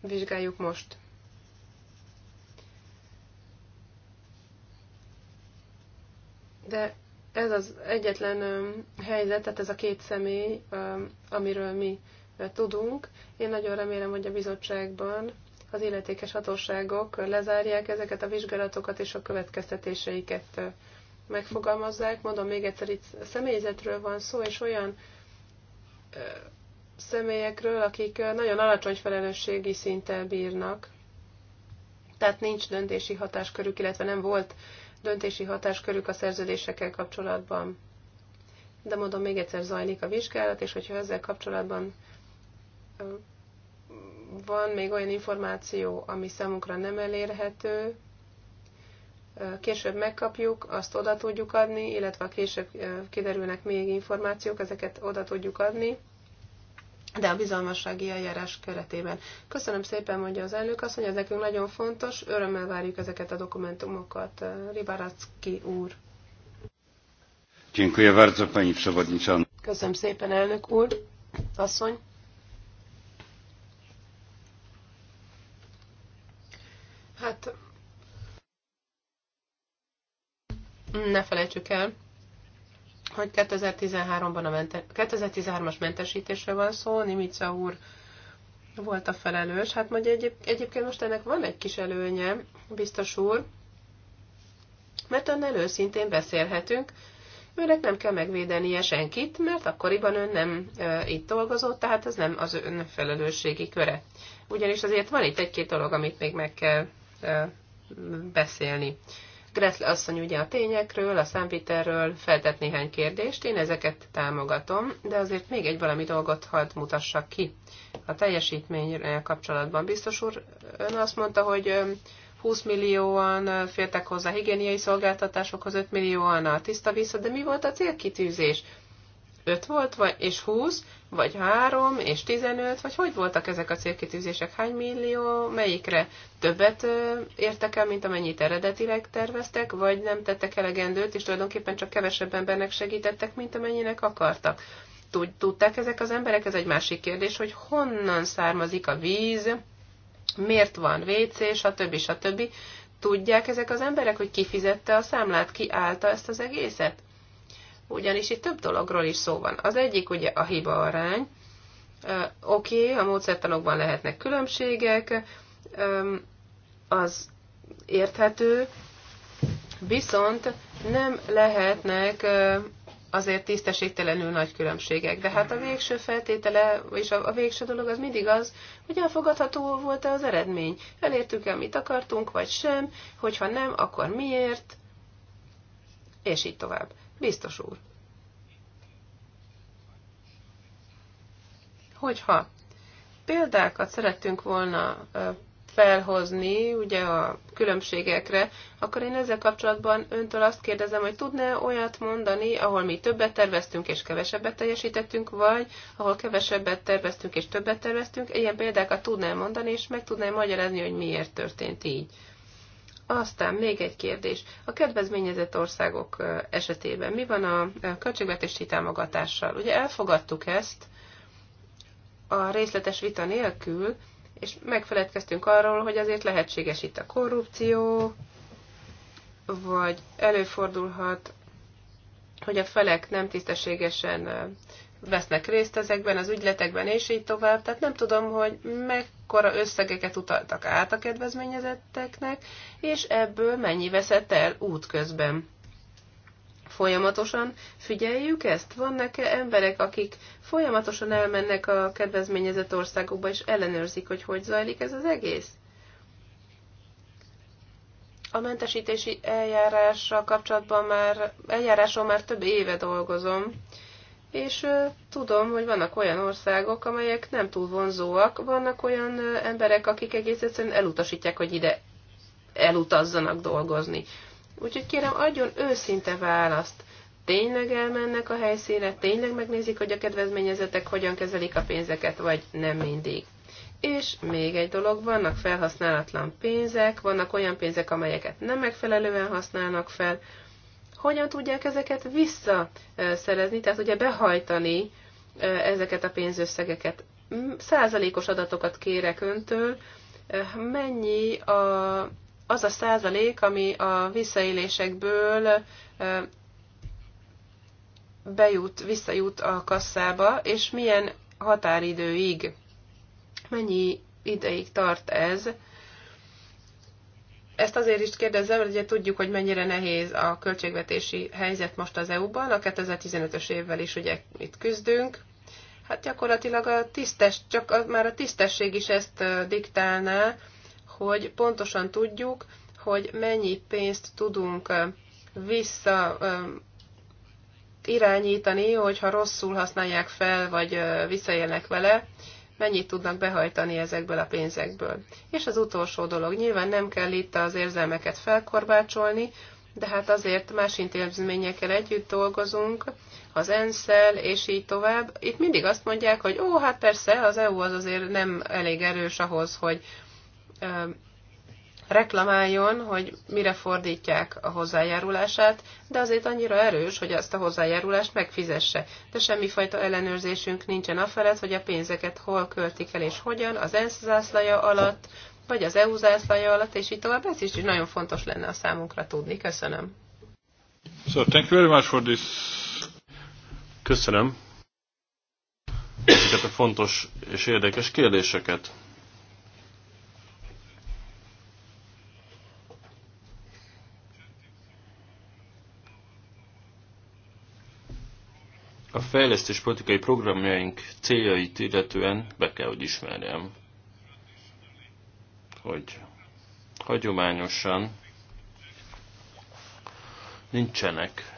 vizsgáljuk most. De ez az egyetlen ö, helyzet, tehát ez a két személy, ö, amiről mi ö, tudunk. Én nagyon remélem, hogy a bizottságban az illetékes hatóságok lezárják ezeket a vizsgálatokat és a következtetéseiket megfogalmazzák. Mondom még egyszer, itt személyzetről van szó, és olyan személyekről, akik nagyon alacsony felelősségi szinttel bírnak. Tehát nincs döntési hatáskörük, illetve nem volt döntési hatáskörük a szerződésekkel kapcsolatban. De mondom, még egyszer zajlik a vizsgálat, és hogyha ezzel kapcsolatban van még olyan információ, ami számunkra nem elérhető, később megkapjuk, azt oda tudjuk adni, illetve később kiderülnek még információk, ezeket oda tudjuk adni, de a bizalmassági eljárás keretében. Köszönöm szépen, mondja az elnök azt, hogy ez nekünk nagyon fontos, örömmel várjuk ezeket a dokumentumokat. Ribaracki úr. Köszönöm szépen, elnök úr, asszony. Hát ne felejtsük el, hogy 2013-ban a mente, 2013-as mentesítésre van szó, Nimica úr volt a felelős. Hát mondja, egyéb, egyébként most ennek van egy kis előnye, biztos úr, mert önnel őszintén beszélhetünk, őnek nem kell megvédenie senkit, mert akkoriban ön nem e, itt dolgozott, tehát ez nem az ön felelősségi köre. Ugyanis azért van itt egy-két dolog, amit még meg kell e, beszélni. Gretle asszony ugye a tényekről, a számvitelről feltett néhány kérdést, én ezeket támogatom, de azért még egy valami dolgot hadd mutassak ki. A teljesítményre kapcsolatban biztos úr, ön azt mondta, hogy 20 millióan fértek hozzá higiéniai szolgáltatásokhoz, 5 millióan a tiszta vissza, de mi volt a célkitűzés? 5 volt, vagy, és 20, vagy 3, és 15, vagy hogy voltak ezek a célkitűzések? Hány millió, melyikre többet értek el, mint amennyit eredetileg terveztek, vagy nem tettek elegendőt, és tulajdonképpen csak kevesebb embernek segítettek, mint amennyinek akartak? Tudták ezek az emberek? Ez egy másik kérdés, hogy honnan származik a víz, miért van WC, stb. stb. Tudják ezek az emberek, hogy ki fizette a számlát, ki állta ezt az egészet? ugyanis itt több dologról is szó van. Az egyik ugye a hiba arány. Oké, okay, a módszertanokban lehetnek különbségek, az érthető, viszont nem lehetnek azért tisztességtelenül nagy különbségek. De hát a végső feltétele, és a, a végső dolog az mindig az, hogy elfogadható volt-e az eredmény. Elértük-e, amit akartunk, vagy sem, hogyha nem, akkor miért, és így tovább. Biztos úr. Hogyha példákat szerettünk volna felhozni ugye a különbségekre, akkor én ezzel kapcsolatban öntől azt kérdezem, hogy tudná olyat mondani, ahol mi többet terveztünk és kevesebbet teljesítettünk, vagy ahol kevesebbet terveztünk és többet terveztünk, ilyen példákat tudná mondani, és meg tudná magyarázni, hogy miért történt így. Aztán még egy kérdés. A kedvezményezett országok esetében mi van a költségvetési támogatással? Ugye elfogadtuk ezt a részletes vita nélkül, és megfeledkeztünk arról, hogy azért lehetséges itt a korrupció, vagy előfordulhat, hogy a felek nem tisztességesen vesznek részt ezekben az ügyletekben, és így tovább. Tehát nem tudom, hogy mekkora összegeket utaltak át a kedvezményezetteknek, és ebből mennyi veszett el útközben. Folyamatosan figyeljük ezt? Vannak-e emberek, akik folyamatosan elmennek a kedvezményezett országokba, és ellenőrzik, hogy hogy zajlik ez az egész? A mentesítési eljárással kapcsolatban már, eljárásról már több éve dolgozom, és tudom, hogy vannak olyan országok, amelyek nem túl vonzóak, vannak olyan emberek, akik egész egyszerűen elutasítják, hogy ide elutazzanak dolgozni. Úgyhogy kérem, adjon őszinte választ. Tényleg elmennek a helyszínre, tényleg megnézik, hogy a kedvezményezetek hogyan kezelik a pénzeket, vagy nem mindig. És még egy dolog, vannak felhasználatlan pénzek, vannak olyan pénzek, amelyeket nem megfelelően használnak fel, hogyan tudják ezeket visszaszerezni, tehát ugye behajtani ezeket a pénzösszegeket. Százalékos adatokat kérek öntől, mennyi a, az a százalék, ami a visszaélésekből bejut, visszajut a kasszába, és milyen határidőig, mennyi ideig tart ez, ezt azért is kérdezem, hogy ugye tudjuk, hogy mennyire nehéz a költségvetési helyzet most az EU-ban, a 2015-ös évvel is ugye itt küzdünk. Hát gyakorlatilag a tisztes, csak a, már a tisztesség is ezt diktálná, hogy pontosan tudjuk, hogy mennyi pénzt tudunk vissza irányítani, hogyha rosszul használják fel, vagy visszaélnek vele, mennyit tudnak behajtani ezekből a pénzekből. És az utolsó dolog, nyilván nem kell itt az érzelmeket felkorbácsolni, de hát azért más intézményekkel együtt dolgozunk, az ensz és így tovább. Itt mindig azt mondják, hogy ó, hát persze, az EU az azért nem elég erős ahhoz, hogy reklamáljon, hogy mire fordítják a hozzájárulását, de azért annyira erős, hogy azt a hozzájárulást megfizesse. De semmifajta ellenőrzésünk nincsen afelett, hogy a pénzeket hol költik el és hogyan, az ENSZ zászlaja alatt, vagy az EU zászlaja alatt, és így tovább. Ez is nagyon fontos lenne a számunkra tudni. Köszönöm. So, thank you very much for this. Köszönöm ezeket a fontos és érdekes kérdéseket. a fejlesztés politikai programjaink céljait illetően be kell, hogy ismerjem, hogy hagyományosan nincsenek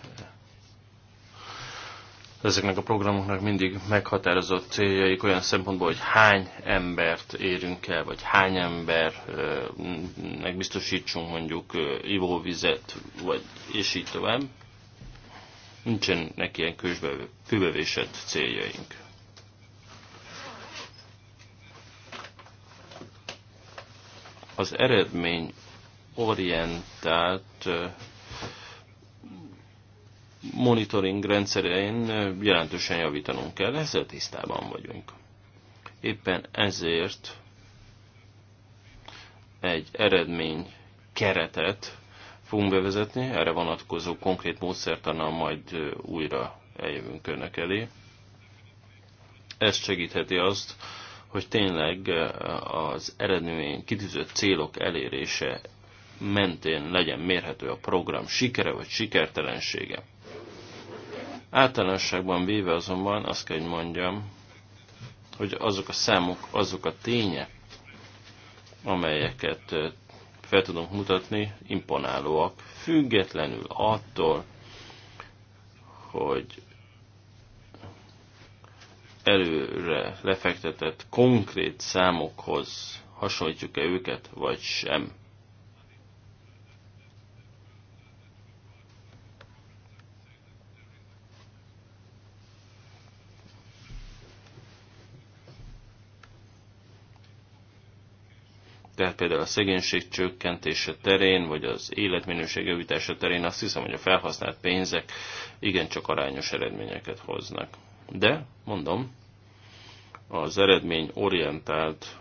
ezeknek a programoknak mindig meghatározott céljaik olyan szempontból, hogy hány embert érünk el, vagy hány embernek biztosítsunk mondjuk ivóvizet, vagy és így tovább. Nincsenek ilyen kőbevésett céljaink. Az eredmény orientált monitoring rendszerén jelentősen javítanunk kell, ezzel tisztában vagyunk. Éppen ezért egy eredmény keretet fogunk bevezetni, erre vonatkozó konkrét módszertannal majd újra eljövünk önök elé. Ez segítheti azt, hogy tényleg az eredmény kitűzött célok elérése mentén legyen mérhető a program sikere vagy sikertelensége. Általánosságban véve azonban azt kell, hogy mondjam, hogy azok a számok, azok a tények, amelyeket fel tudom mutatni, imponálóak, függetlenül attól, hogy előre lefektetett konkrét számokhoz hasonlítjuk-e őket, vagy sem. Tehát például a szegénység csökkentése terén, vagy az életminőség javítása terén azt hiszem, hogy a felhasznált pénzek igencsak arányos eredményeket hoznak. De, mondom, az eredmény orientált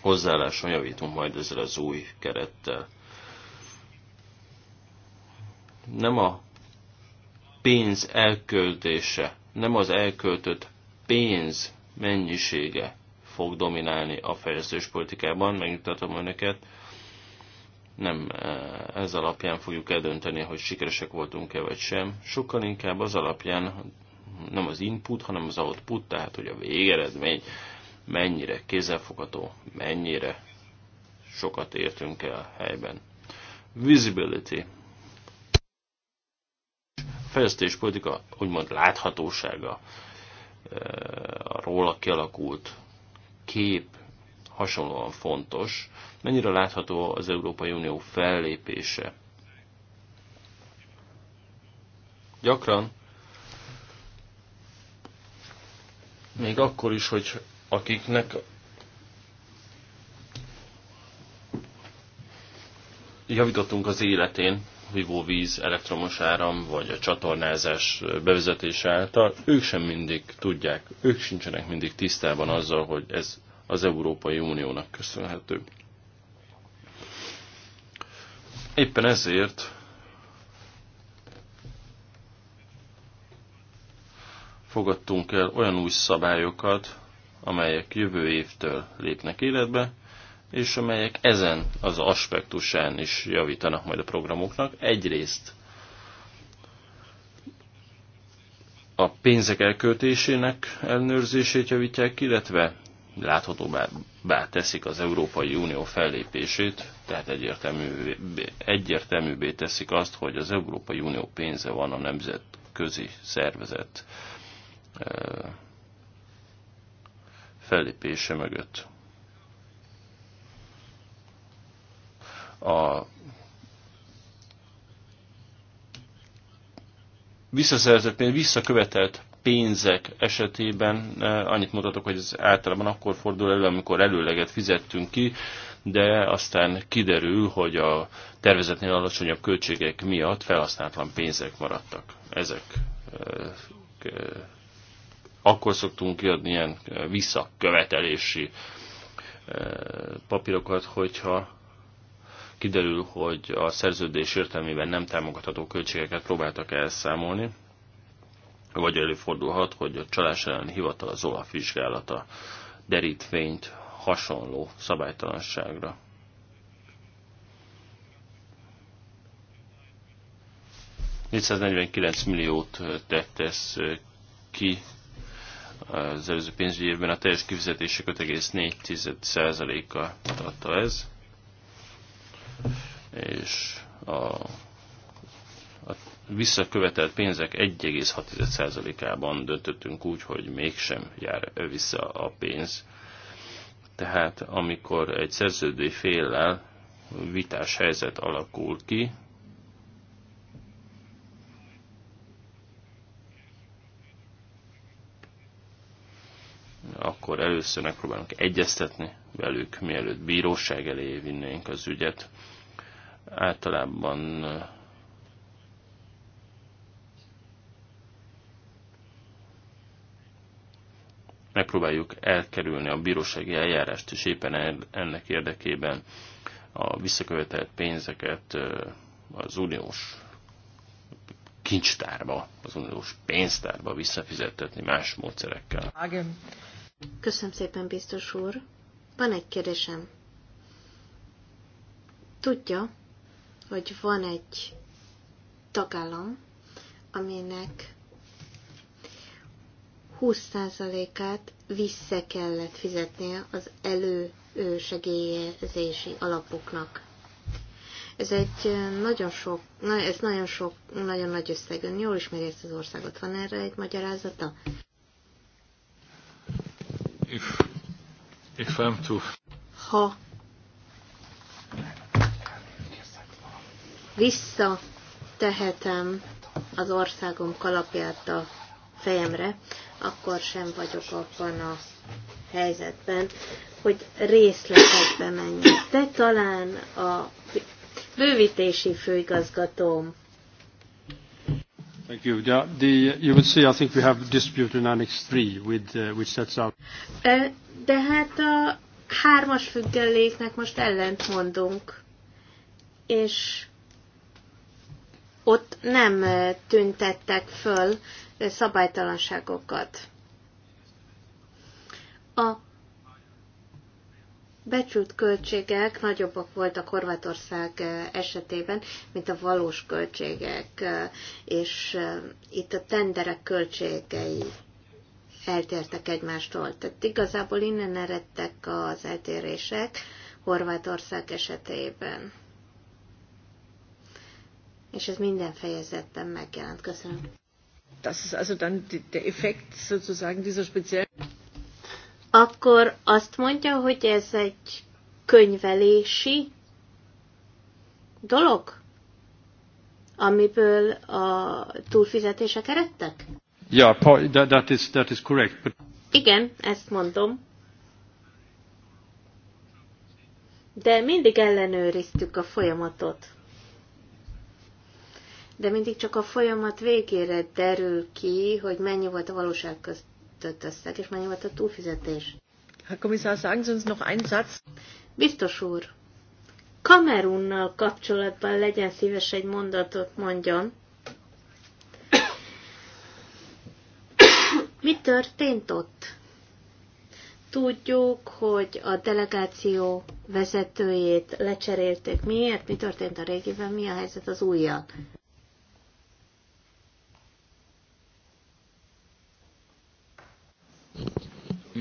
hozzáálláson javítunk majd ezzel az új kerettel. Nem a pénz elköltése, nem az elköltött pénz mennyisége fog dominálni a fejlesztős politikában, megnyugtatom önöket. Nem e, ez alapján fogjuk eldönteni, hogy sikeresek voltunk-e vagy sem, sokkal inkább az alapján nem az input, hanem az output, tehát hogy a végeredmény mennyire kézzelfogható, mennyire sokat értünk el helyben. Visibility. Fejlesztéspolitika úgymond láthatósága e, a róla kialakult kép hasonlóan fontos. Mennyire látható az Európai Unió fellépése? Gyakran, még akkor is, hogy akiknek javítottunk az életén, ivóvíz, elektromos áram vagy a csatornázás bevezetése által, ők sem mindig tudják, ők sincsenek mindig tisztában azzal, hogy ez az Európai Uniónak köszönhető. Éppen ezért fogadtunk el olyan új szabályokat, amelyek jövő évtől lépnek életbe, és amelyek ezen az aspektusán is javítanak majd a programoknak. Egyrészt a pénzek elköltésének ellenőrzését javítják, illetve láthatóbbá teszik az Európai Unió fellépését, tehát egyértelművé, egyértelművé teszik azt, hogy az Európai Unió pénze van a nemzetközi szervezet eh, fellépése mögött. a pénz, visszakövetelt pénzek esetében eh, annyit mutatok, hogy ez általában akkor fordul elő, amikor előleget fizettünk ki, de aztán kiderül, hogy a tervezetnél alacsonyabb költségek miatt felhasználatlan pénzek maradtak. Ezek eh, eh, akkor szoktunk kiadni ilyen visszakövetelési papírokat, hogyha kiderül, hogy a szerződés értelmében nem támogatható költségeket próbáltak elszámolni, vagy előfordulhat, hogy a csalás ellen hivatal az OLAF vizsgálata derít fényt hasonló szabálytalanságra. ...449 milliót tett ez ki az előző pénzügyi évben, a teljes kifizetése 5,4%-a adta ez és a, a visszakövetelt pénzek 1,6%-ában döntöttünk úgy, hogy mégsem jár vissza a pénz. Tehát amikor egy szerződő féllel vitás helyzet alakul ki, akkor először megpróbálunk egyeztetni velük, mielőtt bíróság elé vinnénk az ügyet általában eh, megpróbáljuk elkerülni a bírósági eljárást, és éppen ennek érdekében a visszakövetelt pénzeket eh, az uniós kincstárba, az uniós pénztárba visszafizettetni más módszerekkel. Köszönöm szépen, biztos úr. Van egy kérdésem. Tudja, hogy van egy tagállam, aminek 20%-át vissza kellett fizetnie az elősegélyezési alapoknak. Ez egy nagyon sok, ez nagyon sok, nagyon nagy összeg. Ön jól ismeri ezt az országot. Van erre egy magyarázata? If, if I'm too... Ha tehetem az országom kalapját a fejemre, akkor sem vagyok abban a helyzetben, hogy részletekbe menjek. De talán a bővítési főigazgatóm Thank you. Yeah, the, you will see, I think we have dispute in Annex 3, with, uh, which sets out. De hát a hármas függeléknek most ellent mondunk, és ott nem tüntettek föl szabálytalanságokat. A becsült költségek nagyobbak voltak Horvátország esetében, mint a valós költségek, és itt a tenderek költségei eltértek egymástól. Tehát igazából innen eredtek az eltérések Horvátország esetében és ez minden fejezetben megjelent. Köszönöm. Das ist also dann der Effekt sozusagen dieser speziellen... Akkor azt mondja, hogy ez egy könyvelési dolog, amiből a túlfizetések eredtek? Ja, yeah, that, that, is, that is correct. But... Igen, ezt mondom. De mindig ellenőriztük a folyamatot de mindig csak a folyamat végére derül ki, hogy mennyi volt a valóság között összeg, és mennyi volt a túlfizetés. Herr Kommissar, sagen Sie uns noch einen Satz. Biztos úr, Kamerunnal kapcsolatban legyen szíves egy mondatot mondjon. Mi történt ott? Tudjuk, hogy a delegáció vezetőjét lecserélték. Miért? Mi történt a régiben? Mi a helyzet az újjal?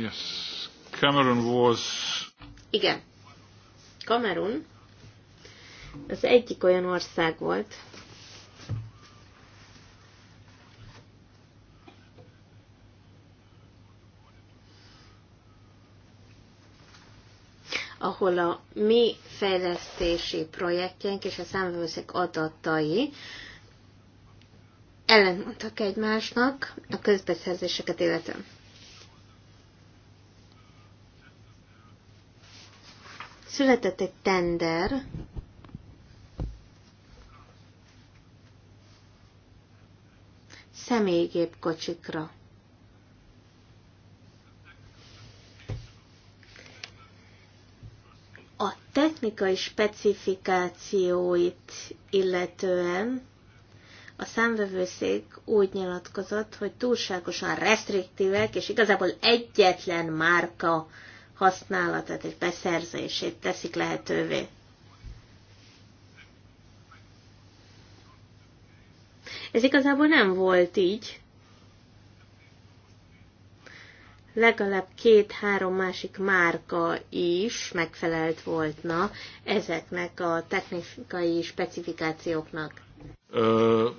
Yes. Cameron was... Igen. Kamerun az egyik olyan ország volt, ahol a mi fejlesztési projektjénk és a számvevőszék adatai ellentmondtak egymásnak a közbeszerzéseket illetően. Született egy tender, kocsikra. A technikai specifikációit illetően a számvevőszék úgy nyilatkozott, hogy túlságosan restriktívek, és igazából egyetlen márka használatát és beszerzését teszik lehetővé. Ez igazából nem volt így. Legalább két-három másik márka is megfelelt voltna ezeknek a technikai specifikációknak. Uh,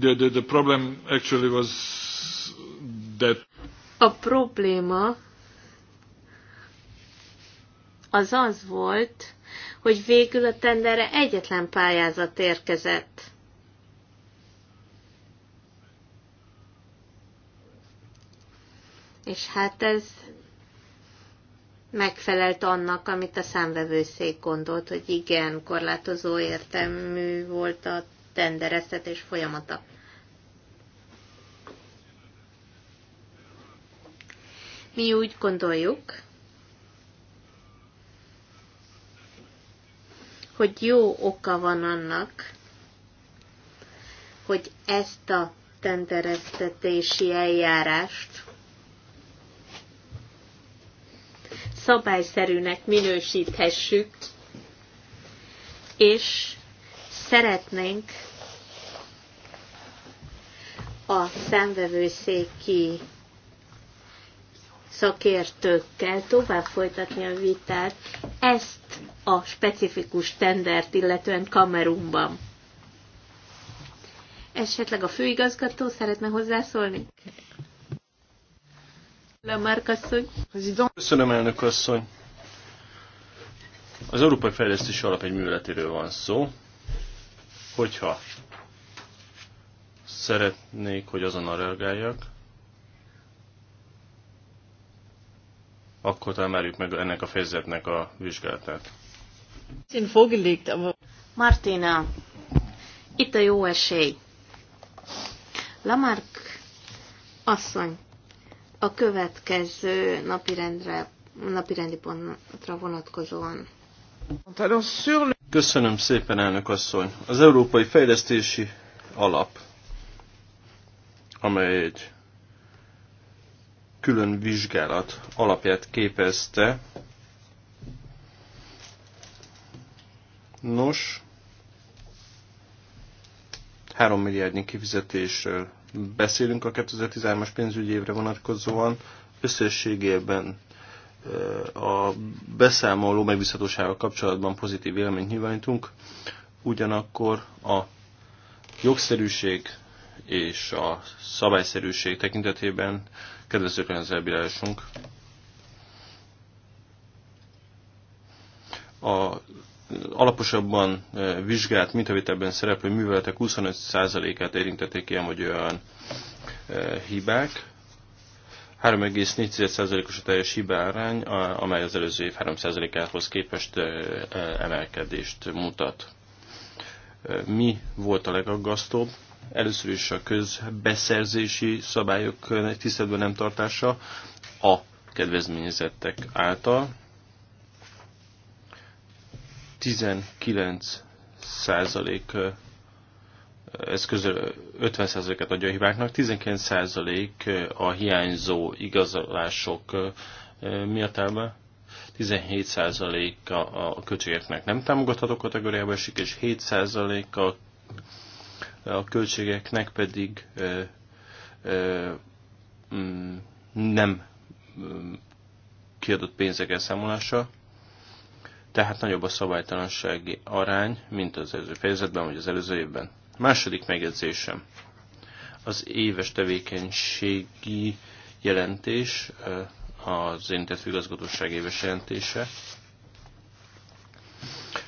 the, the, the problem actually was that... A probléma az az volt, hogy végül a tenderre egyetlen pályázat érkezett. És hát ez megfelelt annak, amit a számvevőszék gondolt, hogy igen, korlátozó értelmű volt a tendereztetés folyamata. Mi úgy gondoljuk, hogy jó oka van annak, hogy ezt a tendereztetési eljárást szabályszerűnek minősíthessük, és szeretnénk a szemvevőszéki szakértőkkel tovább folytatni a vitát, ezt a specifikus tendert, illetően Kamerunban. Esetleg a főigazgató szeretne hozzászólni? Köszönöm, elnök asszony. Az Európai Fejlesztési Alap egy műveletéről van szó. Hogyha szeretnék, hogy azonnal reagáljak, akkor talán meg ennek a fejezetnek a vizsgálatát. Martina, itt a jó esély. Lamarck asszony, a következő napirendre, napirendi pontra vonatkozóan. Köszönöm szépen, elnök asszony. Az Európai Fejlesztési Alap, amely egy külön vizsgálat alapját képezte Nos, 3 milliárdnyi kifizetésről beszélünk a 2013-as pénzügyi évre vonatkozóan. Összességében a beszámoló megbízhatósága kapcsolatban pozitív véleményt nyilvánítunk, ugyanakkor a jogszerűség és a szabályszerűség tekintetében kedvezőkön az elbírálásunk. A alaposabban vizsgált mintavételben szereplő műveletek 25%-át érintették ilyen vagy olyan hibák. 3,4%-os a teljes hibárány, amely az előző év 3%-ához képest emelkedést mutat. Mi volt a legaggasztóbb? Először is a közbeszerzési szabályok tiszteletben nem tartása a kedvezményezettek által, 19 százalék ez közül 50 százaléket adja a hibáknak, 19% a hiányzó igazolások miatt elbe. 17% a, a költségeknek nem támogatható kategóriába esik, és 7% a, a költségeknek pedig ö, ö, mm, nem mm, kiadott pénzek elszámolása tehát nagyobb a szabálytalansági arány, mint az előző fejezetben, vagy az előző évben. Második megjegyzésem. Az éves tevékenységi jelentés, az érintett igazgatóság éves jelentése,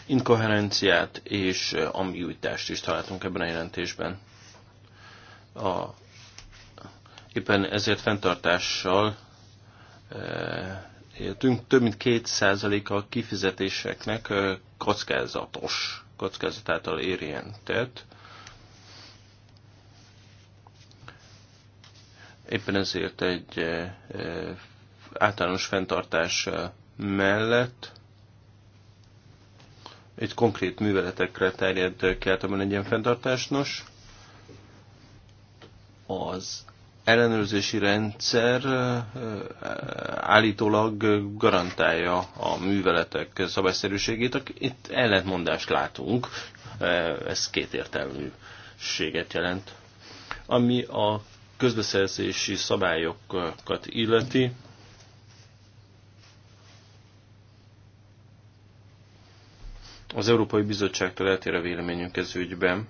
inkoherenciát és ambiguitást is találtunk ebben a jelentésben. A, éppen ezért fenntartással éltünk, több mint 2% a kifizetéseknek kockázatos, kockázatától érintett. Éppen ezért egy általános fenntartás mellett egy konkrét műveletekre terjed kell, egy ilyen fenntartásnos. Az ellenőrzési rendszer állítólag garantálja a műveletek szabályszerűségét. Itt ellentmondást látunk, ez kétértelműséget jelent. Ami a közbeszerzési szabályokat illeti, az Európai Bizottságtól eltér a véleményünk ez ügyben.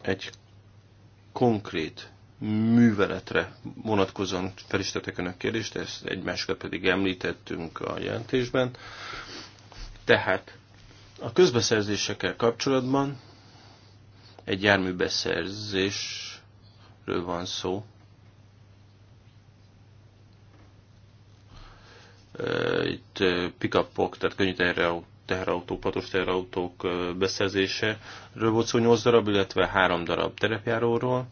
egy konkrét műveletre vonatkozóan felistetek önök kérdést, ezt egymásra pedig említettünk a jelentésben. Tehát a közbeszerzésekkel kapcsolatban egy járműbeszerzésről van szó. Itt eh, up -ok, tehát könnyű teherautók, patos teherautók beszerzése. volt 8 darab, illetve 3 darab terepjáróról.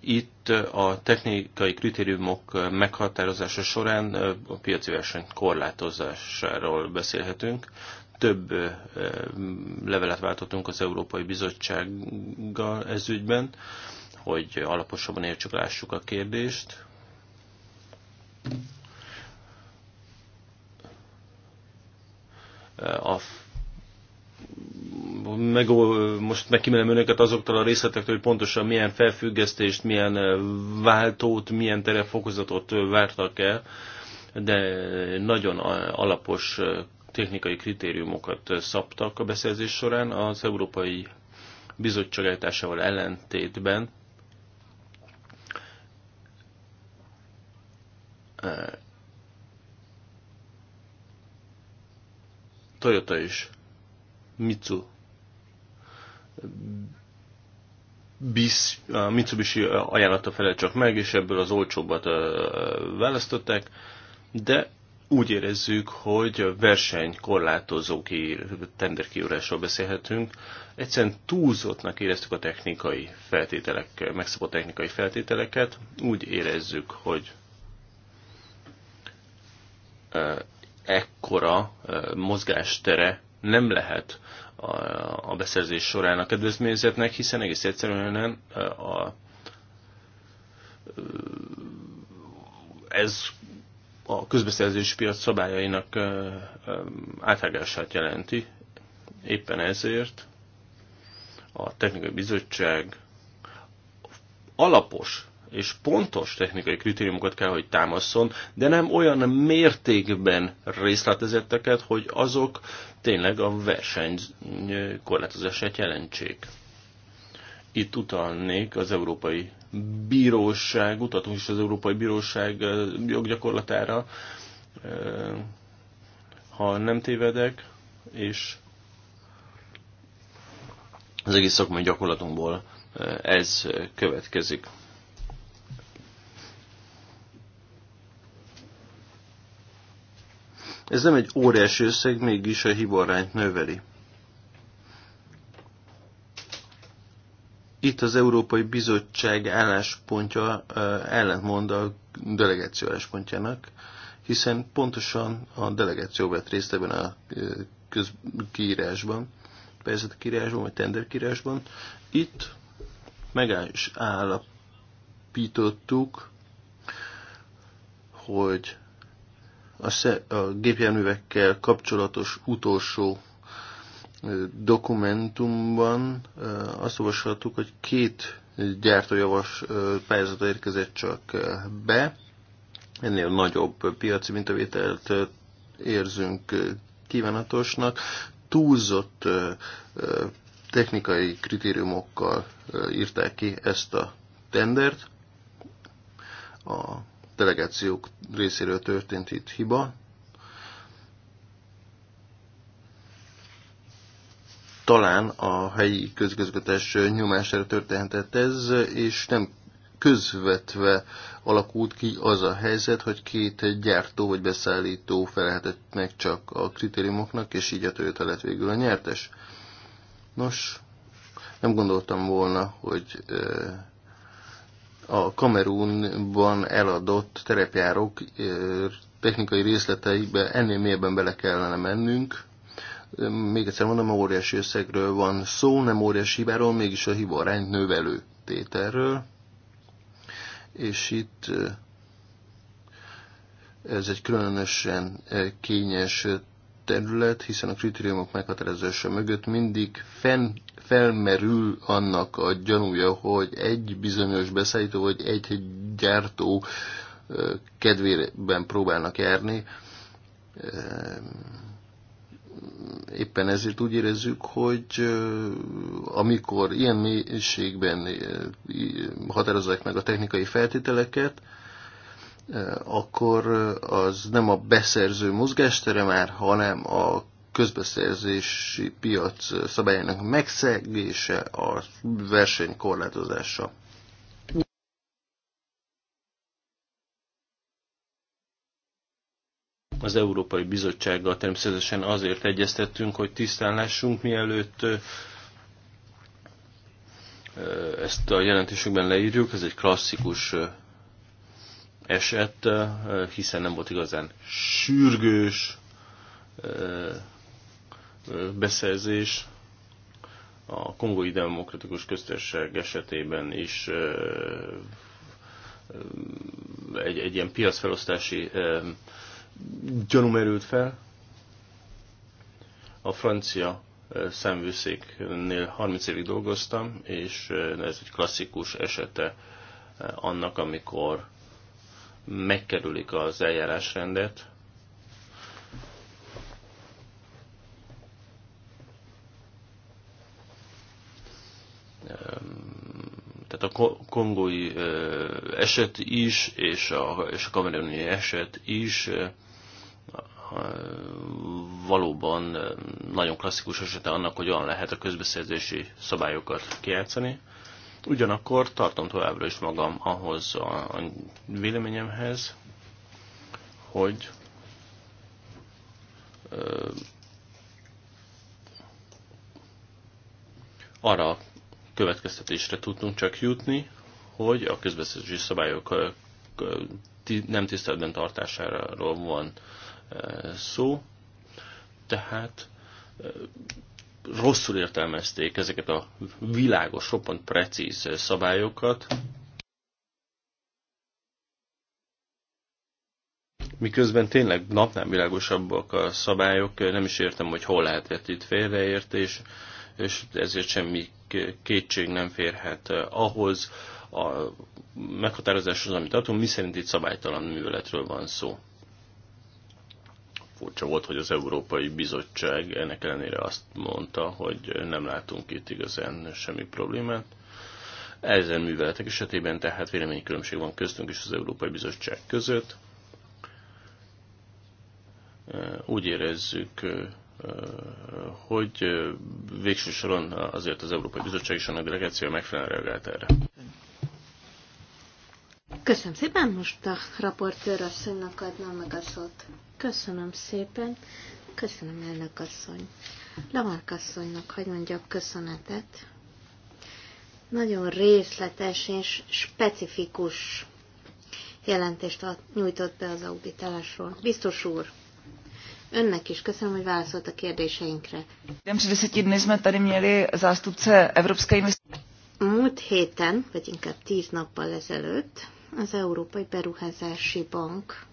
Itt a technikai kritériumok meghatározása során a piaci verseny korlátozásáról beszélhetünk. Több levelet váltottunk az Európai Bizottsággal ez ügyben, hogy alaposabban értsük, lássuk a kérdést. a meg, most megkímélem önöket azoktól a részletektől, hogy pontosan milyen felfüggesztést, milyen váltót, milyen terefokozatot vártak el, de nagyon alapos technikai kritériumokat szabtak a beszerzés során az Európai Bizottság állításával ellentétben Toyota is, Mitsu, Bis, a Mitsubishi ajánlata fele csak meg, és ebből az olcsóbbat választották, de úgy érezzük, hogy versenykorlátozó tenderkiúrásról beszélhetünk. Egyszerűen túlzottnak éreztük a technikai feltételek, megszabott technikai feltételeket. Úgy érezzük, hogy ekkora mozgástere nem lehet a beszerzés során a kedvezményezetnek, hiszen egész egyszerűen a, ez a közbeszerzési piac szabályainak áthágását jelenti. Éppen ezért a technikai bizottság alapos és pontos technikai kritériumokat kell, hogy támaszon, de nem olyan mértékben részletezetteket, hogy azok tényleg a verseny korlátozását jelentsék. Itt utalnék az Európai Bíróság, utatunk is az Európai Bíróság joggyakorlatára, ha nem tévedek, és az egész szakmai gyakorlatunkból ez következik. Ez nem egy óriási összeg, mégis a hibarányt növeli. Itt az Európai Bizottság álláspontja ellentmond a delegáció álláspontjának, hiszen pontosan a delegáció vett részt ebben a közkiírásban, pályázatkírásban vagy tenderkírásban. Itt megállapítottuk, állapítottuk, hogy a, a gépjárművekkel kapcsolatos utolsó dokumentumban azt olvashattuk, hogy két gyártójavas pályázata érkezett csak be, ennél nagyobb piaci mintavételt érzünk kívánatosnak, túlzott technikai kritériumokkal írták ki ezt a tendert. A delegációk részéről történt itt hiba. Talán a helyi közgözgatás nyomására történhetett ez, és nem közvetve alakult ki az a helyzet, hogy két gyártó vagy beszállító felelhetett meg csak a kritériumoknak, és így a Toyota lett végül a nyertes. Nos, nem gondoltam volna, hogy a Kamerunban eladott terepjárók technikai részleteibe ennél mélyebben bele kellene mennünk. Még egyszer mondom, óriási összegről van szó, nem óriási hibáról, mégis a hiba arányt növelő tételről. És itt ez egy különösen kényes terület, hiszen a kritériumok meghatározása mögött mindig fenn, felmerül annak a gyanúja, hogy egy bizonyos beszállító vagy egy gyártó kedvében próbálnak járni. Éppen ezért úgy érezzük, hogy amikor ilyen mélységben határozzák meg a technikai feltételeket, akkor az nem a beszerző mozgástere már, hanem a közbeszerzési piac szabályának megszegése, a verseny korlátozása. Az Európai Bizottsággal természetesen azért egyeztettünk, hogy tisztán lássunk, mielőtt ezt a jelentésükben leírjuk, ez egy klasszikus esett, hiszen nem volt igazán sürgős beszerzés. A kongói demokratikus köztesség esetében is egy, egy ilyen piacfelosztási gyanú merült fel. A francia szemvőszéknél 30 évig dolgoztam, és ez egy klasszikus esete annak, amikor megkerülik az eljárásrendet, tehát a kongói eset is, és a, és a kameruni eset is valóban nagyon klasszikus esete annak, hogy olyan lehet a közbeszerzési szabályokat kijátszani. Ugyanakkor tartom továbbra is magam ahhoz a, a véleményemhez, hogy ö, arra következtetésre tudtunk csak jutni, hogy a közbeszerzési szabályok nem tiszteletben tartásáról van szó, tehát rosszul értelmezték ezeket a világos, roppant precíz szabályokat, miközben tényleg napnál világosabbak a szabályok, nem is értem, hogy hol lehetett itt félreértés, és ezért semmi kétség nem férhet ahhoz a meghatározáshoz, amit adunk, mi szerint itt szabálytalan műveletről van szó furcsa volt, hogy az Európai Bizottság ennek ellenére azt mondta, hogy nem látunk itt igazán semmi problémát. Ezen műveletek esetében tehát véleménykülönbség van köztünk és az Európai Bizottság között. Úgy érezzük, hogy végső soron azért az Európai Bizottság és annak delegáció megfelelően reagált erre. Köszönöm szépen, most a raportőr asszonynak adnám meg a szót. Köszönöm szépen, köszönöm elnök asszony. Lamark asszonynak hagy mondjak köszönetet. Nagyon részletes és specifikus jelentést ad, nyújtott be az auditálásról. Biztos úr, Önnek is köszönöm, hogy válaszolt a kérdéseinkre. Nem před deseti dny jsme tady měli zástupce Evropské Múlt héten, vagy inkább tíz nappal ezelőtt, az Európai Beruházási Bank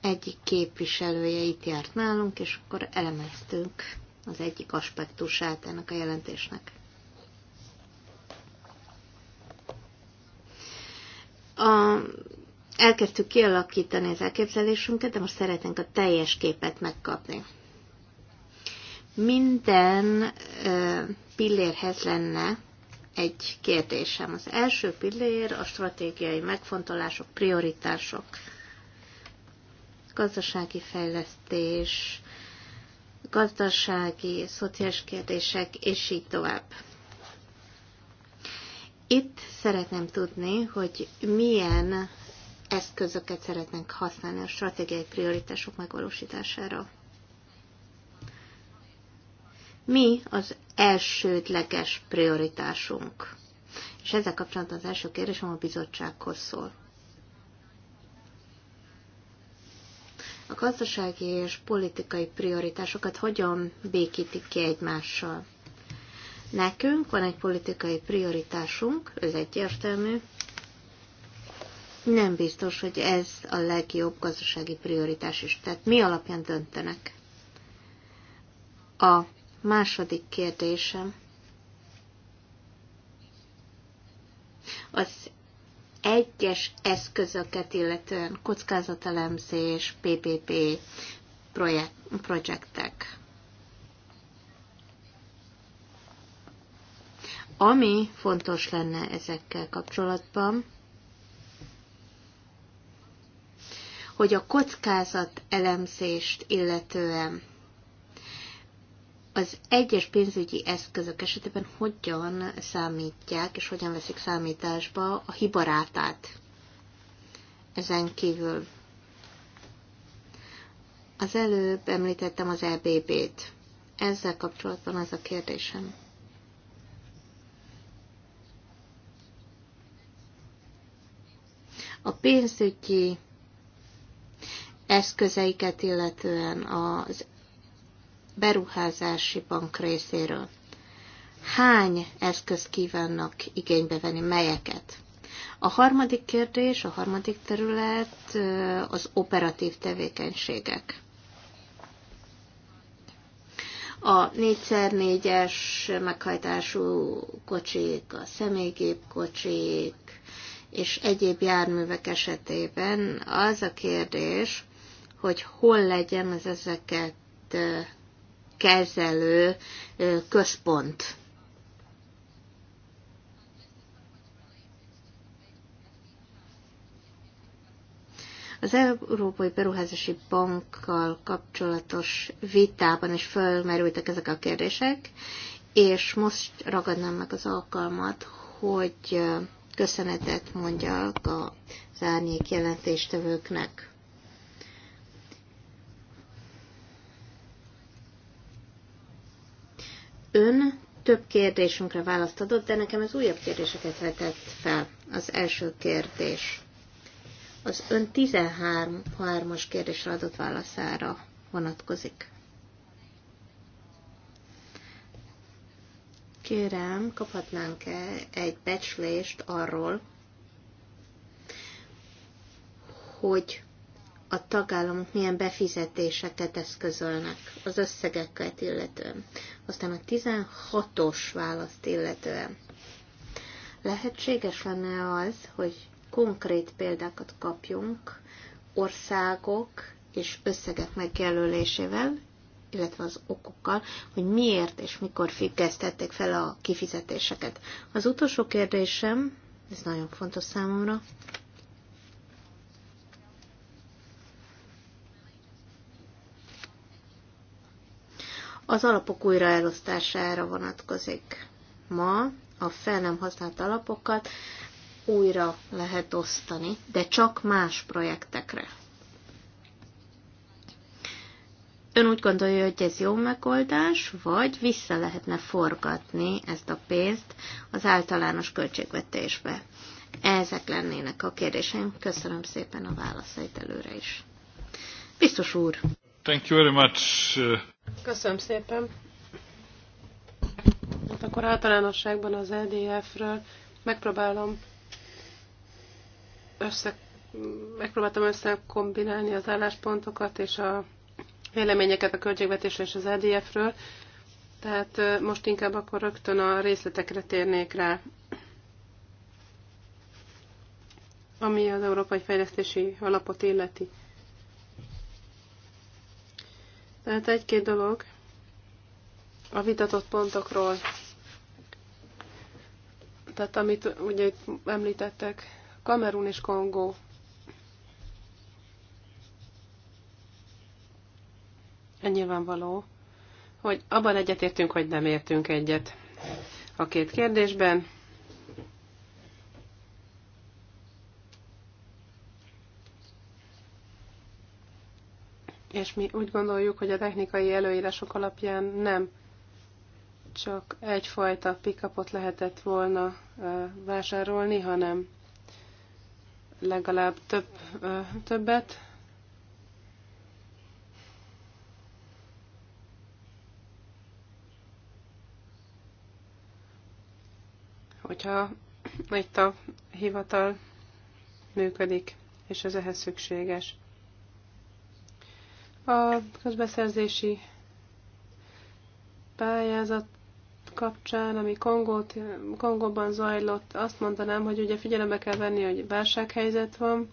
egyik képviselője itt járt nálunk, és akkor elemeztünk az egyik aspektusát ennek a jelentésnek. A, elkezdtük kialakítani az elképzelésünket, de most szeretnénk a teljes képet megkapni. Minden ö, pillérhez lenne egy kérdésem. Az első pillér a stratégiai megfontolások, prioritások, gazdasági fejlesztés, gazdasági, szociális kérdések, és így tovább. Itt szeretném tudni, hogy milyen eszközöket szeretnénk használni a stratégiai prioritások megvalósítására mi az elsődleges prioritásunk. És ezzel kapcsolatban az első kérdésem a bizottsághoz szól. A gazdasági és politikai prioritásokat hogyan békítik ki egymással? Nekünk van egy politikai prioritásunk, ez egyértelmű. Nem biztos, hogy ez a legjobb gazdasági prioritás is. Tehát mi alapján döntenek? A Második kérdésem. Az egyes eszközöket, illetően kockázatelemzés, PPP projektek. Ami fontos lenne ezekkel kapcsolatban, hogy a kockázat elemzést illetően az egyes pénzügyi eszközök esetében hogyan számítják és hogyan veszik számításba a hibarátát. Ezen kívül az előbb említettem az EBB-t. Ezzel kapcsolatban az a kérdésem. A pénzügyi eszközeiket, illetően az beruházási bank részéről. Hány eszközt kívánnak igénybe venni, melyeket? A harmadik kérdés, a harmadik terület az operatív tevékenységek. A 4x4-es meghajtású kocsik, a személygépkocsik és egyéb járművek esetében az a kérdés, hogy hol legyen az ezeket kezelő központ. Az Európai Beruházási Bankkal kapcsolatos vitában is fölmerültek ezek a kérdések, és most ragadnám meg az alkalmat, hogy köszönetet mondjak az árnyék jelentéstevőknek. Ön több kérdésünkre választ adott, de nekem ez újabb kérdéseket vetett fel. Az első kérdés. Az ön 13-as kérdésre adott válaszára vonatkozik. Kérem, kaphatnánk-e egy becslést arról, hogy a tagállamok milyen befizetéseket eszközölnek az összegeket illetően. Aztán a 16-os választ illetően. Lehetséges lenne az, hogy konkrét példákat kapjunk országok és összegek megjelölésével, illetve az okokkal, hogy miért és mikor függesztették fel a kifizetéseket. Az utolsó kérdésem, ez nagyon fontos számomra, az alapok újraelosztására vonatkozik. Ma a fel nem használt alapokat újra lehet osztani, de csak más projektekre. Ön úgy gondolja, hogy ez jó megoldás, vagy vissza lehetne forgatni ezt a pénzt az általános költségvetésbe? Ezek lennének a kérdéseim. Köszönöm szépen a válaszait előre is. Biztos úr! Thank you very much. Uh, Köszönöm szépen. Hát akkor általánosságban az EDF-ről megpróbálom össze, megpróbáltam összekombinálni az álláspontokat és a véleményeket a költségvetésről és az EDF-ről. Tehát most inkább akkor rögtön a részletekre térnék rá. Ami az Európai Fejlesztési Alapot illeti. Tehát egy-két dolog a vitatott pontokról. Tehát amit ugye itt említettek, Kamerun és Kongó. Nyilvánvaló, hogy abban egyetértünk, hogy nem értünk egyet a két kérdésben. és mi úgy gondoljuk, hogy a technikai előírások alapján nem csak egyfajta pikapot lehetett volna vásárolni, hanem legalább több, többet. Hogyha itt a hivatal működik, és ez ehhez szükséges. A közbeszerzési pályázat kapcsán, ami Kongót, Kongóban zajlott, azt mondanám, hogy ugye figyelembe kell venni, hogy válsághelyzet van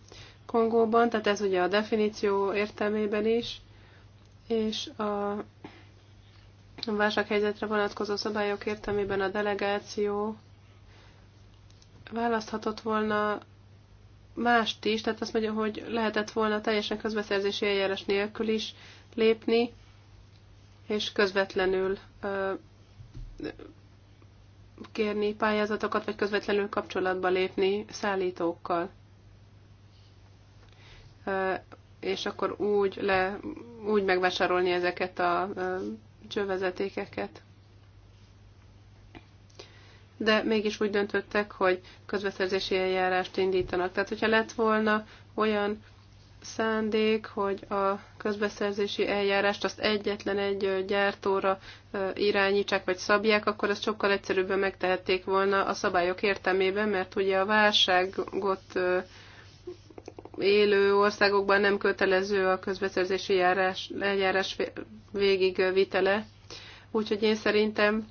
Kongóban, tehát ez ugye a definíció értelmében is, és a válsághelyzetre vonatkozó szabályok értelmében a delegáció választhatott volna mást is, tehát azt mondja, hogy lehetett volna teljesen közbeszerzési eljárás nélkül is lépni, és közvetlenül kérni pályázatokat, vagy közvetlenül kapcsolatba lépni szállítókkal. És akkor úgy, le, úgy megvásárolni ezeket a csővezetékeket de mégis úgy döntöttek, hogy közbeszerzési eljárást indítanak. Tehát, hogyha lett volna olyan szándék, hogy a közbeszerzési eljárást azt egyetlen egy gyártóra irányítsák, vagy szabják, akkor ezt sokkal egyszerűbben megtehették volna a szabályok értelmében, mert ugye a válságot élő országokban nem kötelező a közbeszerzési járás, eljárás végigvitele. Úgyhogy én szerintem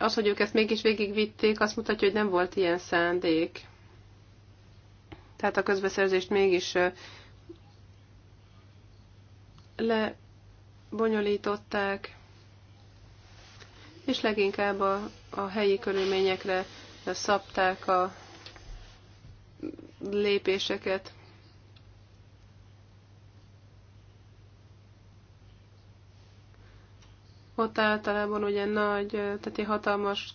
az, hogy ők ezt mégis végigvitték, azt mutatja, hogy nem volt ilyen szándék. Tehát a közbeszerzést mégis lebonyolították, és leginkább a, a helyi körülményekre szabták a lépéseket. ott általában ugye nagy, tehát egy hatalmas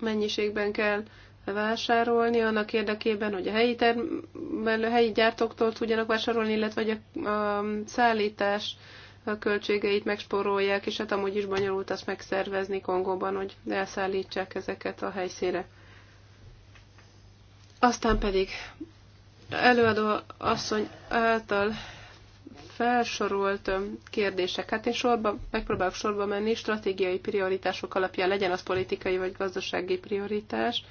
mennyiségben kell vásárolni annak érdekében, hogy a helyi, term- a helyi gyártóktól tudjanak vásárolni, illetve hogy a, a szállítás a költségeit megspórolják, és hát amúgy is bonyolult azt megszervezni Kongóban, hogy elszállítsák ezeket a helyszíre. Aztán pedig előadó asszony által felsorolt kérdéseket, én sorba, megpróbálok sorba menni, stratégiai prioritások alapján legyen az politikai vagy gazdasági prioritás,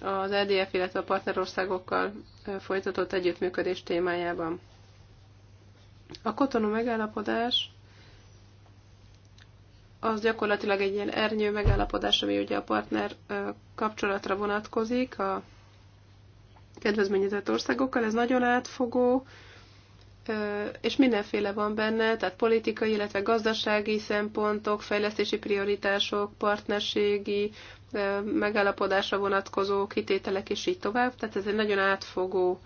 az EDF, illetve a partnerországokkal folytatott együttműködés témájában. A kotonú megállapodás az gyakorlatilag egy ilyen ernyő megállapodás, ami ugye a partner kapcsolatra vonatkozik a kedvezményezett országokkal. Ez nagyon átfogó, és mindenféle van benne, tehát politikai, illetve gazdasági szempontok, fejlesztési prioritások, partnerségi megállapodásra vonatkozó kitételek, és így tovább. Tehát ez egy nagyon átfogó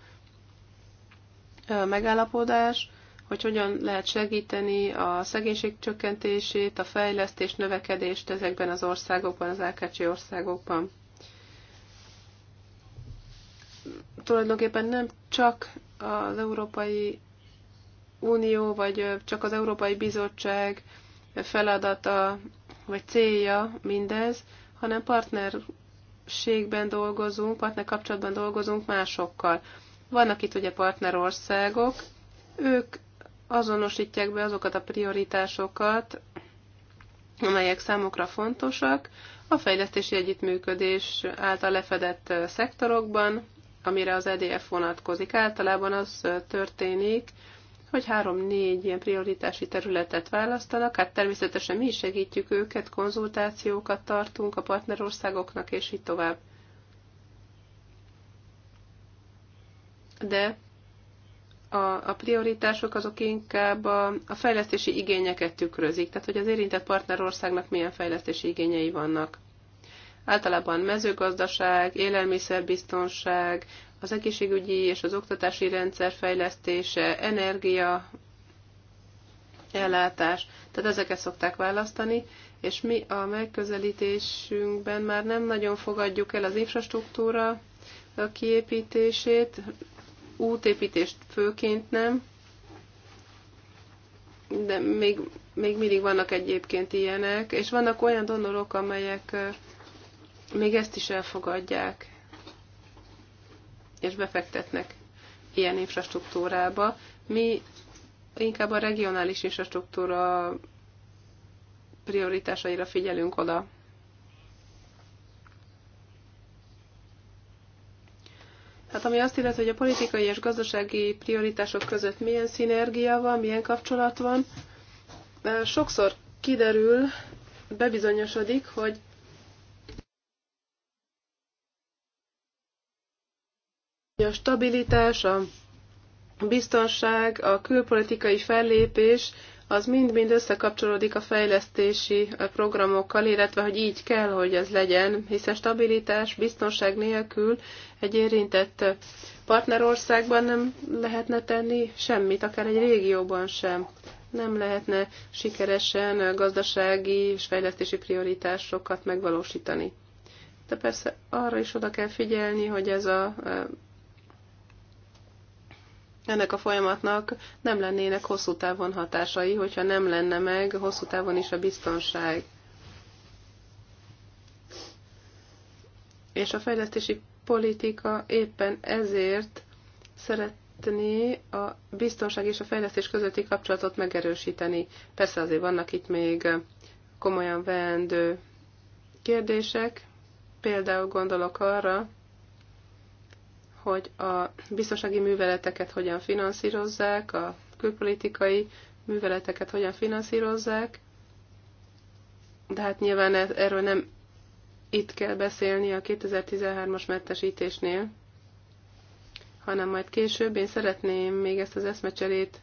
megállapodás, hogy hogyan lehet segíteni a szegénység csökkentését, a fejlesztés, növekedést ezekben az országokban, az AKC országokban. Tulajdonképpen nem csak az Európai Unió, vagy csak az Európai Bizottság feladata, vagy célja mindez, hanem partnerségben dolgozunk, partner kapcsolatban dolgozunk másokkal. Vannak itt ugye partnerországok, ők azonosítják be azokat a prioritásokat, amelyek számukra fontosak, a fejlesztési együttműködés által lefedett szektorokban, amire az EDF vonatkozik. Általában az történik, hogy három-négy ilyen prioritási területet választanak. Hát természetesen mi is segítjük őket, konzultációkat tartunk a partnerországoknak, és így tovább. De a, a prioritások azok inkább a, a fejlesztési igényeket tükrözik, tehát hogy az érintett partnerországnak milyen fejlesztési igényei vannak. Általában mezőgazdaság, élelmiszerbiztonság, az egészségügyi és az oktatási rendszer fejlesztése, energia, ellátás, tehát ezeket szokták választani, és mi a megközelítésünkben már nem nagyon fogadjuk el az infrastruktúra kiépítését, útépítést főként nem, de még, még mindig vannak egyébként ilyenek, és vannak olyan donorok, amelyek még ezt is elfogadják és befektetnek ilyen infrastruktúrába. Mi inkább a regionális infrastruktúra prioritásaira figyelünk oda. Hát ami azt illeti, hogy a politikai és gazdasági prioritások között milyen szinergia van, milyen kapcsolat van, sokszor kiderül, bebizonyosodik, hogy A stabilitás, a biztonság, a külpolitikai fellépés, az mind-mind összekapcsolódik a fejlesztési programokkal, illetve hogy így kell, hogy ez legyen, hiszen stabilitás, biztonság nélkül egy érintett partnerországban nem lehetne tenni semmit, akár egy régióban sem. Nem lehetne sikeresen gazdasági és fejlesztési prioritásokat megvalósítani. De persze arra is oda kell figyelni, hogy ez a ennek a folyamatnak nem lennének hosszú távon hatásai, hogyha nem lenne meg hosszú távon is a biztonság. És a fejlesztési politika éppen ezért szeretné a biztonság és a fejlesztés közötti kapcsolatot megerősíteni. Persze azért vannak itt még komolyan veendő kérdések, például gondolok arra, hogy a biztonsági műveleteket hogyan finanszírozzák, a külpolitikai műveleteket hogyan finanszírozzák, de hát nyilván e- erről nem itt kell beszélni a 2013-as mentesítésnél, hanem majd később. Én szeretném még ezt az eszmecserét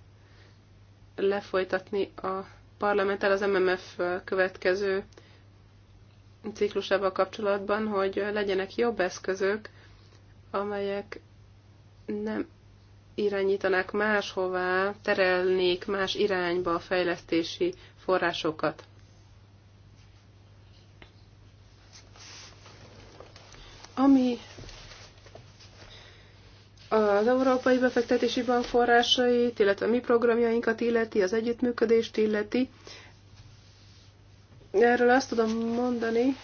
lefolytatni a parlamenttel az MMF következő ciklusával kapcsolatban, hogy legyenek jobb eszközök amelyek nem irányítanák máshová, terelnék más irányba a fejlesztési forrásokat. Ami az Európai Befektetési Bank forrásait, illetve a mi programjainkat illeti, az együttműködést illeti, erről azt tudom mondani,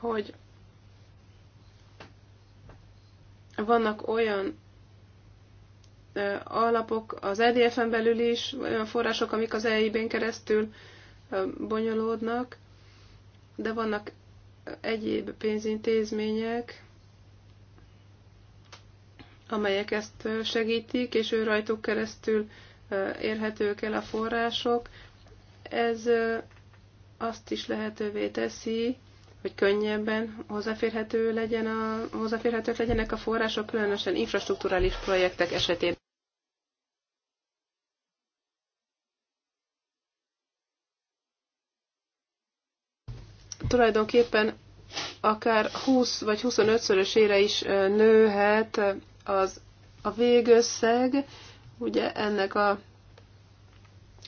hogy Vannak olyan alapok az EDF-en belül is, olyan források, amik az EIB-n keresztül bonyolódnak, de vannak egyéb pénzintézmények, amelyek ezt segítik, és ő rajtuk keresztül érhetők el a források. Ez azt is lehetővé teszi, hogy könnyebben hozzáférhető legyen a, hozzáférhetők legyenek a források, különösen infrastruktúrális projektek esetén. Tulajdonképpen akár 20 vagy 25-szörösére is nőhet az, a végösszeg, ugye ennek a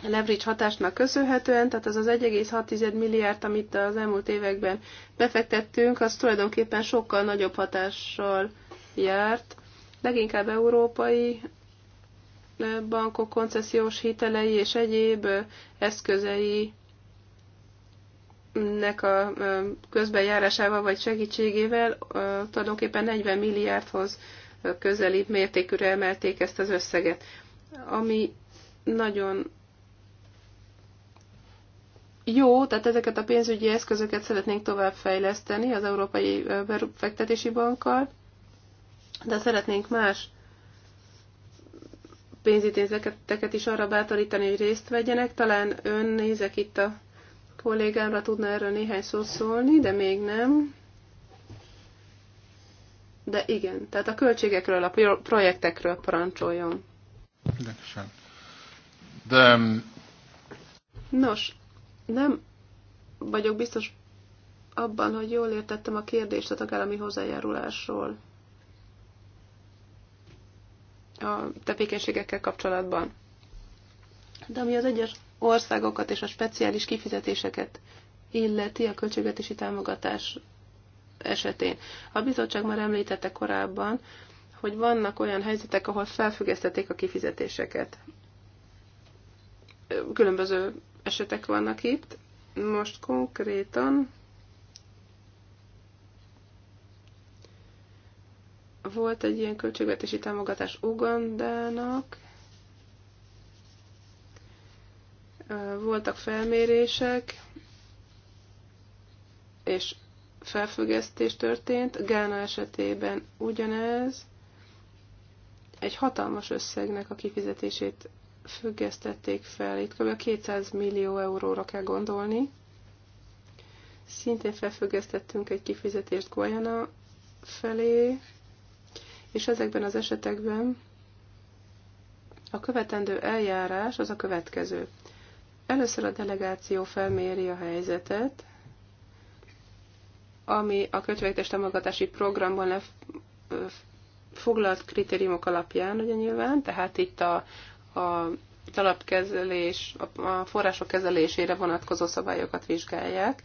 leverage hatásnak köszönhetően, tehát az az 1,6 milliárd, amit az elmúlt években befektettünk, az tulajdonképpen sokkal nagyobb hatással járt, leginkább európai bankok koncesziós hitelei és egyéb eszközei nek a közbejárásával vagy segítségével tulajdonképpen 40 milliárdhoz közeli mértékűre emelték ezt az összeget, ami nagyon jó, tehát ezeket a pénzügyi eszközöket szeretnénk továbbfejleszteni az Európai Befektetési Bankkal, de szeretnénk más pénzintézeteket is arra bátorítani, hogy részt vegyenek. Talán ön nézek itt a kollégámra, tudna erről néhány szót szólni, de még nem. De igen, tehát a költségekről, a projektekről parancsoljon. De... Um, Nos, nem vagyok biztos abban, hogy jól értettem a kérdést a tagállami hozzájárulásról a tevékenységekkel kapcsolatban. De ami az egyes országokat és a speciális kifizetéseket illeti a költségvetési támogatás esetén. A bizottság már említette korábban, hogy vannak olyan helyzetek, ahol felfüggesztették a kifizetéseket. Különböző esetek vannak itt. Most konkrétan volt egy ilyen költségvetési támogatás Ugandának, voltak felmérések, és felfüggesztés történt. Gána esetében ugyanez. Egy hatalmas összegnek a kifizetését függesztették fel. Itt kb. 200 millió euróra kell gondolni. Szintén felfüggesztettünk egy kifizetést Guayana felé, és ezekben az esetekben a követendő eljárás az a következő. Először a delegáció felméri a helyzetet, ami a költségvetés támogatási programban lef- foglalt kritériumok alapján, ugye nyilván, tehát itt a a talapkezelés, a források kezelésére vonatkozó szabályokat vizsgálják.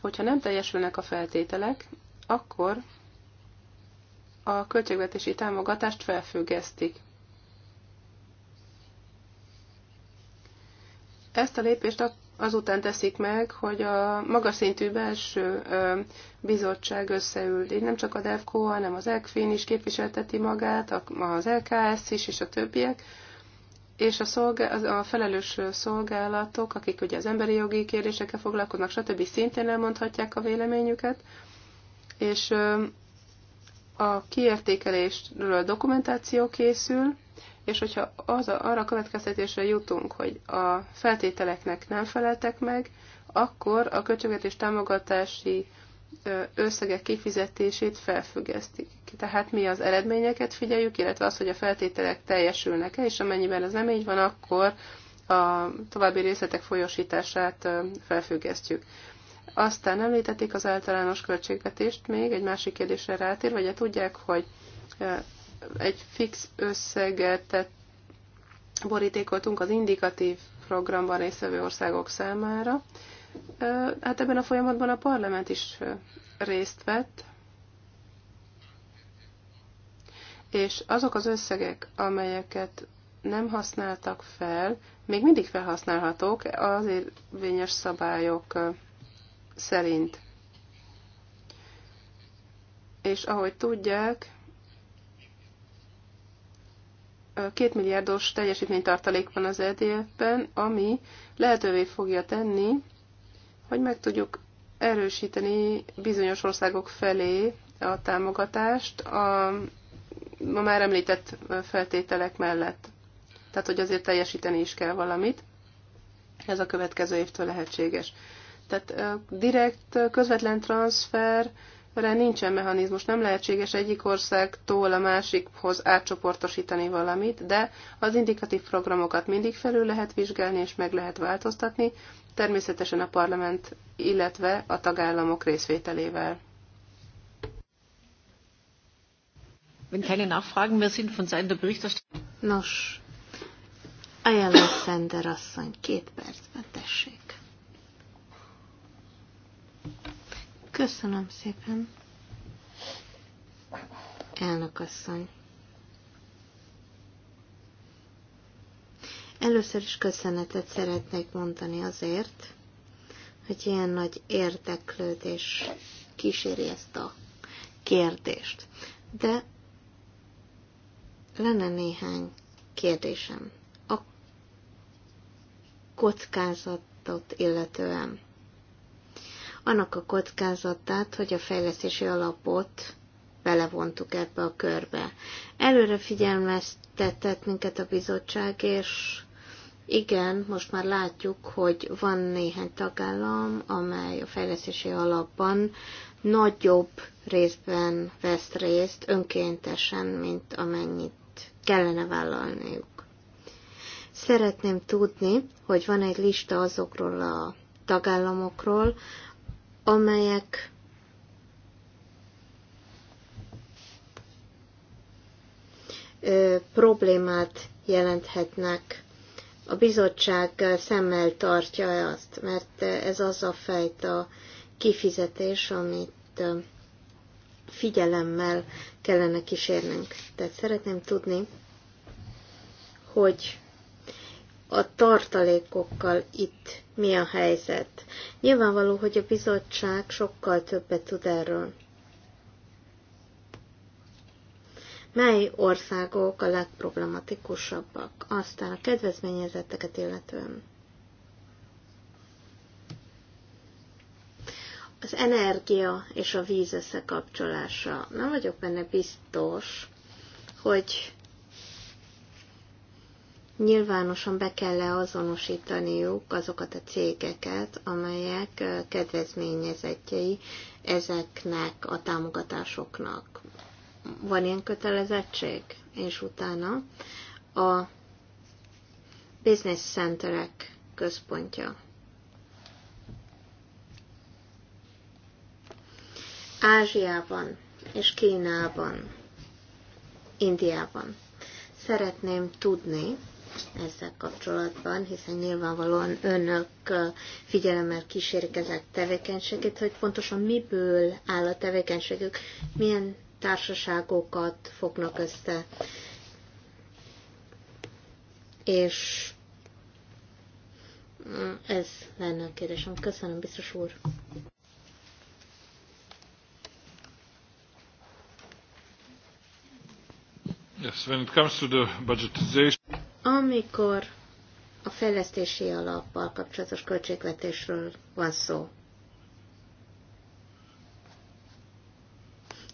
Hogyha nem teljesülnek a feltételek, akkor a költségvetési támogatást felfüggesztik. Ezt a lépést azután teszik meg, hogy a magas szintű belső bizottság összeül. Így nem csak a DEVCO, hanem az ECFIN is képviselteti magát, az LKS is, és a többiek és a, szolgál, a felelős szolgálatok, akik ugye az emberi jogi kérdésekkel foglalkoznak, stb. szintén elmondhatják a véleményüket, és a kiértékelésről dokumentáció készül, és hogyha az a, arra a következtetésre jutunk, hogy a feltételeknek nem feleltek meg, akkor a költségvetés támogatási összegek kifizetését felfüggesztik. Tehát mi az eredményeket figyeljük, illetve az, hogy a feltételek teljesülnek-e, és amennyiben ez nem így van, akkor a további részletek folyosítását felfüggesztjük. Aztán említették az általános költségvetést még, egy másik kérdésre rátér, vagy tudják, hogy egy fix összeget borítékoltunk az indikatív programban résztvevő országok számára, hát ebben a folyamatban a parlament is részt vett, és azok az összegek, amelyeket nem használtak fel, még mindig felhasználhatók az érvényes szabályok szerint. És ahogy tudják, két milliárdos teljesítménytartalék van az EDF-ben, ami lehetővé fogja tenni, hogy meg tudjuk erősíteni bizonyos országok felé a támogatást a ma már említett feltételek mellett. Tehát, hogy azért teljesíteni is kell valamit. Ez a következő évtől lehetséges. Tehát direkt, közvetlen transfer, erre nincsen mechanizmus, nem lehetséges egyik országtól a másikhoz átcsoportosítani valamit, de az indikatív programokat mindig felül lehet vizsgálni és meg lehet változtatni, természetesen a parlament, illetve a tagállamok részvételével. Wenn keine Nachfragen mehr sind von Seiten der Nos, ajánló Fender asszony, két percben tessék. Köszönöm szépen. Elnök asszony. Először is köszönetet szeretnék mondani azért, hogy ilyen nagy érdeklődés kíséri ezt a kérdést. De lenne néhány kérdésem. A kockázatot illetően. Annak a kockázatát, hogy a fejlesztési alapot belevontuk ebbe a körbe. Előre figyelmeztetett minket a bizottság, és igen, most már látjuk, hogy van néhány tagállam, amely a fejlesztési alapban nagyobb részben vesz részt önkéntesen, mint amennyit kellene vállalniuk. Szeretném tudni, hogy van egy lista azokról a tagállamokról, amelyek ö, problémát jelenthetnek a bizottság szemmel tartja azt, mert ez az a fajta kifizetés, amit figyelemmel kellene kísérnünk. Tehát szeretném tudni, hogy a tartalékokkal itt mi a helyzet. Nyilvánvaló, hogy a bizottság sokkal többet tud erről. mely országok a legproblematikusabbak, aztán a kedvezményezetteket illetően. Az energia és a víz összekapcsolása. Nem vagyok benne biztos, hogy nyilvánosan be kell -e azonosítaniuk azokat a cégeket, amelyek kedvezményezettjei ezeknek a támogatásoknak van ilyen kötelezettség, és utána a business centerek központja. Ázsiában és Kínában, Indiában szeretném tudni ezzel kapcsolatban, hiszen nyilvánvalóan önök figyelemmel kísérik ezek tevékenységét, hogy pontosan miből áll a tevékenységük, milyen társaságokat fognak össze, és mm, ez lenne a kérdésem. Köszönöm, biztos úr. Yes, when it comes to the budgetization. Amikor a fejlesztési alappal kapcsolatos költségvetésről van szó,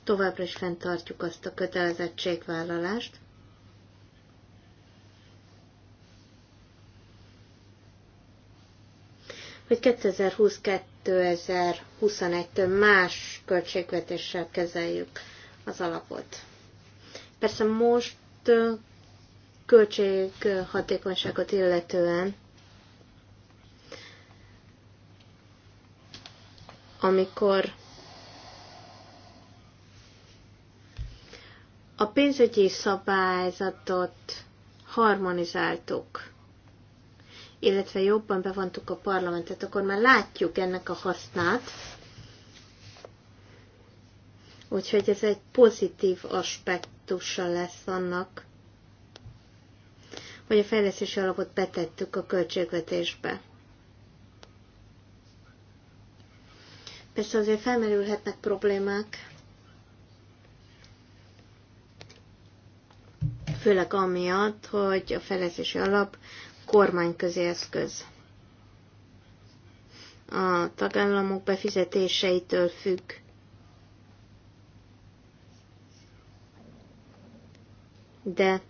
továbbra is fenntartjuk azt a kötelezettségvállalást, hogy 2020-2021-től más költségvetéssel kezeljük az alapot. Persze most költséghatékonyságot illetően, amikor A pénzügyi szabályzatot harmonizáltuk, illetve jobban bevontuk a parlamentet, akkor már látjuk ennek a hasznát. Úgyhogy ez egy pozitív aspektusa lesz annak, hogy a fejlesztési alapot betettük a költségvetésbe. Persze azért felmerülhetnek problémák, főleg amiatt, hogy a felezési alap kormányközi eszköz. A tagállamok befizetéseitől függ. De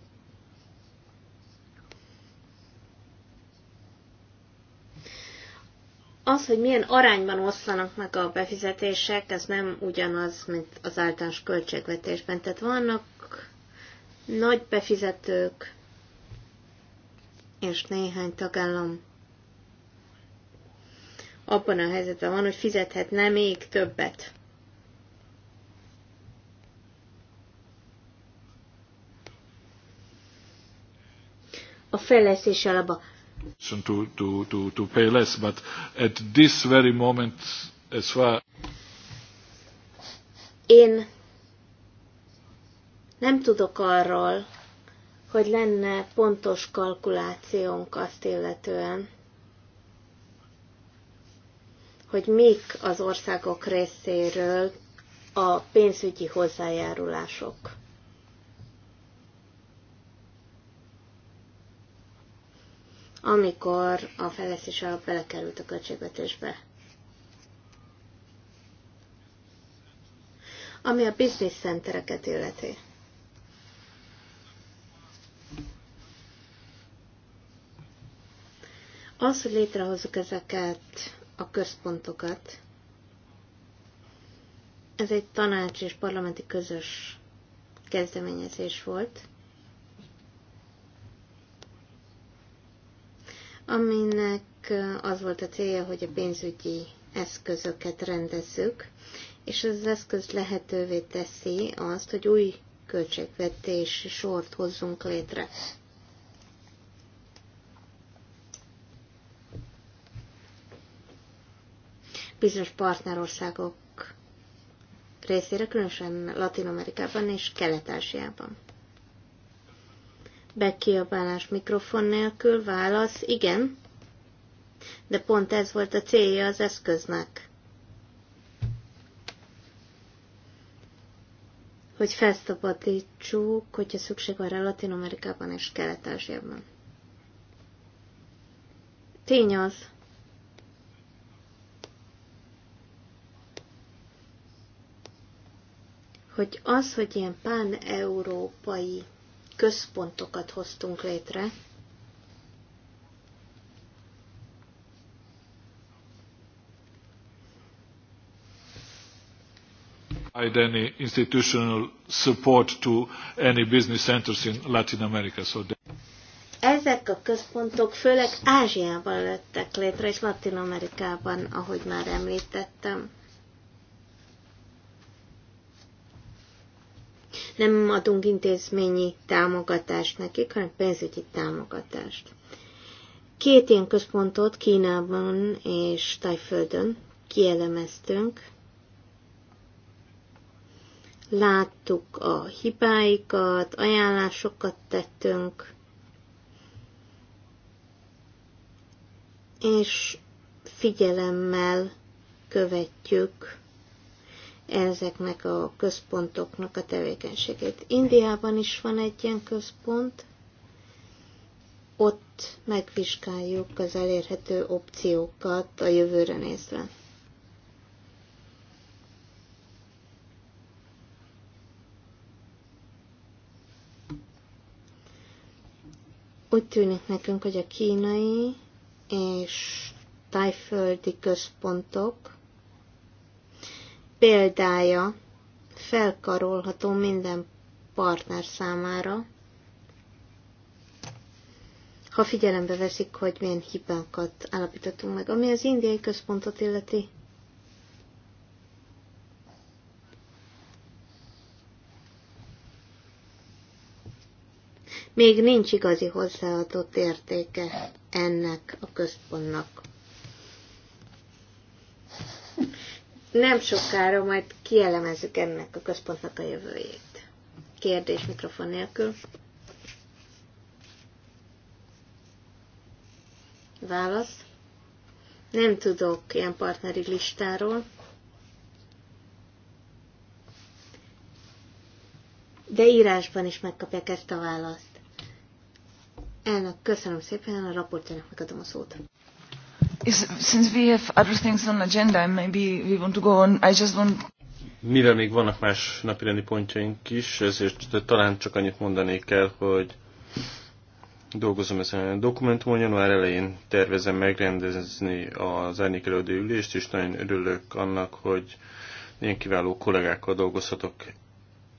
az, hogy milyen arányban oszlanak meg a befizetések, ez nem ugyanaz, mint az általános költségvetésben. Tehát vannak nagy befizetők és néhány tagállam abban a helyzetben van, hogy fizethetne még többet. A fejlesztés alaba. To, to, to, to pay less, but at this very moment, as far... Én nem tudok arról, hogy lenne pontos kalkulációnk azt illetően, hogy mik az országok részéről a pénzügyi hozzájárulások. amikor a feleszés alap belekerült a költségvetésbe. Ami a business centereket illeti. Az, hogy létrehozzuk ezeket a központokat, ez egy tanács és parlamenti közös kezdeményezés volt, aminek eh, az volt a célja, hogy a pénzügyi eszközöket rendezzük, és ez az eszköz lehetővé teszi azt, hogy új költségvetési sort hozzunk létre. bizonyos partnerországok részére, különösen Latin Amerikában és Kelet-Ázsiában. Bekiabálás mikrofon nélkül válasz, igen, de pont ez volt a célja az eszköznek. Hogy felszabadítsuk, hogyha szükség van rá Latin Amerikában és Kelet-Ázsiában. Tény az, hogy az, hogy ilyen pán-európai központokat hoztunk létre, any institutional support to any business centers in Latin America. So they... Ezek a központok főleg Ázsiában lettek létre, és Latin Amerikában, ahogy már említettem. nem adunk intézményi támogatást nekik, hanem pénzügyi támogatást. Két ilyen központot Kínában és Tajföldön kielemeztünk. Láttuk a hibáikat, ajánlásokat tettünk, és figyelemmel követjük ezeknek a központoknak a tevékenységét. Indiában is van egy ilyen központ, ott megvizsgáljuk az elérhető opciókat a jövőre nézve. Úgy tűnik nekünk, hogy a kínai és tájföldi központok példája felkarolható minden partner számára, ha figyelembe veszik, hogy milyen hibákat állapítottunk meg, ami az indiai központot illeti. Még nincs igazi hozzáadott értéke ennek a központnak. nem sokára majd kielemezzük ennek a központnak a jövőjét. Kérdés mikrofon nélkül. Válasz. Nem tudok ilyen partneri listáról. De írásban is megkapják ezt a választ. Elnök, köszönöm szépen, a raportjának megadom a szót. Is, since we have other things on agenda, maybe we want to go on, I just want... Mivel még vannak más napirendi pontjaink is, ezért talán csak annyit mondanék el, hogy dolgozom ezen a dokumentumon, január elején tervezem megrendezni az árnyékelődő ülést, és nagyon örülök annak, hogy ilyen kiváló kollégákkal dolgozhatok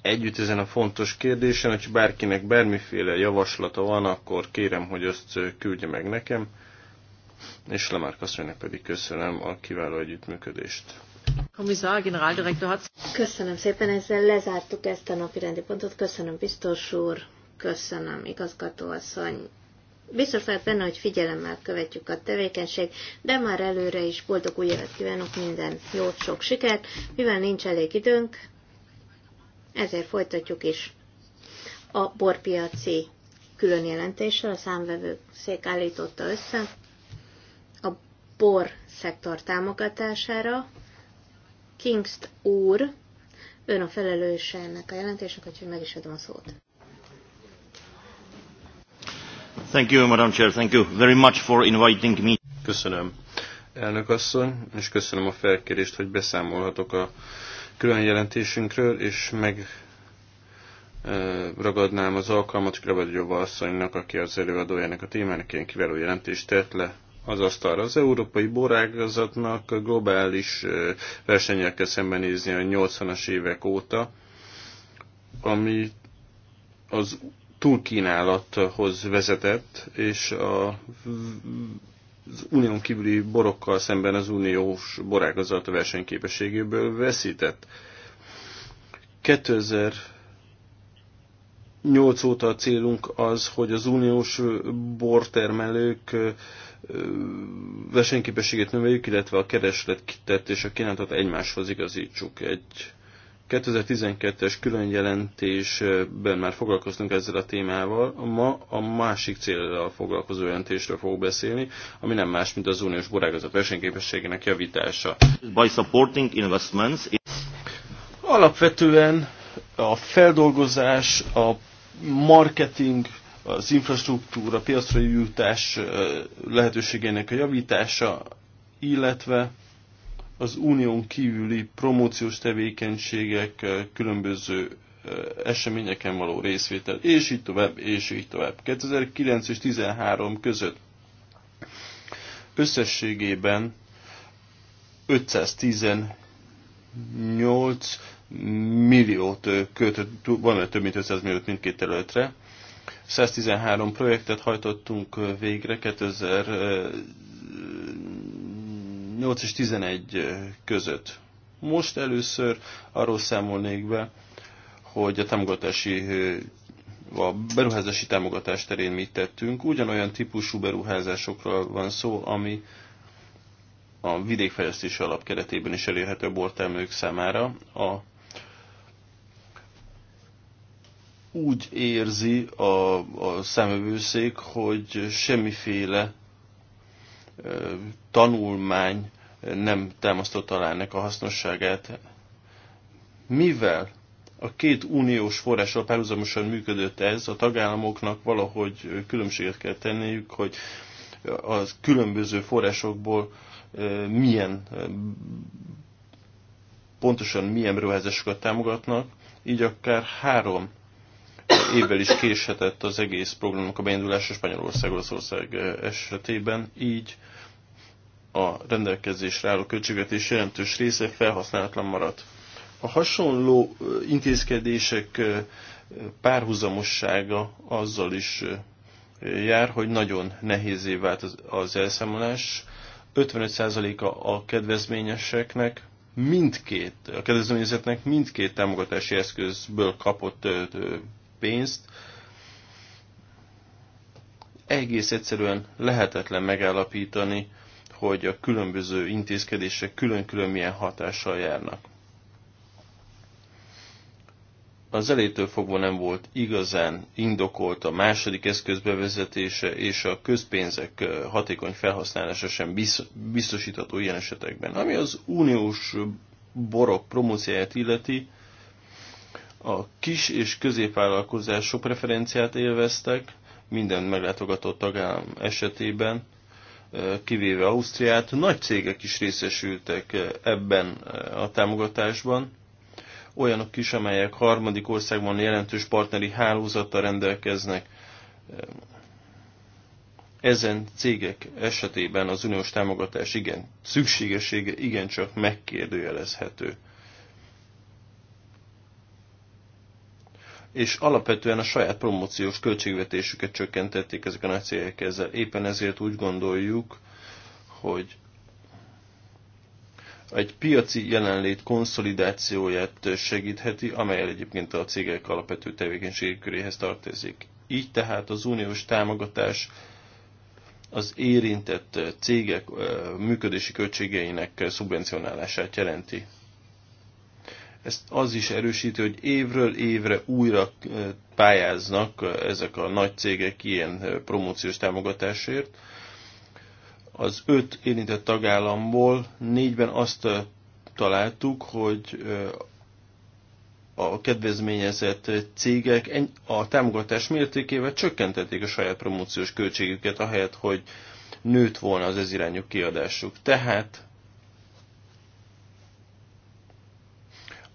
együtt ezen a fontos kérdésen, hogy bárkinek bármiféle javaslata van, akkor kérem, hogy azt küldje meg nekem és Lemár Kasszonynak pedig köszönöm a kiváló együttműködést. Komisszár, generáldirektor hat... Köszönöm szépen, ezzel lezártuk ezt a napi rendi pontot. Köszönöm, biztos úr, köszönöm, igazgatóasszony. Biztos vagyok benne, hogy figyelemmel követjük a tevékenység, de már előre is boldog új évet kívánok minden jót, sok sikert. Mivel nincs elég időnk, ezért folytatjuk is a borpiaci külön jelentéssel, a számvevő szék állította össze bor szektor támogatására. Kingst úr, ön a felelőse ennek a jelentésnek, úgyhogy meg is adom a szót. Thank you, Madam Chair. Thank you very much for inviting me. Köszönöm, elnök asszony, és köszönöm a felkérést, hogy beszámolhatok a külön jelentésünkről, és meg ragadnám az alkalmat Krabagyova asszonynak, aki az előadójának a témának ilyen kiváló jelentést tett le az asztalra. Az európai borágazatnak globális versenyel kell szembenézni a 80-as évek óta, ami az túlkínálathoz vezetett, és a, az unión kívüli borokkal szemben az uniós borágazat versenyképességéből veszített. 2008 óta a célunk az, hogy az uniós bortermelők versenyképességét növeljük, illetve a kitett és a kínálatot egymáshoz igazítsuk. Egy 2012-es külön jelentésben már foglalkoztunk ezzel a témával. Ma a másik célra foglalkozó jelentésről fogok beszélni, ami nem más, mint az uniós borágazat versenyképességének javítása. By supporting investments... Alapvetően a feldolgozás, a marketing az infrastruktúra piacra jutás lehetőségeinek a javítása, illetve az unión kívüli promóciós tevékenységek különböző eseményeken való részvétel, és így tovább, és így tovább. 2009 és 2013 között összességében 518 milliót költött, van több mint 500 milliót mindkét területre, 113 projektet hajtottunk végre 2008 és 11 között. Most először arról számolnék be, hogy a támogatási a beruházási támogatás terén mit tettünk. Ugyanolyan típusú beruházásokról van szó, ami a vidékfejlesztési alap keretében is elérhető bortermelők számára. A úgy érzi a, a szemövőszék, hogy semmiféle ö, tanulmány nem támasztotta alá ennek a hasznosságát. Mivel a két uniós forrással párhuzamosan működött ez, a tagállamoknak valahogy különbséget kell tenniük, hogy a különböző forrásokból milyen pontosan milyen beruházásokat támogatnak, így akár három évvel is késhetett az egész programnak a beindulása Spanyolország, Olaszország eh, esetében, így a rendelkezésre álló költségvetés jelentős része felhasználatlan maradt. A hasonló eh, intézkedések eh, párhuzamossága azzal is jár, hogy nagyon nehézé vált az elszámolás. 55%-a a kedvezményeseknek mindkét, a kedvezményezetnek mindkét támogatási eszközből kapott pénzt. Egész egyszerűen lehetetlen megállapítani, hogy a különböző intézkedések külön-külön milyen hatással járnak. Az elétől fogva nem volt igazán indokolt a második eszköz bevezetése, és a közpénzek hatékony felhasználása sem biztosítható ilyen esetekben. Ami az uniós borok promóciáját illeti, a kis és középvállalkozások preferenciát élveztek minden meglátogatott tagállam esetében, kivéve Ausztriát. Nagy cégek is részesültek ebben a támogatásban. Olyanok is, amelyek harmadik országban jelentős partneri hálózattal rendelkeznek. Ezen cégek esetében az uniós támogatás igen szükségessége igencsak megkérdőjelezhető. és alapvetően a saját promóciós költségvetésüket csökkentették ezek a nagy cégek ezzel. Éppen ezért úgy gondoljuk, hogy egy piaci jelenlét konszolidációját segítheti, amely egyébként a cégek alapvető tevékenységi köréhez tartozik. Így tehát az uniós támogatás az érintett cégek működési költségeinek szubvencionálását jelenti. Ezt az is erősíti, hogy évről évre újra eh, pályáznak eh, ezek a nagy cégek ilyen eh, promóciós támogatásért. Az öt érintett tagállamból négyben azt találtuk, hogy a kedvezményezett cégek a támogatás mértékével csökkentették a saját promóciós költségüket, ahelyett, hogy nőtt volna az ez irányú kiadásuk. Tehát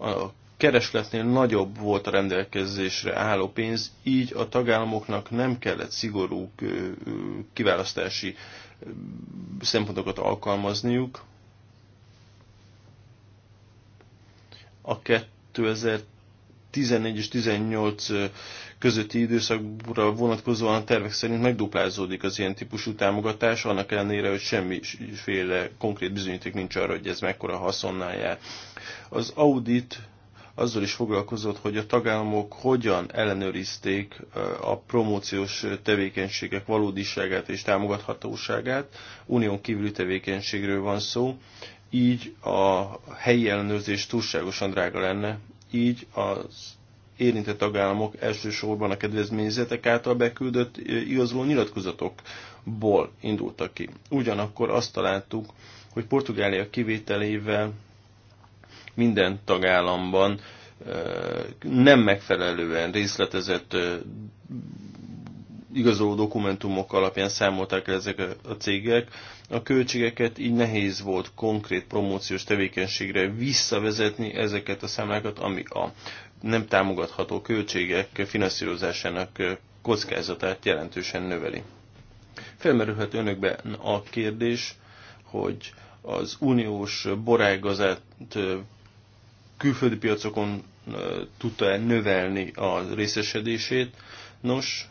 a keresletnél nagyobb volt a rendelkezésre álló pénz, így a tagállamoknak nem kellett szigorú kiválasztási szempontokat alkalmazniuk. A 2014 és 18 közötti időszakra vonatkozóan a tervek szerint megduplázódik az ilyen típusú támogatás, annak ellenére, hogy semmiféle konkrét bizonyíték nincs arra, hogy ez mekkora haszonnál jár. Az audit azzal is foglalkozott, hogy a tagállamok hogyan ellenőrizték eh, a promóciós tevékenységek valódiságát és támogathatóságát. Unión kívüli tevékenységről van szó, így a helyi ellenőrzés túlságosan drága lenne, így az érintett tagállamok elsősorban a kedvezményzetek által beküldött igazoló nyilatkozatokból indultak ki. Ugyanakkor azt találtuk, hogy Portugália kivételével minden tagállamban nem megfelelően részletezett igazoló dokumentumok alapján számolták el ezek a cégek. A költségeket így nehéz volt konkrét promóciós tevékenységre visszavezetni ezeket a számlákat, ami a nem támogatható költségek finanszírozásának kockázatát jelentősen növeli. Felmerülhet önökben a kérdés, hogy az uniós borágazát külföldi piacokon tudta-e növelni a részesedését. Nos,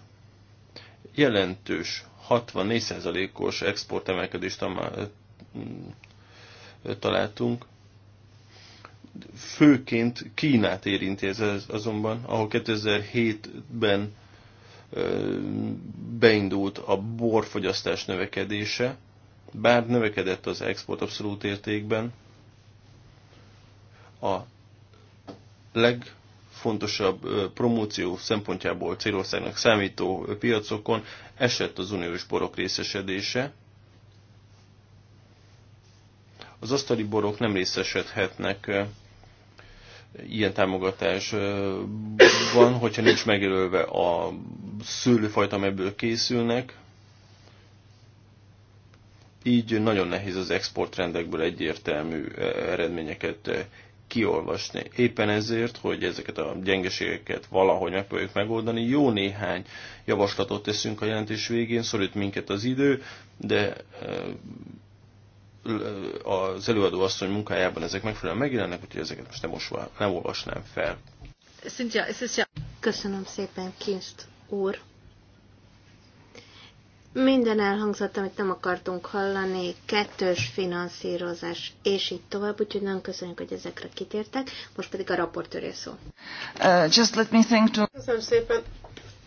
jelentős 64%-os exportemelkedést találtunk, főként Kínát érinti ez azonban, ahol 2007-ben beindult a borfogyasztás növekedése, bár növekedett az export abszolút értékben, a legfontosabb promóció szempontjából Célországnak számító piacokon esett az uniós borok részesedése. Az asztali borok nem részesedhetnek ilyen támogatásban, hogyha nincs megjelölve a szőlőfajta, amelyből készülnek, így nagyon nehéz az exportrendekből egyértelmű e, eredményeket e, kiolvasni. Éppen ezért, hogy ezeket a gyengeségeket valahogy megpróbáljuk megoldani, jó néhány javaslatot teszünk a jelentés végén, szorít minket az idő, de e, az előadó asszony munkájában ezek megfelelően megjelennek, úgyhogy ezeket most nem, osva, nem olvasnám fel. Köszönöm szépen, Kinst úr. Minden elhangzott, amit nem akartunk hallani, kettős finanszírozás, és így tovább, úgyhogy nagyon köszönjük, hogy ezekre kitértek. Most pedig a raportőré szó. Uh, just let me think to... Köszönöm szépen,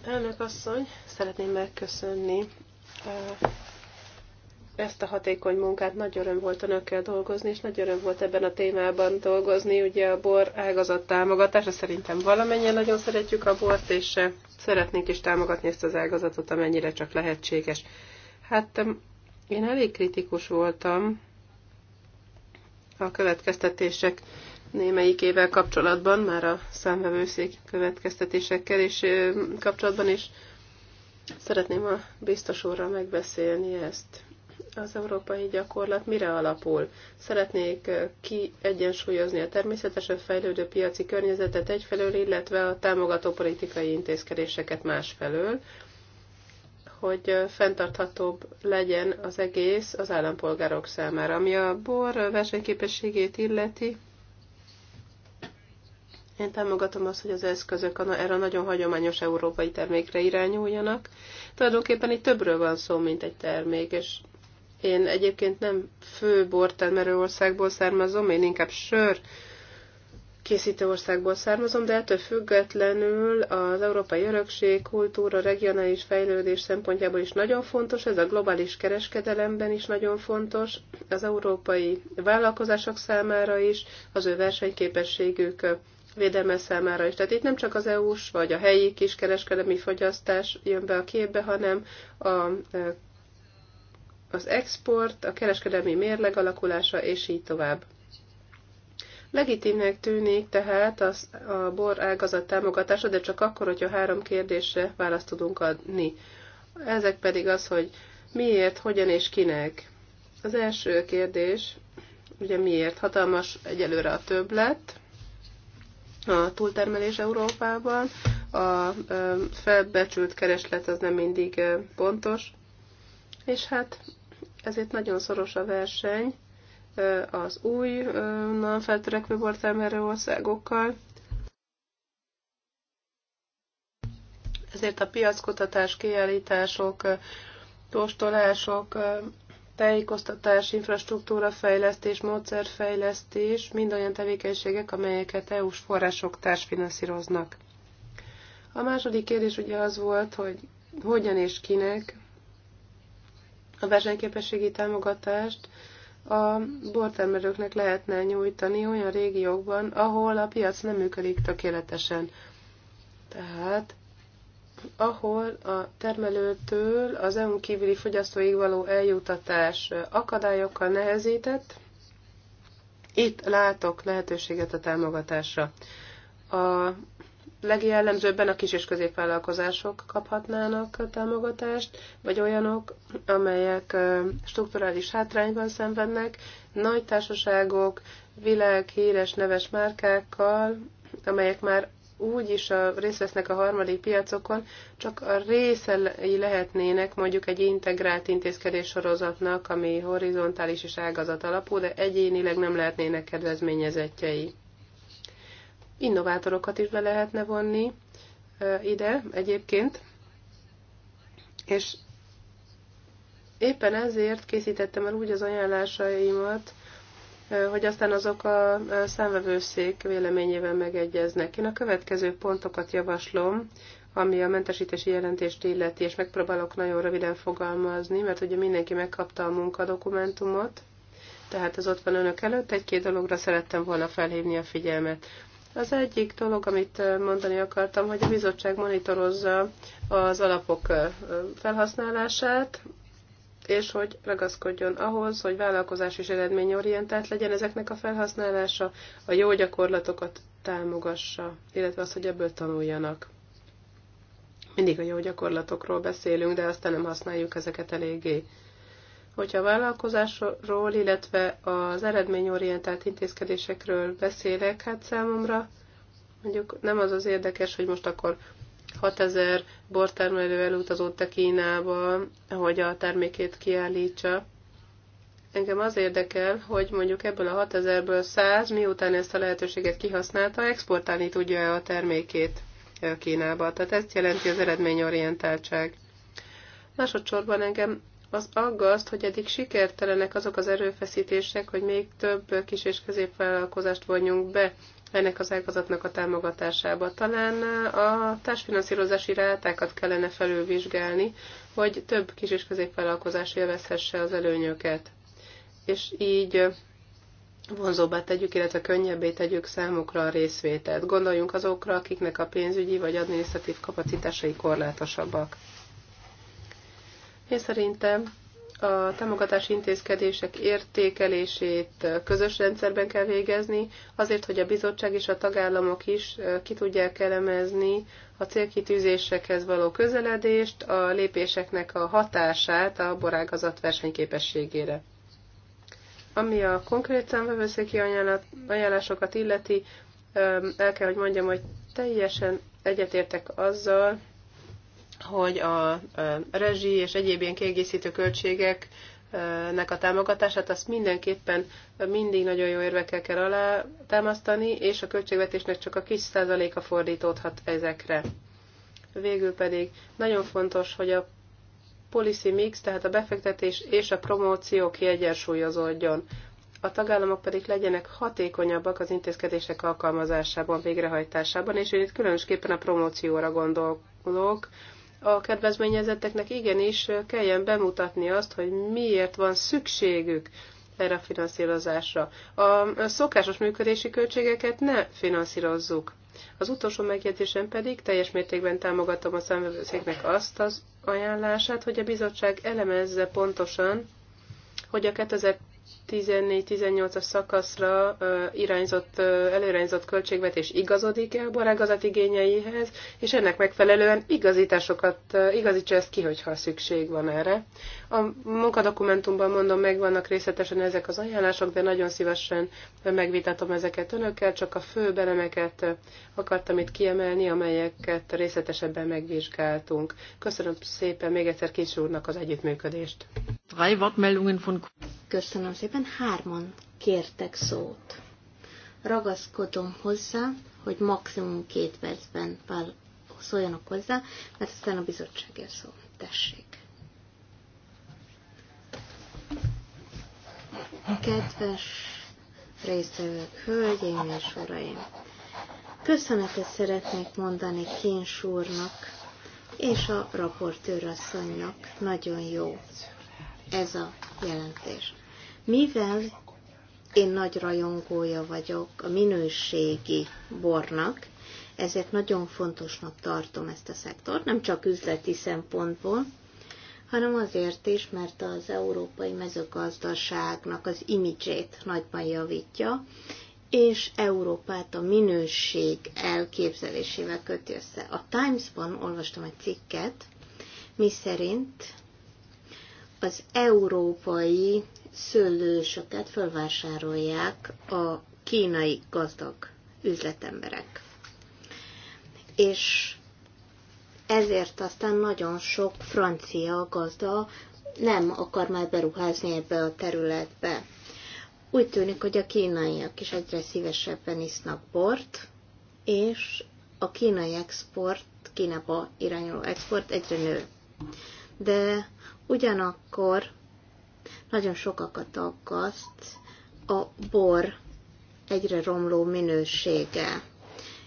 elnök asszony, szeretném megköszönni uh, ezt a hatékony munkát. Nagy öröm volt önökkel dolgozni, és nagy öröm volt ebben a témában dolgozni. Ugye a bor ágazat támogatása, szerintem valamennyien nagyon szeretjük a bort, és eh, szeretnénk is támogatni ezt az ágazatot, amennyire csak lehetséges. Hát én elég kritikus voltam a következtetések némelyikével kapcsolatban, már a számvevőszék következtetésekkel is eh, kapcsolatban is szeretném a biztos úrral megbeszélni ezt az európai gyakorlat mire alapul. Szeretnék kiegyensúlyozni a természetesen fejlődő piaci környezetet egyfelől, illetve a támogató politikai intézkedéseket másfelől, hogy fenntarthatóbb legyen az egész az állampolgárok számára. Ami a bor versenyképességét illeti, én támogatom azt, hogy az eszközök erre a nagyon hagyományos európai termékre irányuljanak. Tulajdonképpen itt többről van szó, mint egy termék, és én egyébként nem fő bortermelő országból származom, én inkább sör készítő országból származom, de ettől függetlenül az európai örökség, kultúra, regionális fejlődés szempontjából is nagyon fontos, ez a globális kereskedelemben is nagyon fontos, az európai vállalkozások számára is, az ő versenyképességük védelme számára is. Tehát itt nem csak az EU-s vagy a helyi kiskereskedelmi fogyasztás jön be a képbe, hanem a az export, a kereskedelmi mérleg alakulása, és így tovább. Legitimnek tűnik tehát az, a bor ágazat támogatása, de csak akkor, hogyha három kérdésre választ tudunk adni. Ezek pedig az, hogy miért, hogyan és kinek. Az első kérdés, ugye miért hatalmas egyelőre a többlet, a túltermelés Európában, a felbecsült kereslet az nem mindig pontos, és hát ezért nagyon szoros a verseny az új, nagyon feltörekvő bortermelő országokkal. Ezért a piackutatás, kiállítások, tostolások, tájékoztatás, infrastruktúrafejlesztés, módszerfejlesztés, mind olyan tevékenységek, amelyeket EU-s források társfinanszíroznak. A második kérdés ugye az volt, hogy hogyan és kinek a versenyképességi támogatást a bortermelőknek lehetne nyújtani olyan régiókban, ahol a piac nem működik tökéletesen. Tehát ahol a termelőtől az EU-n kívüli fogyasztóig való eljutatás akadályokkal nehezített, itt látok lehetőséget a támogatásra. A legjellemzőbben a kis és középvállalkozások kaphatnának támogatást, vagy olyanok, amelyek strukturális hátrányban szenvednek, nagy társaságok, világhíres neves márkákkal, amelyek már úgy is a, részt vesznek a harmadik piacokon, csak a részei lehetnének mondjuk egy integrált intézkedés sorozatnak, ami horizontális és ágazat alapú, de egyénileg nem lehetnének kedvezményezettjei innovátorokat is be lehetne vonni ide egyébként, és éppen ezért készítettem el úgy az ajánlásaimat, hogy aztán azok a számvevőszék véleményével megegyeznek. Én a következő pontokat javaslom, ami a mentesítési jelentést illeti, és megpróbálok nagyon röviden fogalmazni, mert ugye mindenki megkapta a munkadokumentumot, tehát ez ott van önök előtt. Egy-két dologra szerettem volna felhívni a figyelmet. Az egyik dolog, amit mondani akartam, hogy a bizottság monitorozza az alapok felhasználását, és hogy ragaszkodjon ahhoz, hogy vállalkozás és eredményorientált legyen ezeknek a felhasználása, a jó gyakorlatokat támogassa, illetve az, hogy ebből tanuljanak. Mindig a jó gyakorlatokról beszélünk, de aztán nem használjuk ezeket eléggé. Hogyha a vállalkozásról, illetve az eredményorientált intézkedésekről beszélek, hát számomra mondjuk nem az az érdekes, hogy most akkor 6000 bortermelő elutazott a Kínába, hogy a termékét kiállítsa. Engem az érdekel, hogy mondjuk ebből a 6000-ből 100, miután ezt a lehetőséget kihasználta, exportálni tudja-e a termékét Kínába. Tehát ezt jelenti az eredményorientáltság. Másodszorban engem az aggaszt, hogy eddig sikertelenek azok az erőfeszítések, hogy még több kis- és középvállalkozást vonjunk be ennek az ágazatnak a támogatásába. Talán a társfinanszírozási rátákat kellene felülvizsgálni, hogy több kis- és középvállalkozás élvezhesse az előnyöket. És így vonzóbbá tegyük, illetve könnyebbé tegyük számukra a részvételt. Gondoljunk azokra, akiknek a pénzügyi vagy adminisztratív kapacitásai korlátosabbak. Én szerintem a támogatási intézkedések értékelését közös rendszerben kell végezni, azért, hogy a bizottság és a tagállamok is ki tudják elemezni a célkitűzésekhez való közeledést, a lépéseknek a hatását a borágazat versenyképességére. Ami a konkrét számvevőszéki ajánlásokat illeti, el kell, hogy mondjam, hogy teljesen egyetértek azzal, hogy a rezsi és egyéb ilyen kiegészítő költségek nek a támogatását, azt mindenképpen mindig nagyon jó érvekkel kell alá támasztani, és a költségvetésnek csak a kis százaléka fordítódhat ezekre. Végül pedig nagyon fontos, hogy a policy mix, tehát a befektetés és a promóció kiegyensúlyozódjon. A tagállamok pedig legyenek hatékonyabbak az intézkedések alkalmazásában, végrehajtásában, és én itt különösképpen a promócióra gondolok, a kedvezményezetteknek igenis kelljen bemutatni azt, hogy miért van szükségük erre a finanszírozásra. A szokásos működési költségeket ne finanszírozzuk. Az utolsó megjegyzésem pedig teljes mértékben támogatom a számvevőszéknek azt az ajánlását, hogy a bizottság elemezze pontosan, hogy a 14-18-as szakaszra irányzott, előrányzott költségvetés igazodik el a borágazat igényeihez, és ennek megfelelően igazításokat, igazítsa ezt ki, hogyha szükség van erre. A munkadokumentumban mondom, vannak részletesen ezek az ajánlások, de nagyon szívesen megvitatom ezeket önökkel, csak a fő belemeket akartam itt kiemelni, amelyeket részletesebben megvizsgáltunk. Köszönöm szépen még egyszer Kincs úrnak az együttműködést. Köszönöm szépen esetben hárman kértek szót. Ragaszkodom hozzá, hogy maximum két percben szóljanak hozzá, mert aztán a bizottságért szól. Tessék! Kedves résztvevők, hölgyeim és uraim! Köszönetet szeretnék mondani Kéns úrnak és a raportőr asszonynak. Nagyon jó ez a jelentés. Mivel én nagy rajongója vagyok a minőségi bornak, ezért nagyon fontosnak tartom ezt a szektort, nem csak üzleti szempontból, hanem azért is, mert az európai mezőgazdaságnak az imidzsét nagyban javítja, és Európát a minőség elképzelésével köti össze. A Times-ban olvastam egy cikket, mi szerint az európai szőlősöket felvásárolják a kínai gazdag üzletemberek. És ezért aztán nagyon sok francia gazda nem akar már beruházni ebbe a területbe. Úgy tűnik, hogy a kínaiak is egyre szívesebben isznak bort, és a kínai export, Kínába irányuló export egyre nő. De Ugyanakkor nagyon sokakat aggaszt a bor egyre romló minősége.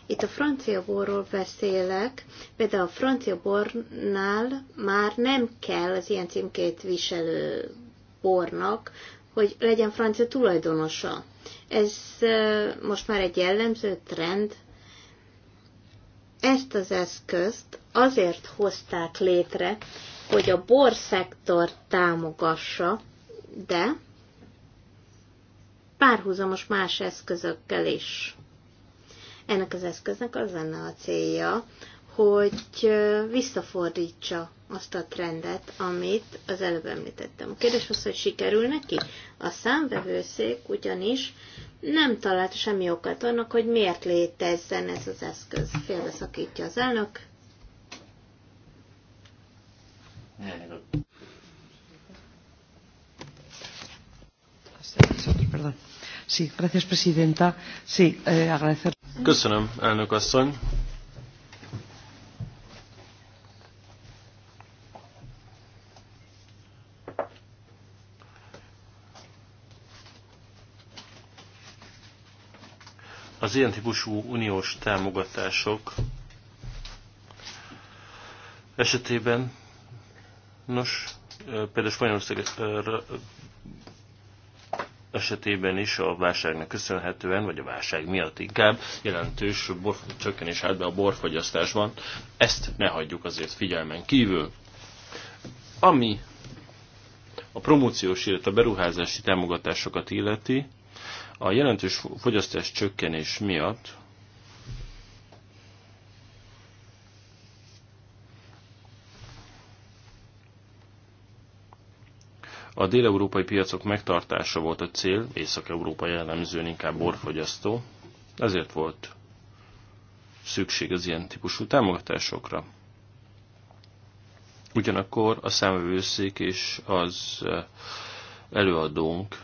Itt a francia borról beszélek, például a francia bornál már nem kell az ilyen címkét viselő bornak, hogy legyen francia tulajdonosa. Ez most már egy jellemző trend. Ezt az eszközt azért hozták létre, hogy a borszektor támogassa, de párhuzamos más eszközökkel is. Ennek az eszköznek az lenne a célja, hogy visszafordítsa azt a trendet, amit az előbb említettem. A kérdés az, hogy sikerül neki. A számvevőszék ugyanis nem talált semmi okat annak, hogy miért létezzen ez az eszköz. Félbeszakítja az elnök. Köszönöm, elnök asszony. Az ilyen típusú uniós támogatások esetében Nos, például Spanyolország esetében is a válságnak köszönhetően, vagy a válság miatt inkább jelentős bor, csökkenés állt be a borfogyasztásban. Ezt ne hagyjuk azért figyelmen kívül. Ami a promóciós, illetve a beruházási támogatásokat illeti, a jelentős fogyasztás csökkenés miatt A déleurópai piacok megtartása volt a cél, Észak-Európa jellemzően inkább borfogyasztó, ezért volt szükség az ilyen típusú támogatásokra. Ugyanakkor a számvevőszék és az eh, előadónk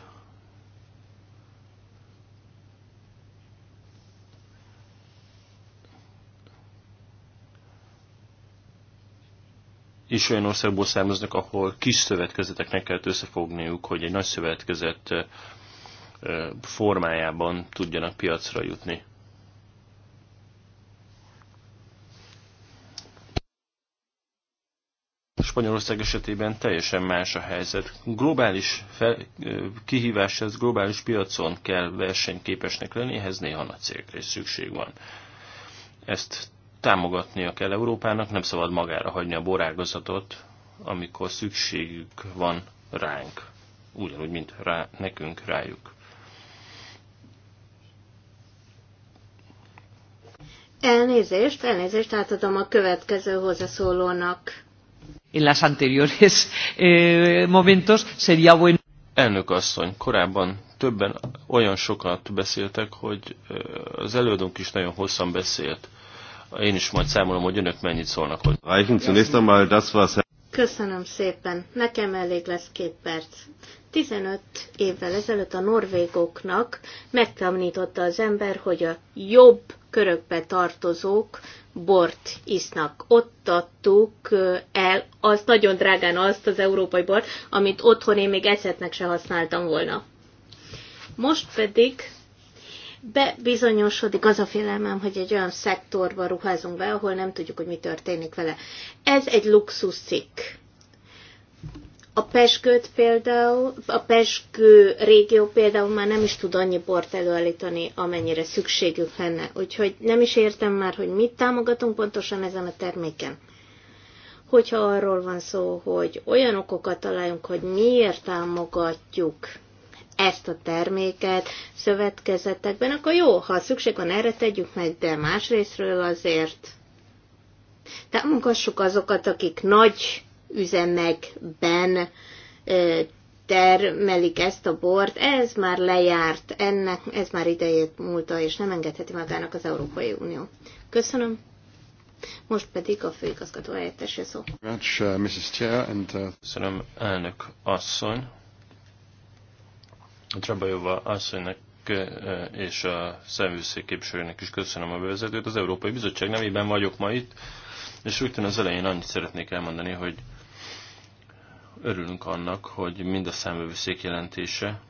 is olyan országból származnak, ahol kis szövetkezeteknek kellett összefogniuk, hogy egy nagy szövetkezet formájában tudjanak piacra jutni. Spanyolország esetében teljesen más a helyzet. Globális fel, kihívás ez, globális piacon kell versenyképesnek lenni, ehhez néha nagy cégre is szükség van. Ezt támogatnia kell Európának, nem szabad magára hagyni a borágazatot, amikor szükségük van ránk. Ugyanúgy, mint rá, nekünk rájuk. Elnézést, elnézést, átadom a következő hozzászólónak. En las anteriores eh, momentos sería bueno. Elnök asszony, korábban többen olyan sokat beszéltek, hogy eh, az előadónk is nagyon hosszan beszélt. Én is majd számolom, hogy önök mennyit szólnak hozzá. Köszönöm szépen. Nekem elég lesz két perc. 15 évvel ezelőtt a norvégoknak megtanította az ember, hogy a jobb körökbe tartozók bort isznak. Ott adtuk eh, el azt nagyon drágán azt az európai bort, amit otthon én még egyszernek se használtam volna. Most pedig bebizonyosodik az a félelmem, hogy egy olyan szektorba ruházunk be, ahol nem tudjuk, hogy mi történik vele. Ez egy cikk. A Pesgőt például, a Pesgő régió például már nem is tud annyi bort előállítani, amennyire szükségük lenne. Úgyhogy nem is értem már, hogy mit támogatunk pontosan ezen a terméken. Hogyha arról van szó, hogy olyan okokat találjunk, hogy miért támogatjuk ezt a terméket szövetkezetekben, akkor jó, ha szükség van erre, tegyük meg, de másrésztről azért támogassuk azokat, akik nagy üzemekben termelik ezt a bort, ez már lejárt, ennek ez már idejét múlta, és nem engedheti magának az Európai Unió. Köszönöm. Most pedig a főigazgató helyettese szó. Uh, uh, Köszönöm, elnök asszony. Trabajova asszonynak és a szemvőszék képviselőnek is köszönöm a bevezetőt. Az Európai Bizottság nevében vagyok ma itt, és rögtön az elején annyit szeretnék elmondani, hogy örülünk annak, hogy mind a szemvőszék jelentése,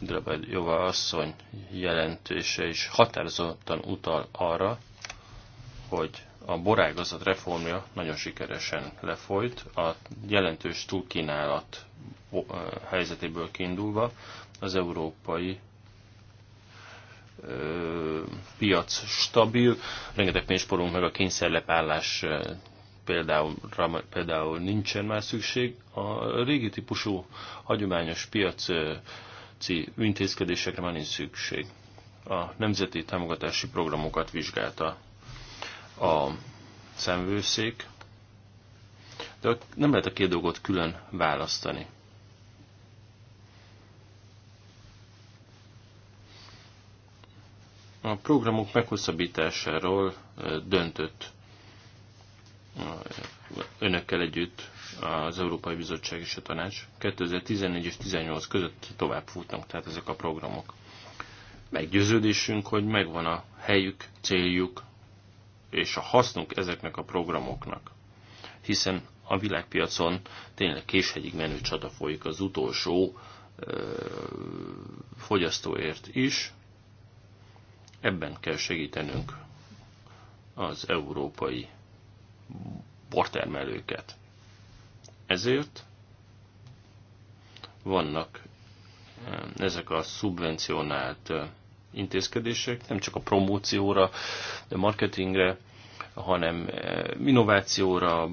Drabajova asszony jelentése is határozottan utal arra, hogy a borágazat reformja nagyon sikeresen lefolyt, a jelentős túlkínálat helyzetéből kiindulva az európai piac stabil, rengeteg pénzporunk meg a kényszerlepállás például, például nincsen már szükség. A régi típusú hagyományos piaci intézkedésekre már nincs szükség. A nemzeti támogatási programokat vizsgálta a szemvőszék, de nem lehet a két dolgot külön választani. A programok meghosszabbításáról döntött önökkel együtt az Európai Bizottság és a Tanács. 2014 és 2018 között tovább futnak tehát ezek a programok. Meggyőződésünk, hogy megvan a helyük, céljuk és a hasznuk ezeknek a programoknak. Hiszen a világpiacon tényleg késhegyig menő csata folyik az utolsó fogyasztóért is, Ebben kell segítenünk az európai bortermelőket. Ezért vannak eh, ezek a szubvencionált eh, intézkedések, nem csak a promócióra, de marketingre, hanem eh, innovációra,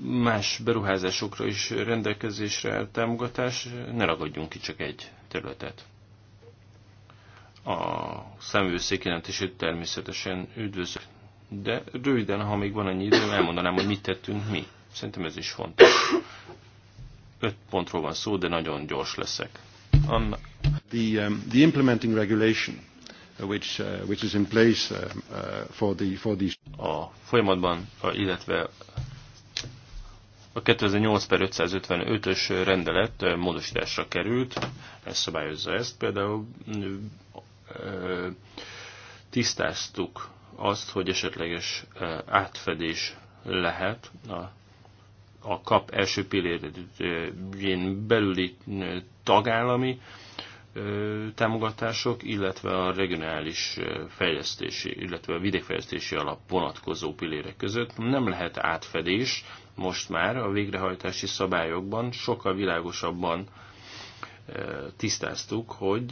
más beruházásokra is rendelkezésre támogatás, ne ragadjunk ki csak egy területet a szemvőszék jelentését természetesen üdvözlök. De röviden, ha még van annyi időm, elmondanám, hogy mit tettünk mi. Szerintem ez is fontos. Öt pontról van szó, de nagyon gyors leszek. Anna. Um, the, um, the implementing regulation uh, which, uh, which is in place uh, uh, for, the, for the... A folyamatban, illetve a 2008 per 555-ös rendelet uh, módosításra került, ez szabályozza ezt például tisztáztuk azt, hogy esetleges átfedés lehet a, a kap első pillérjén belüli tagállami támogatások, illetve a regionális fejlesztési, illetve a vidékfejlesztési alap vonatkozó pillérek között nem lehet átfedés most már a végrehajtási szabályokban sokkal világosabban tisztáztuk, hogy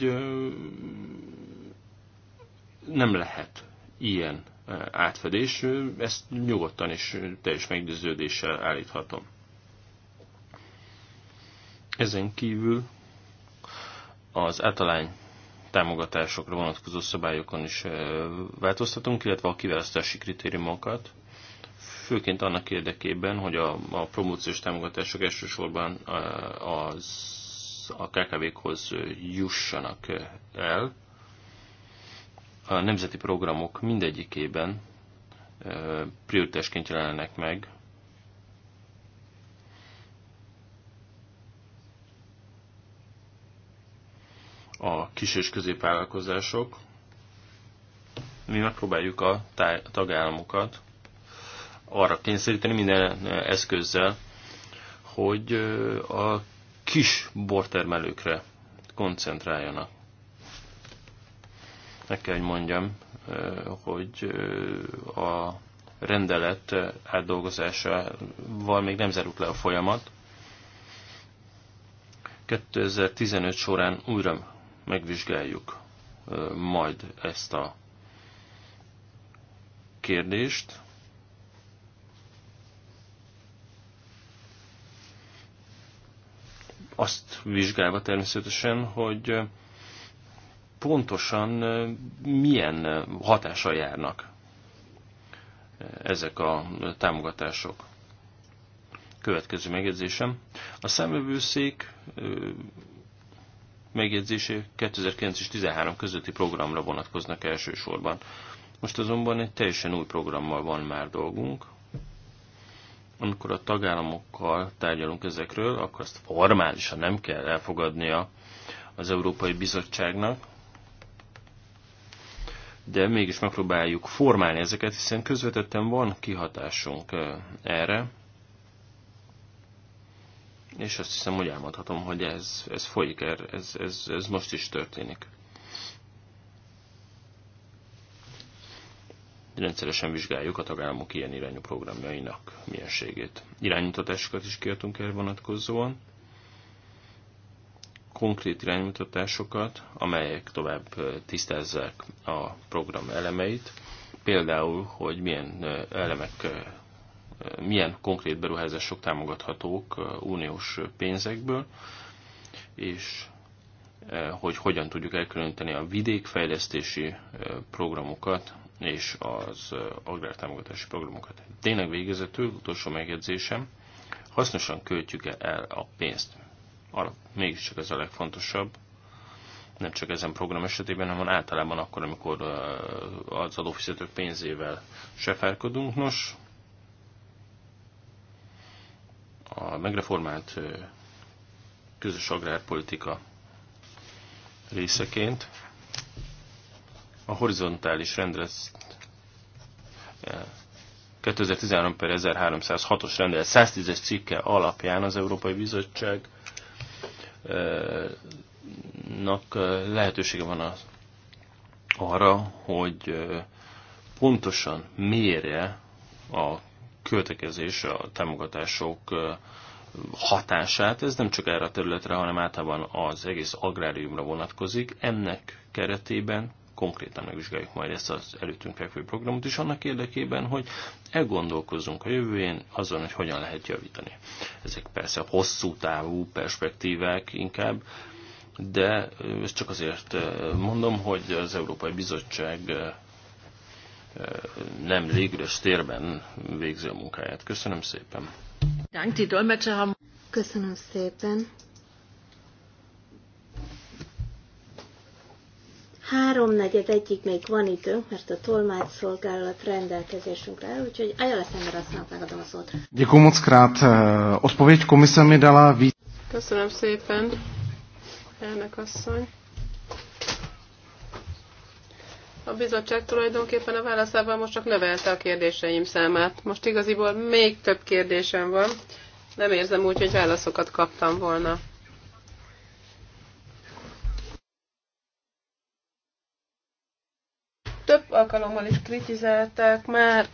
nem lehet ilyen átfedés, ezt nyugodtan és teljes meggyőződéssel állíthatom. Ezen kívül az általány támogatásokra vonatkozó szabályokon is változtatunk, illetve a kiválasztási kritériumokat, főként annak érdekében, hogy a, a promóciós támogatások elsősorban az a KKV-khoz jussanak el. A nemzeti programok mindegyikében prioritásként jelennek meg a kis és középvállalkozások. Mi megpróbáljuk a tagállamokat arra kényszeríteni minden eszközzel, hogy a kis bortermelőkre koncentráljanak. Meg kell, hogy mondjam, hogy a rendelet átdolgozásával még nem zárult le a folyamat. 2015 során újra megvizsgáljuk majd ezt a kérdést. Azt vizsgálva természetesen, hogy pontosan milyen hatása járnak ezek a támogatások. Következő megjegyzésem. A számövőszék megjegyzése 2009 és 2013 közötti programra vonatkoznak elsősorban. Most azonban egy teljesen új programmal van már dolgunk, amikor a tagállamokkal tárgyalunk ezekről, akkor azt formálisan nem kell elfogadnia az Európai Bizottságnak, de mégis megpróbáljuk formálni ezeket, hiszen közvetetten van kihatásunk erre, és azt hiszem, hogy elmondhatom, hogy ez, ez folyik, er, ez, ez, ez most is történik. rendszeresen vizsgáljuk a tagállamok ilyen irányú programjainak mienségét. Irányítatásokat is kértünk el vonatkozóan, konkrét iránymutatásokat, amelyek tovább tisztázzák a program elemeit, például, hogy milyen elemek, milyen konkrét beruházások támogathatók uniós pénzekből, és hogy hogyan tudjuk elkülöníteni a vidékfejlesztési programokat és az agrártámogatási programokat. Tényleg végezetül, utolsó megjegyzésem, hasznosan költjük -e el a pénzt. Arra mégiscsak ez a legfontosabb, nem csak ezen program esetében, hanem általában akkor, amikor az adófizetők pénzével sefárkodunk. Nos, a megreformált közös agrárpolitika részeként a horizontális rendelet 2013 eh, per 1306-os rendelet 110-es cikke alapján az Európai Bizottság eh, eh, lehetősége van az arra, hogy pontosan mérje a költekezés, a támogatások hatását. Ez nem csak erre a területre, hanem általában az egész agráriumra vonatkozik. Ennek keretében konkrétan megvizsgáljuk majd ezt az előttünk fekvő programot is annak érdekében, hogy elgondolkozzunk a jövőjén azon, hogy hogyan lehet javítani. Ezek persze hosszú távú perspektívák inkább, de ezt csak azért mondom, hogy az Európai Bizottság nem légüres térben végzi a munkáját. Köszönöm szépen. Köszönöm szépen. Háromnegyed egyik még van idő, mert a szolgálat rendelkezésünkre áll, úgyhogy Ajala Szenderasznak megadom a szót. Děkuji moc krát. Eh, odpověď komise mi dala víc. Köszönöm szépen, elnök asszony. A bizottság tulajdonképpen a válaszában most csak növelte a kérdéseim számát. Most igaziból még több kérdésem van. Nem érzem úgy, hogy válaszokat kaptam volna. Több alkalommal is kritizálták már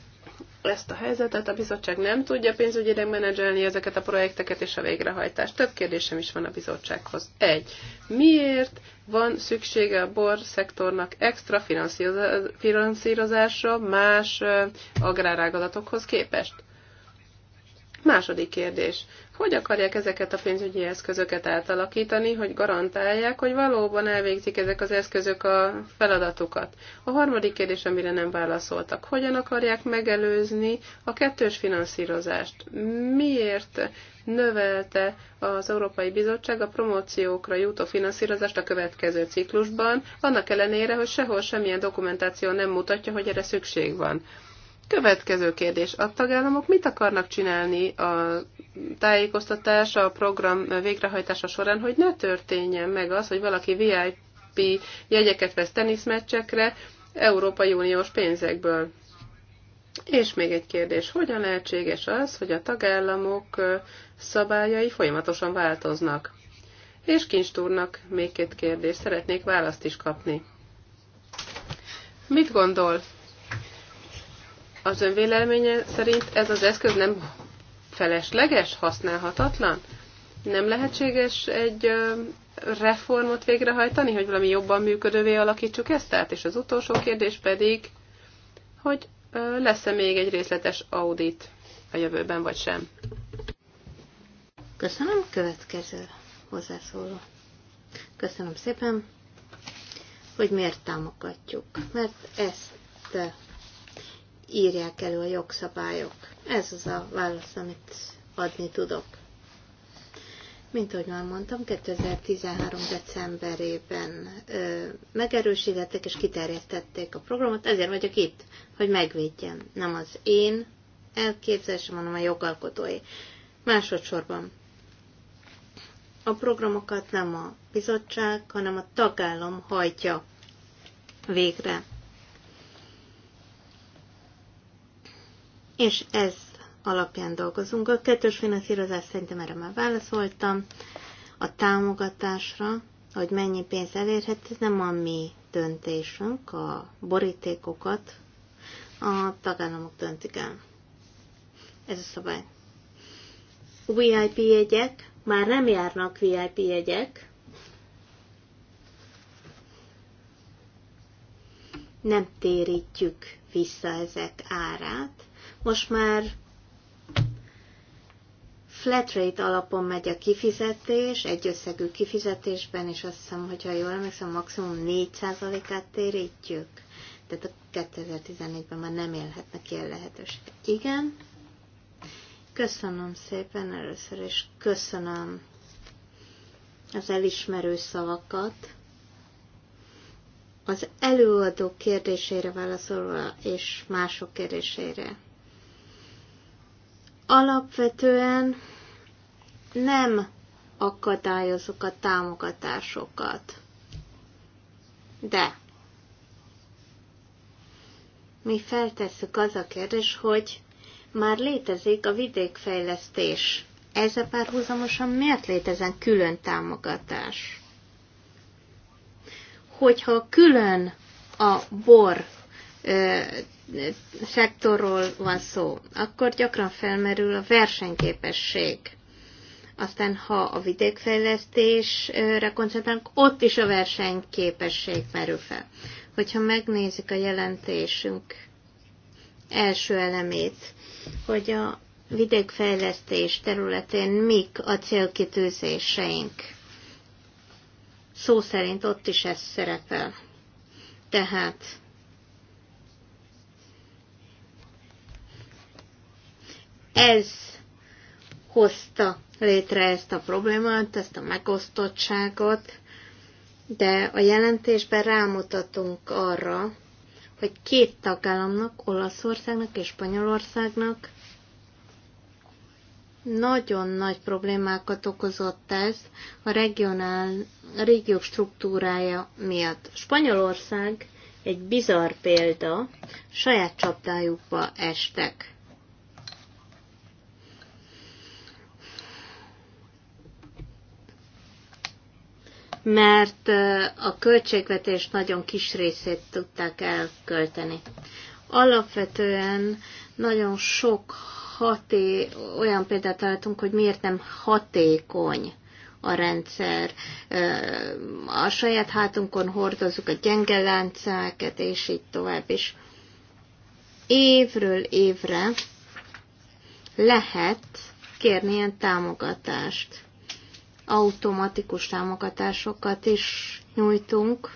ezt a helyzetet, a bizottság nem tudja pénzügyileg menedzselni ezeket a projekteket és a végrehajtást. Több kérdésem is van a bizottsághoz. Egy. Miért van szüksége a bor szektornak extra finanszírozásra más agrárágazatokhoz képest? Második kérdés hogy akarják ezeket a pénzügyi eszközöket átalakítani, hogy garantálják, hogy valóban elvégzik ezek az eszközök a feladatukat. A harmadik kérdés, amire nem válaszoltak, hogyan akarják megelőzni a kettős finanszírozást? Miért növelte az Európai Bizottság a promóciókra jutó finanszírozást a következő ciklusban, annak ellenére, hogy sehol semmilyen dokumentáció nem mutatja, hogy erre szükség van. Következő kérdés. A tagállamok mit akarnak csinálni a tájékoztatás, a program végrehajtása során, hogy ne történjen meg az, hogy valaki VIP jegyeket vesz teniszmeccsekre Európai Uniós pénzekből? És még egy kérdés, hogyan lehetséges az, hogy a tagállamok szabályai folyamatosan változnak? És kincstúrnak még két kérdés, szeretnék választ is kapni. Mit gondol, az ön véleménye szerint ez az eszköz nem felesleges, használhatatlan? Nem lehetséges egy reformot végrehajtani, hogy valami jobban működővé alakítsuk ezt tehát És az utolsó kérdés pedig, hogy lesz-e még egy részletes audit a jövőben, vagy sem? Köszönöm, következő hozzászóló. Köszönöm szépen, hogy miért támogatjuk, mert ezt írják elő a jogszabályok. Ez az a válasz, amit adni tudok. Mint ahogy már mondtam, 2013. decemberében ö, megerősítettek és kiterjesztették a programot, ezért vagyok itt, hogy megvédjem. Nem az én elképzelésem, hanem a jogalkotói. Másodszorban a programokat nem a bizottság, hanem a tagállam hajtja végre. és ez alapján dolgozunk. A kettős finanszírozás szerintem erre már válaszoltam. A támogatásra, hogy mennyi pénz elérhet, ez nem a mi döntésünk, a borítékokat a tagállamok döntik el. Ez a szabály. VIP jegyek, már nem járnak VIP jegyek, nem térítjük vissza ezek árát, most már flat rate alapon megy a kifizetés, egy összegű kifizetésben, és azt hiszem, hogyha jól emlékszem, maximum 4%-át térítjük. Tehát a 2014 ben már nem élhetnek ilyen lehetőség. Igen. Köszönöm szépen először, és köszönöm az elismerő szavakat. Az előadó kérdésére válaszolva, és mások kérdésére alapvetően nem akadályozok a támogatásokat. De mi feltesszük az a kérdés, hogy már létezik a vidékfejlesztés. Ez a párhuzamosan miért létezen külön támogatás? Hogyha külön a bor szektorról van szó, akkor gyakran felmerül a versenyképesség. Aztán, ha a vidékfejlesztésre koncentrálunk, ott is a versenyképesség merül fel. Hogyha megnézik a jelentésünk első elemét, hogy a vidékfejlesztés területén mik a célkitűzéseink. Szó szerint ott is ez szerepel. Tehát ez hozta létre ezt a problémát, ezt a megosztottságot, de a jelentésben rámutatunk arra, hogy két tagállamnak, Olaszországnak és Spanyolországnak nagyon nagy problémákat okozott ez a regionál, a régiók struktúrája miatt. Spanyolország egy bizarr példa, saját csapdájukba estek. mert a költségvetés nagyon kis részét tudták elkölteni. Alapvetően nagyon sok haté, olyan példát találtunk, hogy miért nem hatékony a rendszer. A saját hátunkon hordozzuk a gyenge láncáket, és így tovább is. Évről évre lehet kérni ilyen támogatást automatikus támogatásokat is nyújtunk,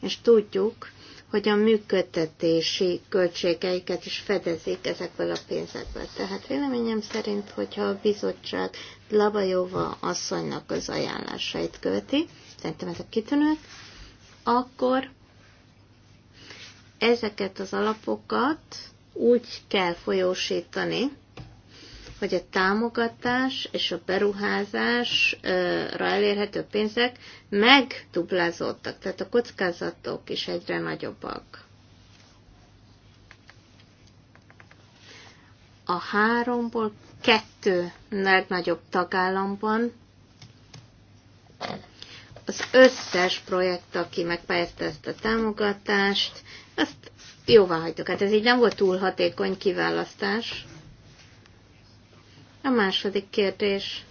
és tudjuk, hogy a működtetési költségeiket is fedezik ezekből a pénzekből. Tehát véleményem szerint, hogyha a bizottság Labajóva asszonynak az ajánlásait követi, szerintem ezek kitűnők, akkor ezeket az alapokat úgy kell folyósítani, hogy a támogatás és a beruházásra elérhető pénzek megduplázódtak, tehát a kockázatok is egyre nagyobbak. A háromból kettő legnagyobb tagállamban az összes projekt, aki megpályázta ezt a támogatást, azt jóvá hagytuk. Hát ez így nem volt túl hatékony kiválasztás. A második kérdés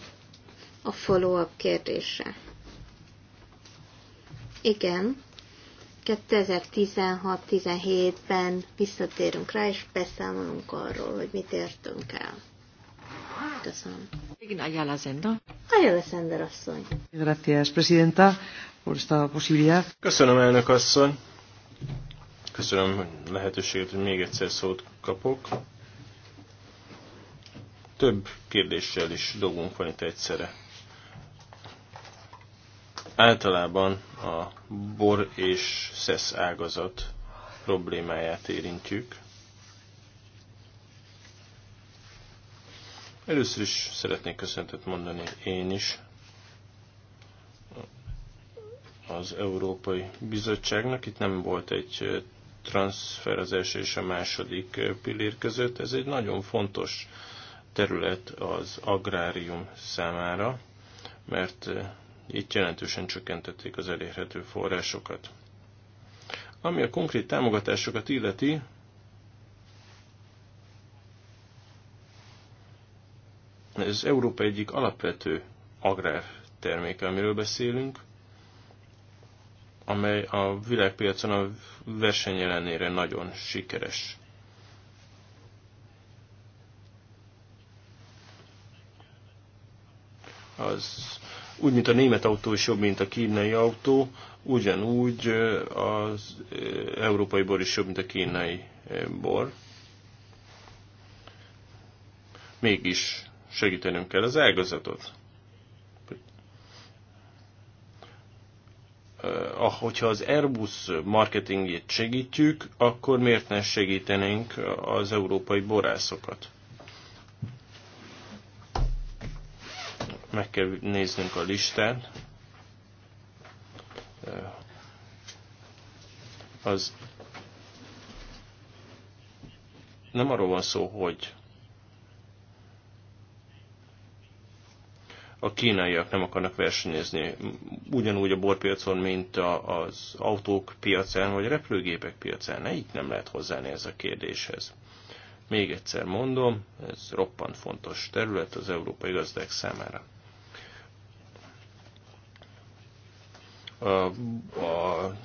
a follow-up kérdése. Igen, 2016-17-ben visszatérünk rá, és beszámolunk arról, hogy mit értünk el. Köszönöm. Igen, Ayala Zenda. Ayala Zenda asszony. Gracias, presidenta, por esta posibilidad. Köszönöm, elnök asszony. Köszönöm a lehetőséget, hogy még egyszer szót kapok. Több kérdéssel is dolgunk van itt egyszerre. Általában a bor és szesz ágazat problémáját érintjük. Először is szeretnék köszöntet mondani én is az Európai Bizottságnak. Itt nem volt egy transfer az első és a második pillér között. Ez egy nagyon fontos terület az agrárium számára, mert eh, itt jelentősen csökkentették az elérhető forrásokat. Ami a konkrét támogatásokat illeti, ez Európa egyik alapvető agrárterméke, amiről beszélünk, amely a világpiacon a verseny ellenére nagyon sikeres. az úgy, mint a német autó is jobb, mint a kínai autó, ugyanúgy az európai bor is jobb, mint a kínai bor. Mégis segítenünk kell az ágazatot. hogyha az Airbus marketingét segítjük, akkor miért ne segítenénk az európai borászokat? Meg kell néznünk a listát. Az nem arról van szó, hogy a kínaiak nem akarnak versenyezni, ugyanúgy a borpiacon, mint az autók piacán, vagy a repülőgépek piacán. Ne, itt nem lehet hozzáni ez a kérdéshez. Még egyszer mondom, ez roppant fontos terület az európai gazdák számára. a, a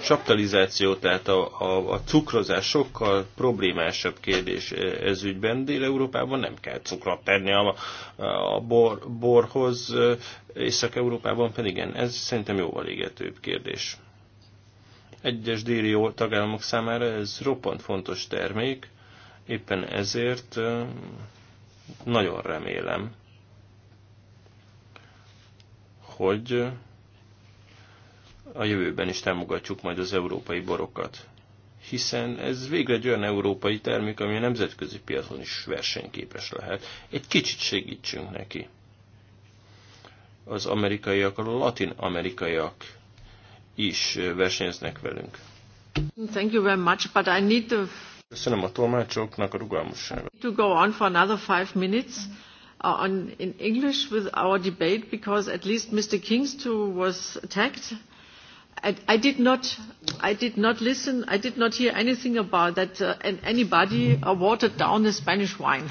saptalizáció, tehát a, a, a cukrozás sokkal problémásabb kérdés ez ügyben. Dél-Európában nem kell cukrot tenni a, a bor, borhoz, Észak-Európában pedig igen. Ez szerintem jóval égetőbb kérdés. Egyes déli tagállamok számára ez roppant fontos termék, éppen ezért nagyon remélem, hogy a jövőben is támogatjuk majd az európai borokat. Hiszen ez végre egy olyan európai termék, ami a nemzetközi piacon is versenyképes lehet. Egy kicsit segítsünk neki. Az amerikaiak, a latin amerikaiak is versenyeznek velünk. Thank you very much, but I need to... Köszönöm a tolmácsoknak a rugalmasságot. To go on for another five minutes uh, on, in English with our debate because at least Mr. Kingston was attacked. I, did not I did not listen I did not hear anything about that uh, and anybody uh, watered down the Spanish wine.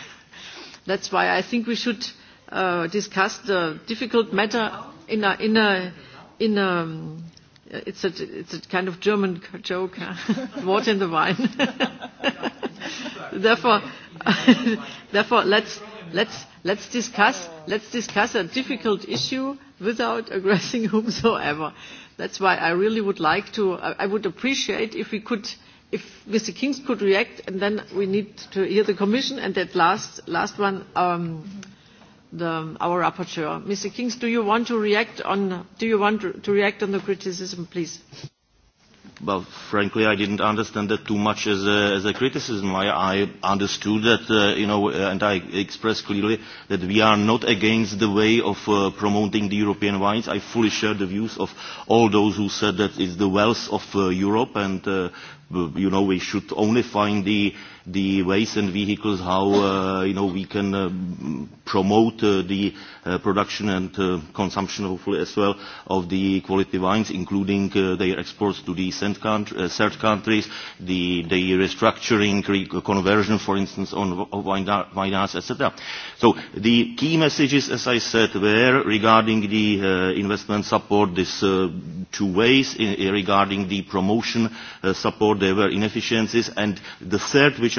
That's why I think we should uh, discuss the difficult matter in a in a in a um, it's a it's a kind of German joke huh? water in the wine. therefore therefore let's let's let's discuss let's discuss a difficult issue without aggressing whomsoever. That's why I really would like to, I would appreciate if we could, if Mr. Kings could react, and then we need to hear the Commission and that last, last one, um, the, our rapporteur. Mr. Kings, do you want to react on, do you want to react on the criticism, please? well, frankly, I didn't understand that too much as a, as a criticism. I, I understood that, uh, you know, uh, and I expressed clearly that we are not against the way of uh, promoting the European wines. I fully share the views of all those who said that it's the wealth of uh, Europe and, uh, you know, we should only find the the ways and vehicles how uh, you know we can uh, promote uh, the uh, production and uh, consumption hopefully as well of the quality wines including uh, their exports to the third, country, uh, third countries the, the restructuring re conversion for instance on vineyards etc so the key messages as i said were regarding the uh, investment support this uh, two ways in, eh, eh, regarding the promotion uh, support there were inefficiencies and the third which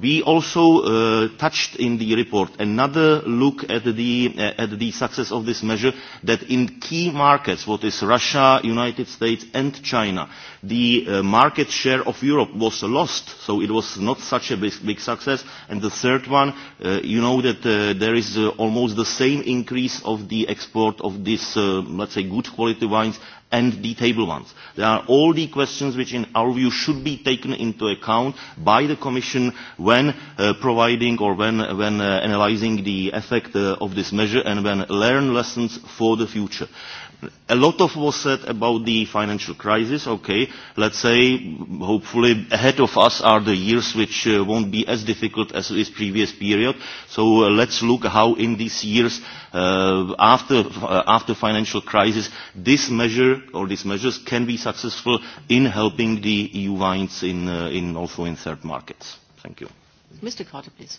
We also uh, touched in the report another look at the, uh, at the success of this measure that in key markets, what is Russia, United States and China, the uh, market share of Europe was lost, so it was not such a big, big success. And the third one, uh, you know that uh, there is uh, almost the same increase of the export of these, uh, let's say, good quality wines and the table ones. They are all the questions which, in our view, should be taken into account by the Commission when uh, providing or when, when uh, analyzing the effect uh, of this measure and when learn lessons for the future a lot of was said about the financial crisis. Okay, let's say hopefully ahead of us are the years which uh, won't be as difficult as this previous period. So uh, let's look how in these years uh, after uh, after financial crisis this measure or these measures can be successful in helping the EU wines in, uh, in also in third markets. Thank you. Mr. Carter, please.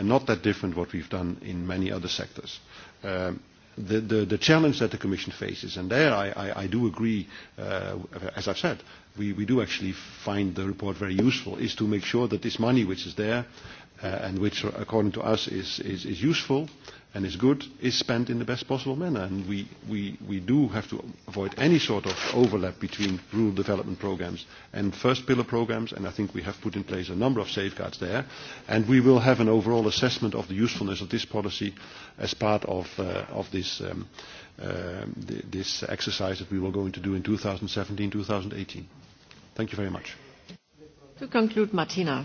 and not that different what we've done in many other sectors. Um, the, the, the challenge that the Commission faces, and there I, I, I do agree, uh, as I've said, we, we do actually find the report very useful, is to make sure that this money which is there uh, and which, according to us, is, is, is useful and is good is spent in the best possible manner. And we, we, we do have to avoid any sort of overlap between rural development programs and first pillar programs, and I think we have put in place a number of safeguards there. And we will have an overall assessment of the usefulness of this policy as part of, uh, of this, um, uh, th this exercise that we will going to do in 2017-2018. Thank you very much. To conclude, Martina.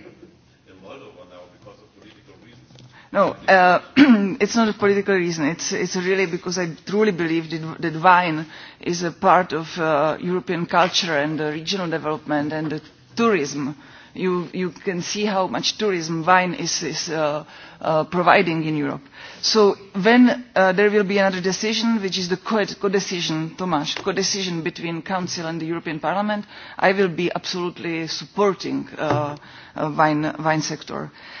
No, uh, it's not a political reason. It's, it's really because I truly believe that, that wine is a part of uh, European culture and the uh, regional development and the tourism. You, you can see how much tourism wine is, is uh, uh, providing in Europe. So when uh, there will be another decision, which is the co-decision, co Tomáš, co-decision between Council and the European Parliament, I will be absolutely supporting uh, uh, wine, wine sector. Uh,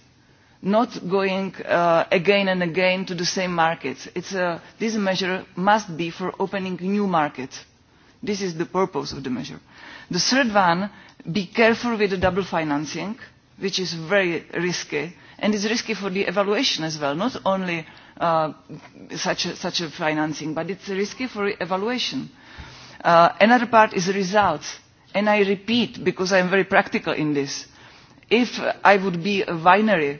not going uh, again and again to the same markets. A, uh, this measure must be for opening new markets. This is the purpose of the measure. The third one, be careful with the double financing, which is very risky, and it's risky for the evaluation as well, not only uh, such, a, such a financing, but it's risky for evaluation. Uh, another part is the results, and I repeat because I am very practical in this. If I would be a winery